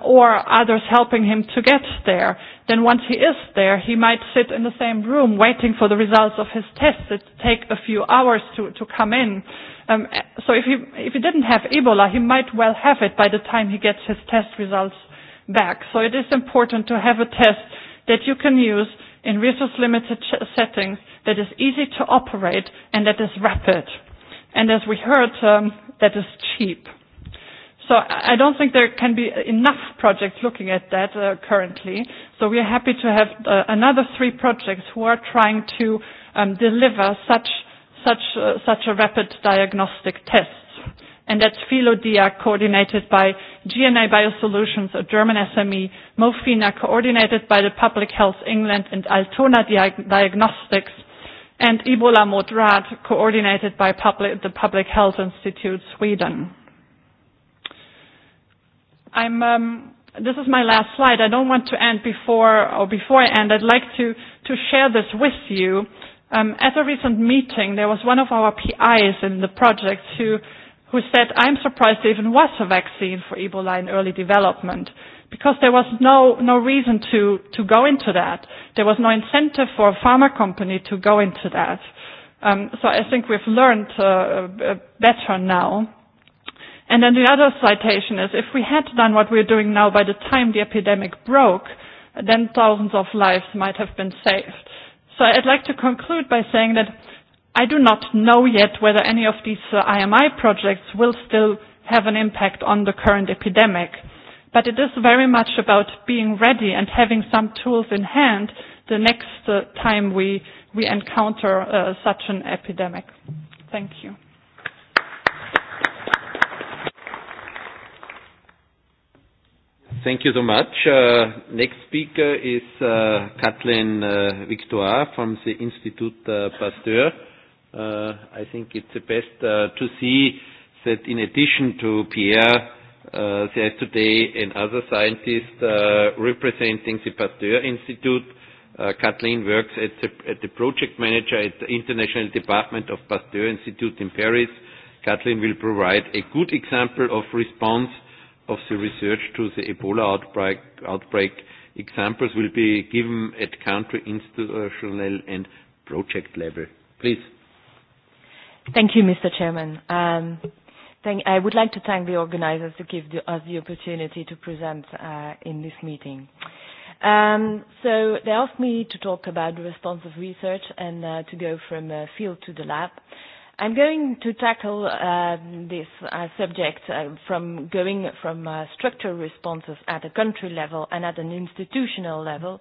or others helping him to get there. Then once he is there, he might sit in the same room waiting for the results of his tests that take a few hours to, to come in. Um, so if he, if he didn't have Ebola, he might well have it by the time he gets his test results back. So it is important to have a test that you can use in resource-limited settings that is easy to operate and that is rapid. And as we heard, um, that is cheap. So I don't think there can be enough projects looking at that currently. So we are happy to have another three projects who are trying to deliver such such such a rapid diagnostic test. And that's Philodia, coordinated by GNA Biosolutions, a German SME, Mofina, coordinated by the Public Health England and Altona Diagnostics, and Ebola Modrad, coordinated by the Public Health Institute Sweden. I'm um, this is my last slide. I don't want to end before or before I end. I'd like to to share this with you. Um, at a recent meeting, there was one of our PIs in the project who who said, "I'm surprised there even was a vaccine for Ebola in early development." Because there was no no reason to to go into that, there was no incentive for a pharma company to go into that. Um, so I think we've learned better now. And then the other citation is if we had done what we're doing now by the time the epidemic broke, then thousands of lives might have been saved. So I'd like to conclude by saying that I do not know yet whether any of these IMI projects will still have an impact on the current epidemic. But it is very much about being ready and having some tools in hand the next time we we encounter such an epidemic. Thank you.
Thank you so much. Next speaker is Kathleen Victoire from the Institut Pasteur. I think it's the best to see that in addition to Pierre, there is today another scientist representing the Pasteur Institute. Kathleen works at the project manager at the International Department of Pasteur Institute in Paris. Kathleen will provide a good example of response of the research to the Ebola outbreak, outbreak examples will be given at country, institutional and project level. Please.
Thank you, Mr. Chairman. Um, I would like to thank the organizers to give us the opportunity to present in this meeting. Um, so they asked me to talk about the response of research and to go from field to the lab. I'm going to tackle this subject from going from structural responses at a country level and at an institutional level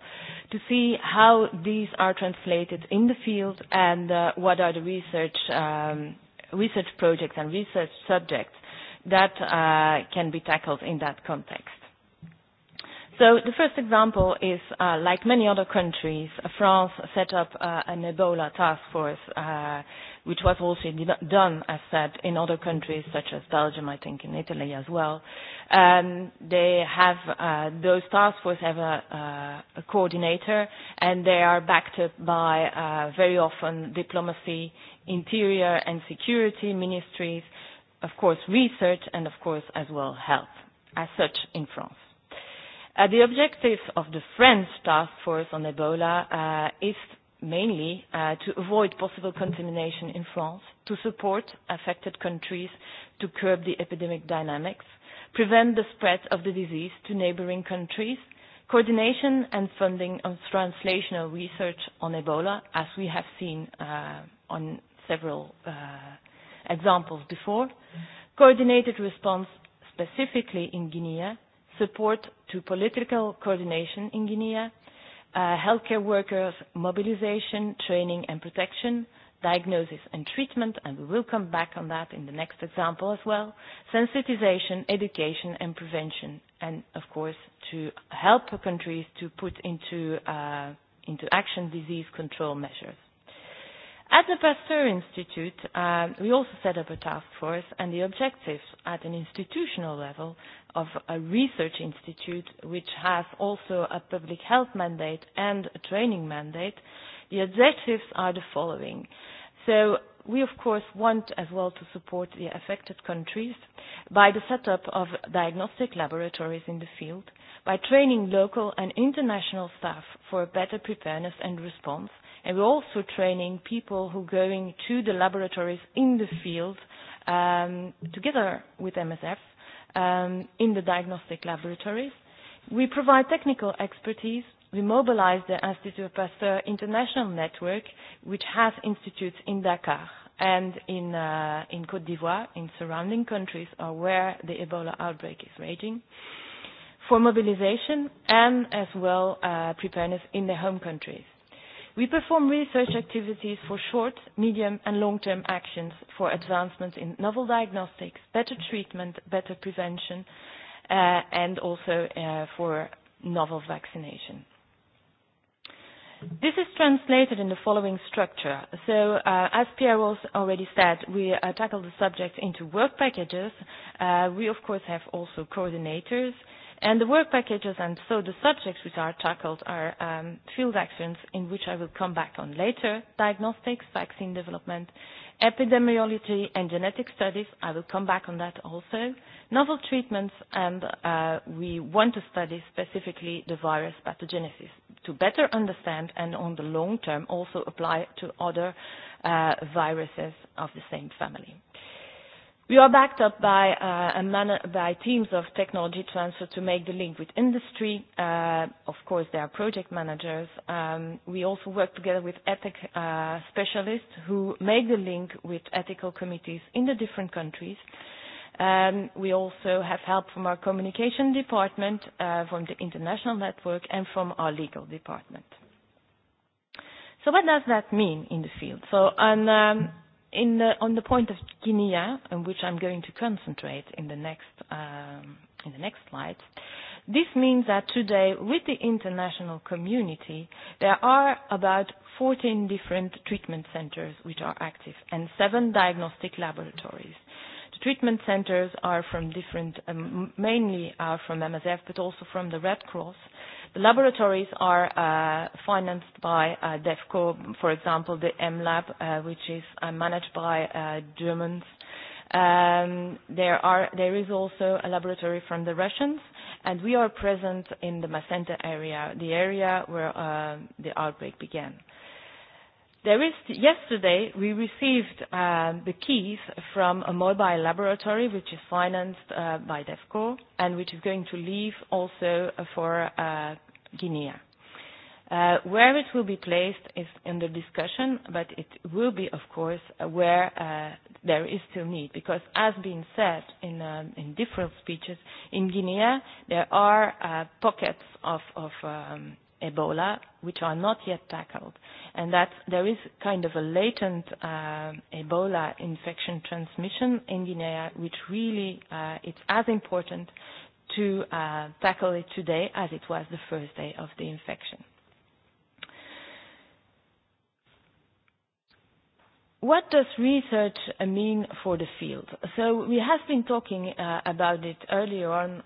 to see how these are translated in the field and what are the research, um, research projects and research subjects that uh, can be tackled in that context. So the first example is, uh, like many other countries, France set up uh, an Ebola task force uh, which was also done, as said, in other countries such as Belgium, I think in Italy as well. they have, those task forces have a, a coordinator and they are backed up by very often diplomacy, interior and security ministries, of course research and of course as well health, as such in France. The objective of the French task force on Ebola is mainly to avoid possible contamination in France, to support affected countries to curb the epidemic dynamics, prevent the spread of the disease to neighboring countries, coordination and funding of translational research on Ebola, as we have seen on several examples before, coordinated response specifically in Guinea, support to political coordination in Guinea, healthcare workers, mobilization, training and protection, diagnosis and treatment, and we will come back on that in the next example as well, sensitization, education and prevention, and of course to help countries to put into, into action disease control measures. At the Pasteur Institute, we also set up a task force, and the objectives at an institutional level of a research institute, which has also a public health mandate and a training mandate, the objectives are the following. So we, of course, want as well to support the affected countries by the setup of diagnostic laboratories in the field, by training local and international staff for better preparedness and response, And we're also training people who are going to the laboratories in the field together with MSF in the diagnostic laboratories. We provide technical expertise. We mobilize the Institut Pasteur International Network, which has institutes in Dakar and in, in Côte d'Ivoire, in surrounding countries or where the Ebola outbreak is raging, for mobilization and as well preparedness in their home countries. We perform research activities for short, medium and long-term actions for advancements in novel diagnostics, better treatment, better prevention and also for novel vaccination. This is translated in the following structure. So as Pierre already said, we tackle the subject into work packages. We of course have also coordinators And the work packages and so the subjects which are tackled are um, field actions in which I will come back on later, diagnostics, vaccine development, epidemiology and genetic studies, I will come back on that also, novel treatments, and uh, we want to study specifically the virus pathogenesis to better understand and on the long term also apply to other uh, viruses of the same family. We are backed up by, uh, by teams of technology transfer to make the link with industry. Uh, of course, there are project managers. Um, we also work together with ethic uh, specialists who make the link with ethical committees in the different countries. Um, we also have help from our communication department, uh, from the international network, and from our legal department. So what does that mean in the field? So on, um, in the, on the point of Guinea, on which I'm going to concentrate in the next um, in the next slide, this means that today, with the international community, there are about 14 different treatment centers which are active and seven diagnostic laboratories. The treatment centers are from different, um, mainly are from MSF, but also from the Red Cross Laboratories are financed by DEFCO, for example, the M Lab, which is managed by Germans. There is also a laboratory from the Russians, and we are present in the Macenta area, the area where the outbreak began. There is Yesterday, we received the keys from a mobile laboratory, which is financed by DEFCO, and which is going to leave also for Guinea. Where it will be placed is under discussion, but it will be, of course, where there is still need, because as been said in in different speeches, in Guinea there are pockets of of Ebola which are not yet tackled, and that there is kind of a latent Ebola infection transmission in Guinea, which really it's as important to tackle it today as it was the first day of the infection. What does research mean for the field? So we have been talking about it earlier on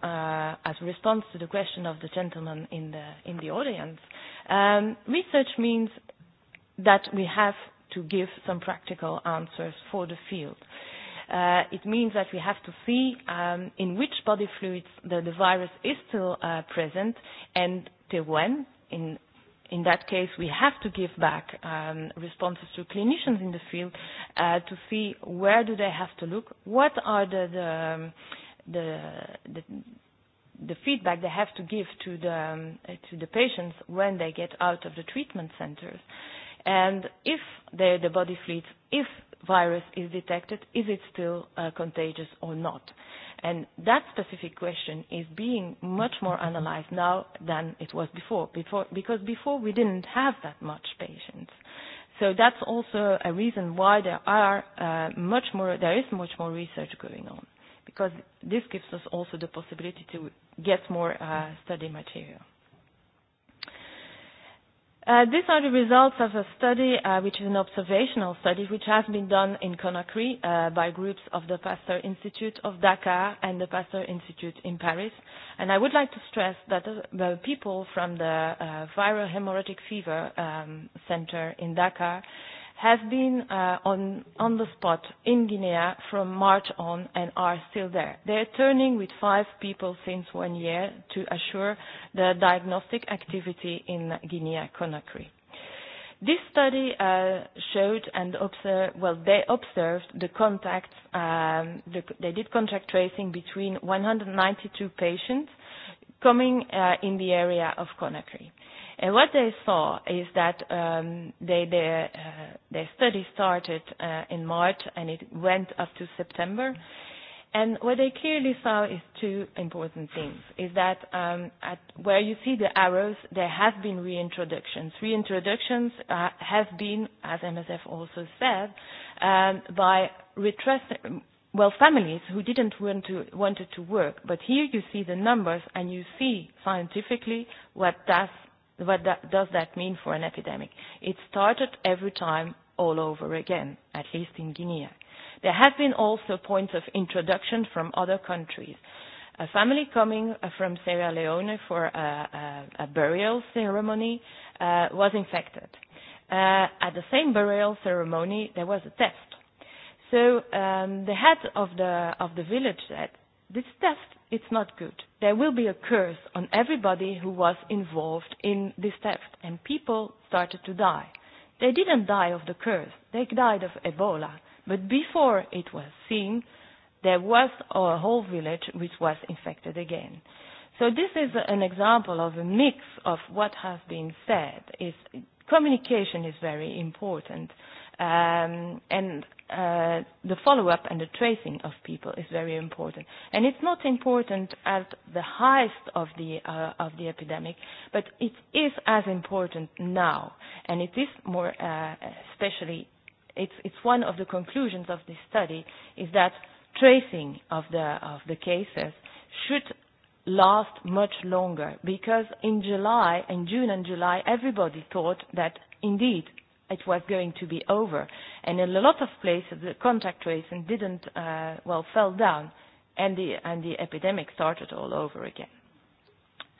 as a response to the question of the gentleman in the in the audience. Um research means that we have to give some practical answers for the field uh It means that we have to see um in which body fluids the the virus is still uh present and till when. In in that case, we have to give back um, responses to clinicians in the field uh, to see where do they have to look, what are the the, the the feedback they have to give to the to the patients when they get out of the treatment centers And if the the body fleets, if virus is detected, is it still contagious or not? And that specific question is being much more analyzed now than it was before, before because before we didn't have that much patients. So that's also a reason why there are much more, there is much more research going on, because this gives us also the possibility to get more study material. These are the results of a study, which is an observational study, which has been done in Conakry by groups of the Pasteur Institute of Dakar and the Pasteur Institute in Paris. And I would like to stress that the people from the Viral Hemorrhagic Fever Center in Dakar have been on on the spot in Guinea from March on and are still there. They are turning with five people since one year to assure the diagnostic activity in Guinea-Conakry. This study showed and observed, well, they observed the contacts, they did contact tracing between 192 patients coming in the area of Conakry. And what they saw is that um, they, their, their study started in March and it went up to September. And what they clearly saw is two important things, is that um, at where you see the arrows, there have been reintroductions. Reintroductions have been, as MSF also said, um, by well, families who didn't want to, wanted to work. But here you see the numbers and you see scientifically what does What does that mean for an epidemic? It started every time all over again, at least in Guinea. There have been also points of introduction from other countries. A family coming from Sierra Leone for a, a, burial ceremony was infected. at the same burial ceremony, there was a test. So um, the head of the, of the village said, this test it's not good. There will be a curse on everybody who was involved in this theft, and people started to die. They didn't die of the curse, they died of Ebola. But before it was seen, there was a whole village which was infected again. So this is an example of a mix of what has been said. Is communication is very important, um, and the follow-up and the tracing of people is very important. And it's not important at the highest of the, uh, of the epidemic, but it is as important now. And it is more, uh, especially, it's, it's one of the conclusions of this study, is that tracing of the, of the cases should last much longer because in July, in June and July, everybody thought that indeed it was going to be over. And in a lot of places, the contact tracing didn't, well, fell down, and the, and the epidemic started all over again.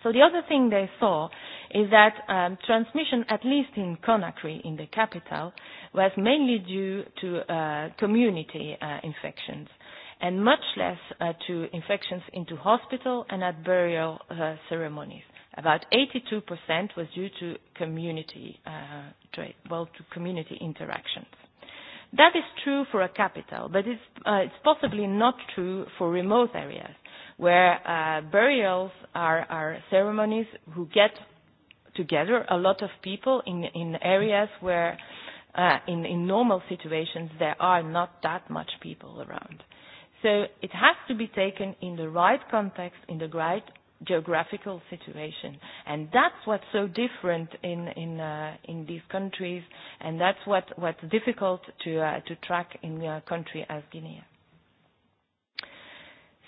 So the other thing they saw is that transmission, at least in Conakry, in the capital, was mainly due to community infections and much less to infections into hospital and at burial ceremonies. About 82% was due to community, well, to community interactions. That is true for a capital, but it's, it's possibly not true for remote areas where burials are, ceremonies who get together a lot of people in, areas where in, in normal situations there are not that much people around. So it has to be taken in the right context, in the right geographical situation. And that's what's so different in in uh in these countries and that's what what's difficult to uh to track in a country as Guinea.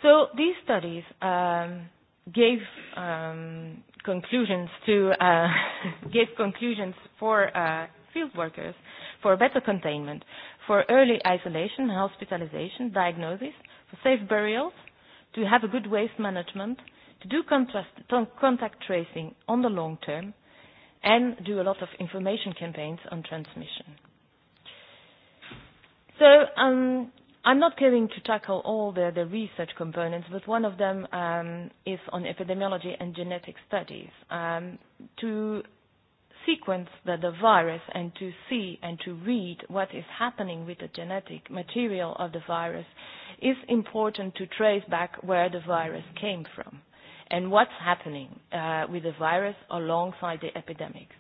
So these studies um gave um conclusions to uh gave conclusions for uh field workers for better containment, for early isolation, hospitalization, diagnosis, for safe burials, to have a good waste management to do contact tracing on the long term and do a lot of information campaigns on transmission. So um, I'm not going to tackle all the, the research components, but one of them um, is on epidemiology and genetic studies. Um, to sequence the, the virus and to see and to read what is happening with the genetic material of the virus is important to trace back where the virus came from and what's happening with the virus alongside the epidemics.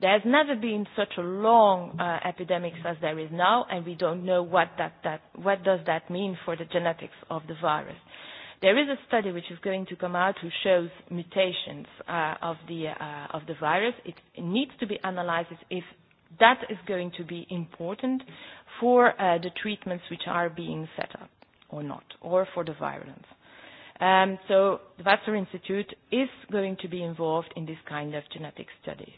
There has never been such a long epidemic as there is now, and we don't know what that that what does that mean for the genetics of the virus. There is a study which is going to come out who shows mutations of the of the virus. It needs to be analyzed if that is going to be important for the treatments which are being set up or not, or for the virulence. So the Vassar Institute is going to be involved in this kind of genetic studies.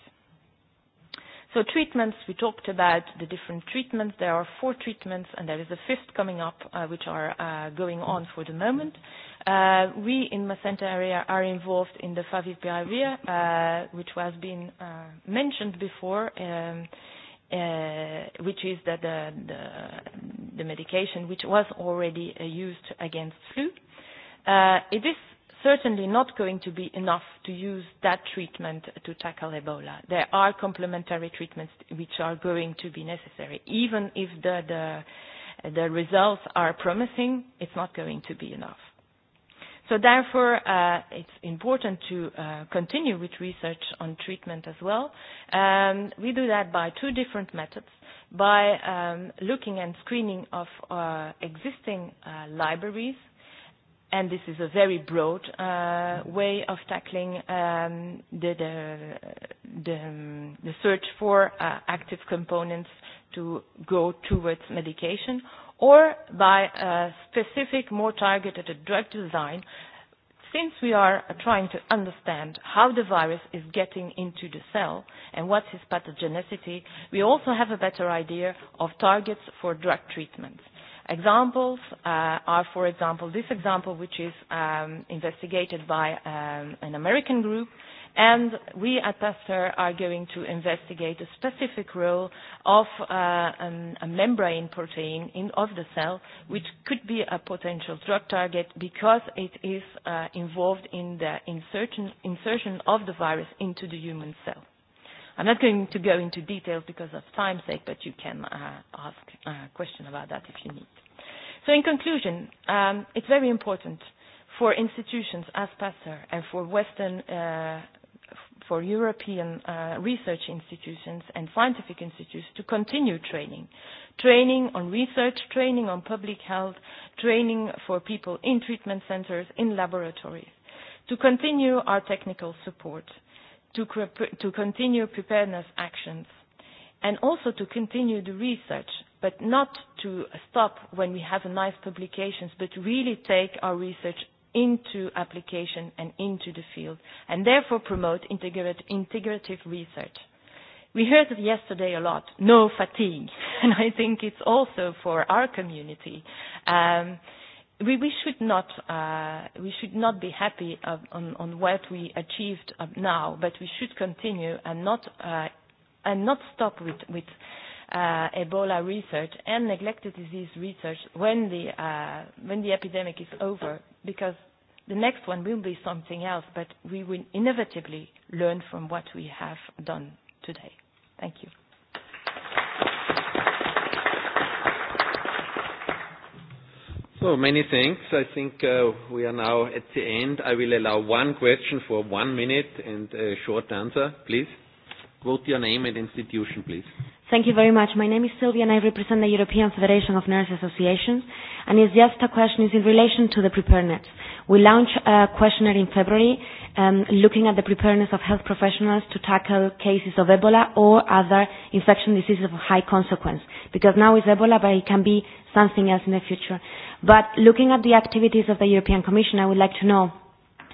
So treatments, we talked about the different treatments. There are four treatments, and there is a fifth coming up, which are going on for the moment. Uh We in Macenta area are involved in the favipiravir, which has been mentioned before, um which is the medication which was already used against flu. It is certainly not going to be enough to use that treatment to tackle Ebola. There are complementary treatments which are going to be necessary. Even if the the results are promising, it's not going to be enough. So therefore, it's important to continue with research on treatment as well. We do that by two different methods, by looking and screening of existing libraries and this is a very broad way of tackling um, the, the, the, search for active components to go towards medication or by a specific, more targeted drug design since we are trying to understand how the virus is getting into the cell and what's its pathogenicity, we also have a better idea of targets for drug treatments. Examples are, for example, this example which is investigated by an American group, and we at PASTEUR are going to investigate a specific role of a membrane protein in of the cell, which could be a potential drug target because it is involved in the insertion of the virus into the human cell. I'm not going to go into details because of time's sake, but you can uh, ask a question about that if you need. So in conclusion, um, it's very important for institutions as PASSER and for Western, uh, for European uh, research institutions and scientific institutes to continue training. Training on research, training on public health, training for people in treatment centers, in laboratories. To continue our technical support to continue preparedness actions and also to continue the research, but not to stop when we have nice publications, but really take our research into application and into the field, and therefore promote integrative research. We heard it yesterday a lot, no fatigue, and I think it's also for our community. Um, we, we should not uh, we should not be happy on, on what we achieved now, but we should continue and not uh, and not stop with with uh, Ebola research and neglected disease research when the uh, when the epidemic is over, because the next one will be something else. But we will inevitably learn from what we have done today. Thank you.
So many thanks. I think uh, we are now at the end. I will allow one question for one minute and a short answer, please. Quote your name and institution, please.
Thank you very much. My name is Sylvia and I represent the European Federation of Nurses Associations. And it's just a question is in relation to the preparedness. We launched a questionnaire in February looking at the preparedness of health professionals to tackle cases of Ebola or other infection diseases of high consequence, because now it's Ebola, but it can be something else in the future. But looking at the activities of the European Commission, I would like to know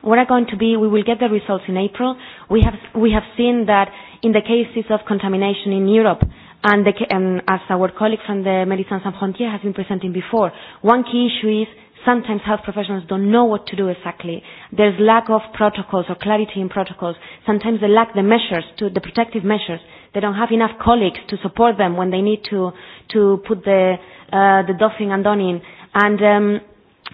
what are going to be, we will get the results in April. We have, we have seen that in the cases of contamination in Europe, and as our colleague from the Médecins Sans Frontières has been presenting before, one key issue is Sometimes health professionals don't know what to do exactly. There's lack of protocols or clarity in protocols. Sometimes they lack the measures, to, the protective measures. They don't have enough colleagues to support them when they need to, to put the, uh, the doffing and donning. And um,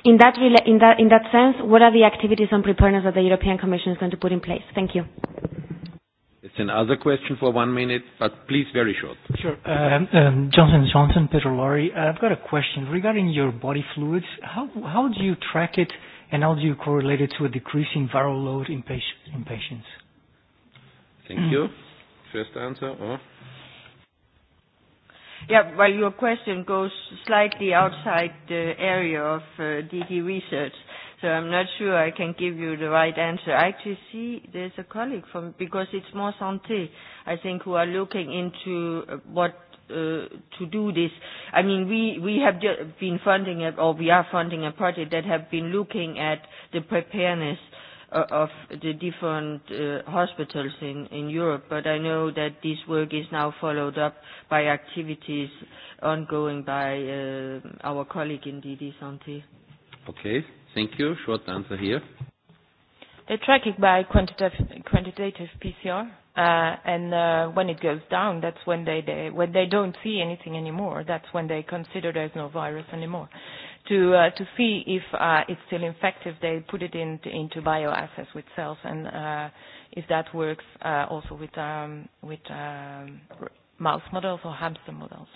in that, in, that, in that sense, what are the activities on preparedness that the European Commission is going to put in place? Thank you.
It's another question for one minute, but please very short.
Sure. Um, Johnson Johnson, Peter Laurie, I've
got a question regarding your body fluids. How how do you track it, and how do you correlate it to a decreasing viral load in patients?
Thank you. First answer. Or?
Yeah, well, your question goes slightly outside the area of DD research. So I'm not sure I can give you the right answer. I actually see there's a colleague from, because it's more santé, I think, who are looking into what to do this. I mean, we we have been funding or we are funding a project that have been looking at the preparedness of the different hospitals in in Europe. But I know that this work is now followed up by activities ongoing by our colleague in DD Santé.
Okay. Thank you. Short answer here.
They track it by quantitative, quantitative PCR, uh, and uh, when it goes down, that's when they, they when they don't see anything anymore. That's when they consider there's no virus anymore. To to see if uh, it's still infective, they put it into bioassays with cells, and uh, if that works, uh, also with um, with um, mouse models or hamster models.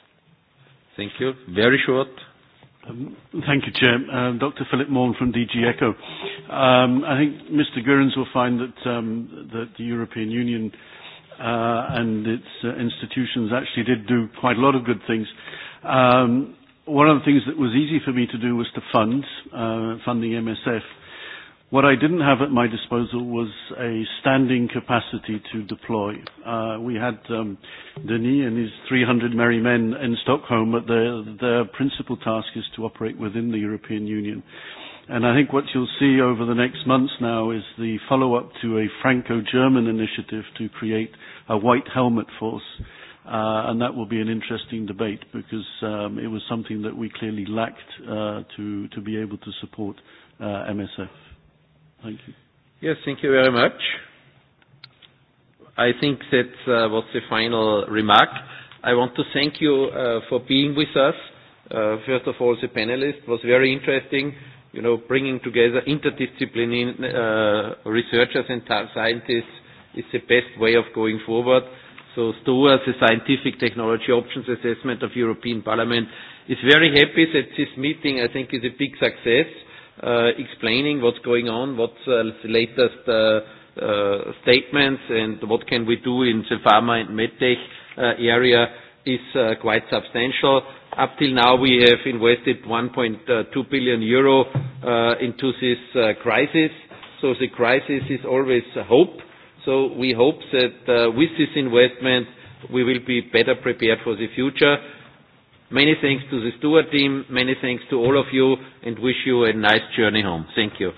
Thank you. Very
short. Thank you, Chair. Dr. Philip Morn from DG ECHO. Um, I think Mr. Gurens will find that, um, that the European Union uh, and its institutions actually did do quite a lot of good things. Um, one of the things that was easy for me to do was to fund, uh, funding MSF What I didn't have at my disposal was a standing capacity to deploy. Uh, we had um, Denis and his 300 merry men in Stockholm, but their, their principal task is to operate within the European Union. And I think what you'll see over the next months now is the follow-up to a Franco-German initiative to create a white helmet force. Uh, and that will be an interesting debate because um, it was something
that we clearly lacked uh, to, to be able to support MSF.
Thank you.
Yes, thank you very much. I think that uh, was the final remark. I want to thank you uh, for being with us. Uh, first of all, the panelists was very interesting, you know, bringing together interdisciplinary uh, researchers and scientists is the best way of going forward. So STOA, the Scientific Technology Options Assessment of European Parliament, is very happy that this meeting, I think, is a big success explaining what's going on, what's the latest statements, and what can we do in the pharma and medtech area is quite substantial. Up till now, we have invested 1.2 billion euro into this crisis. So the crisis is always hope. So we hope that with this investment, we will be better prepared for the future. Many thanks to the Stuart team, many thanks to all of you, and wish you a nice journey home. Thank you.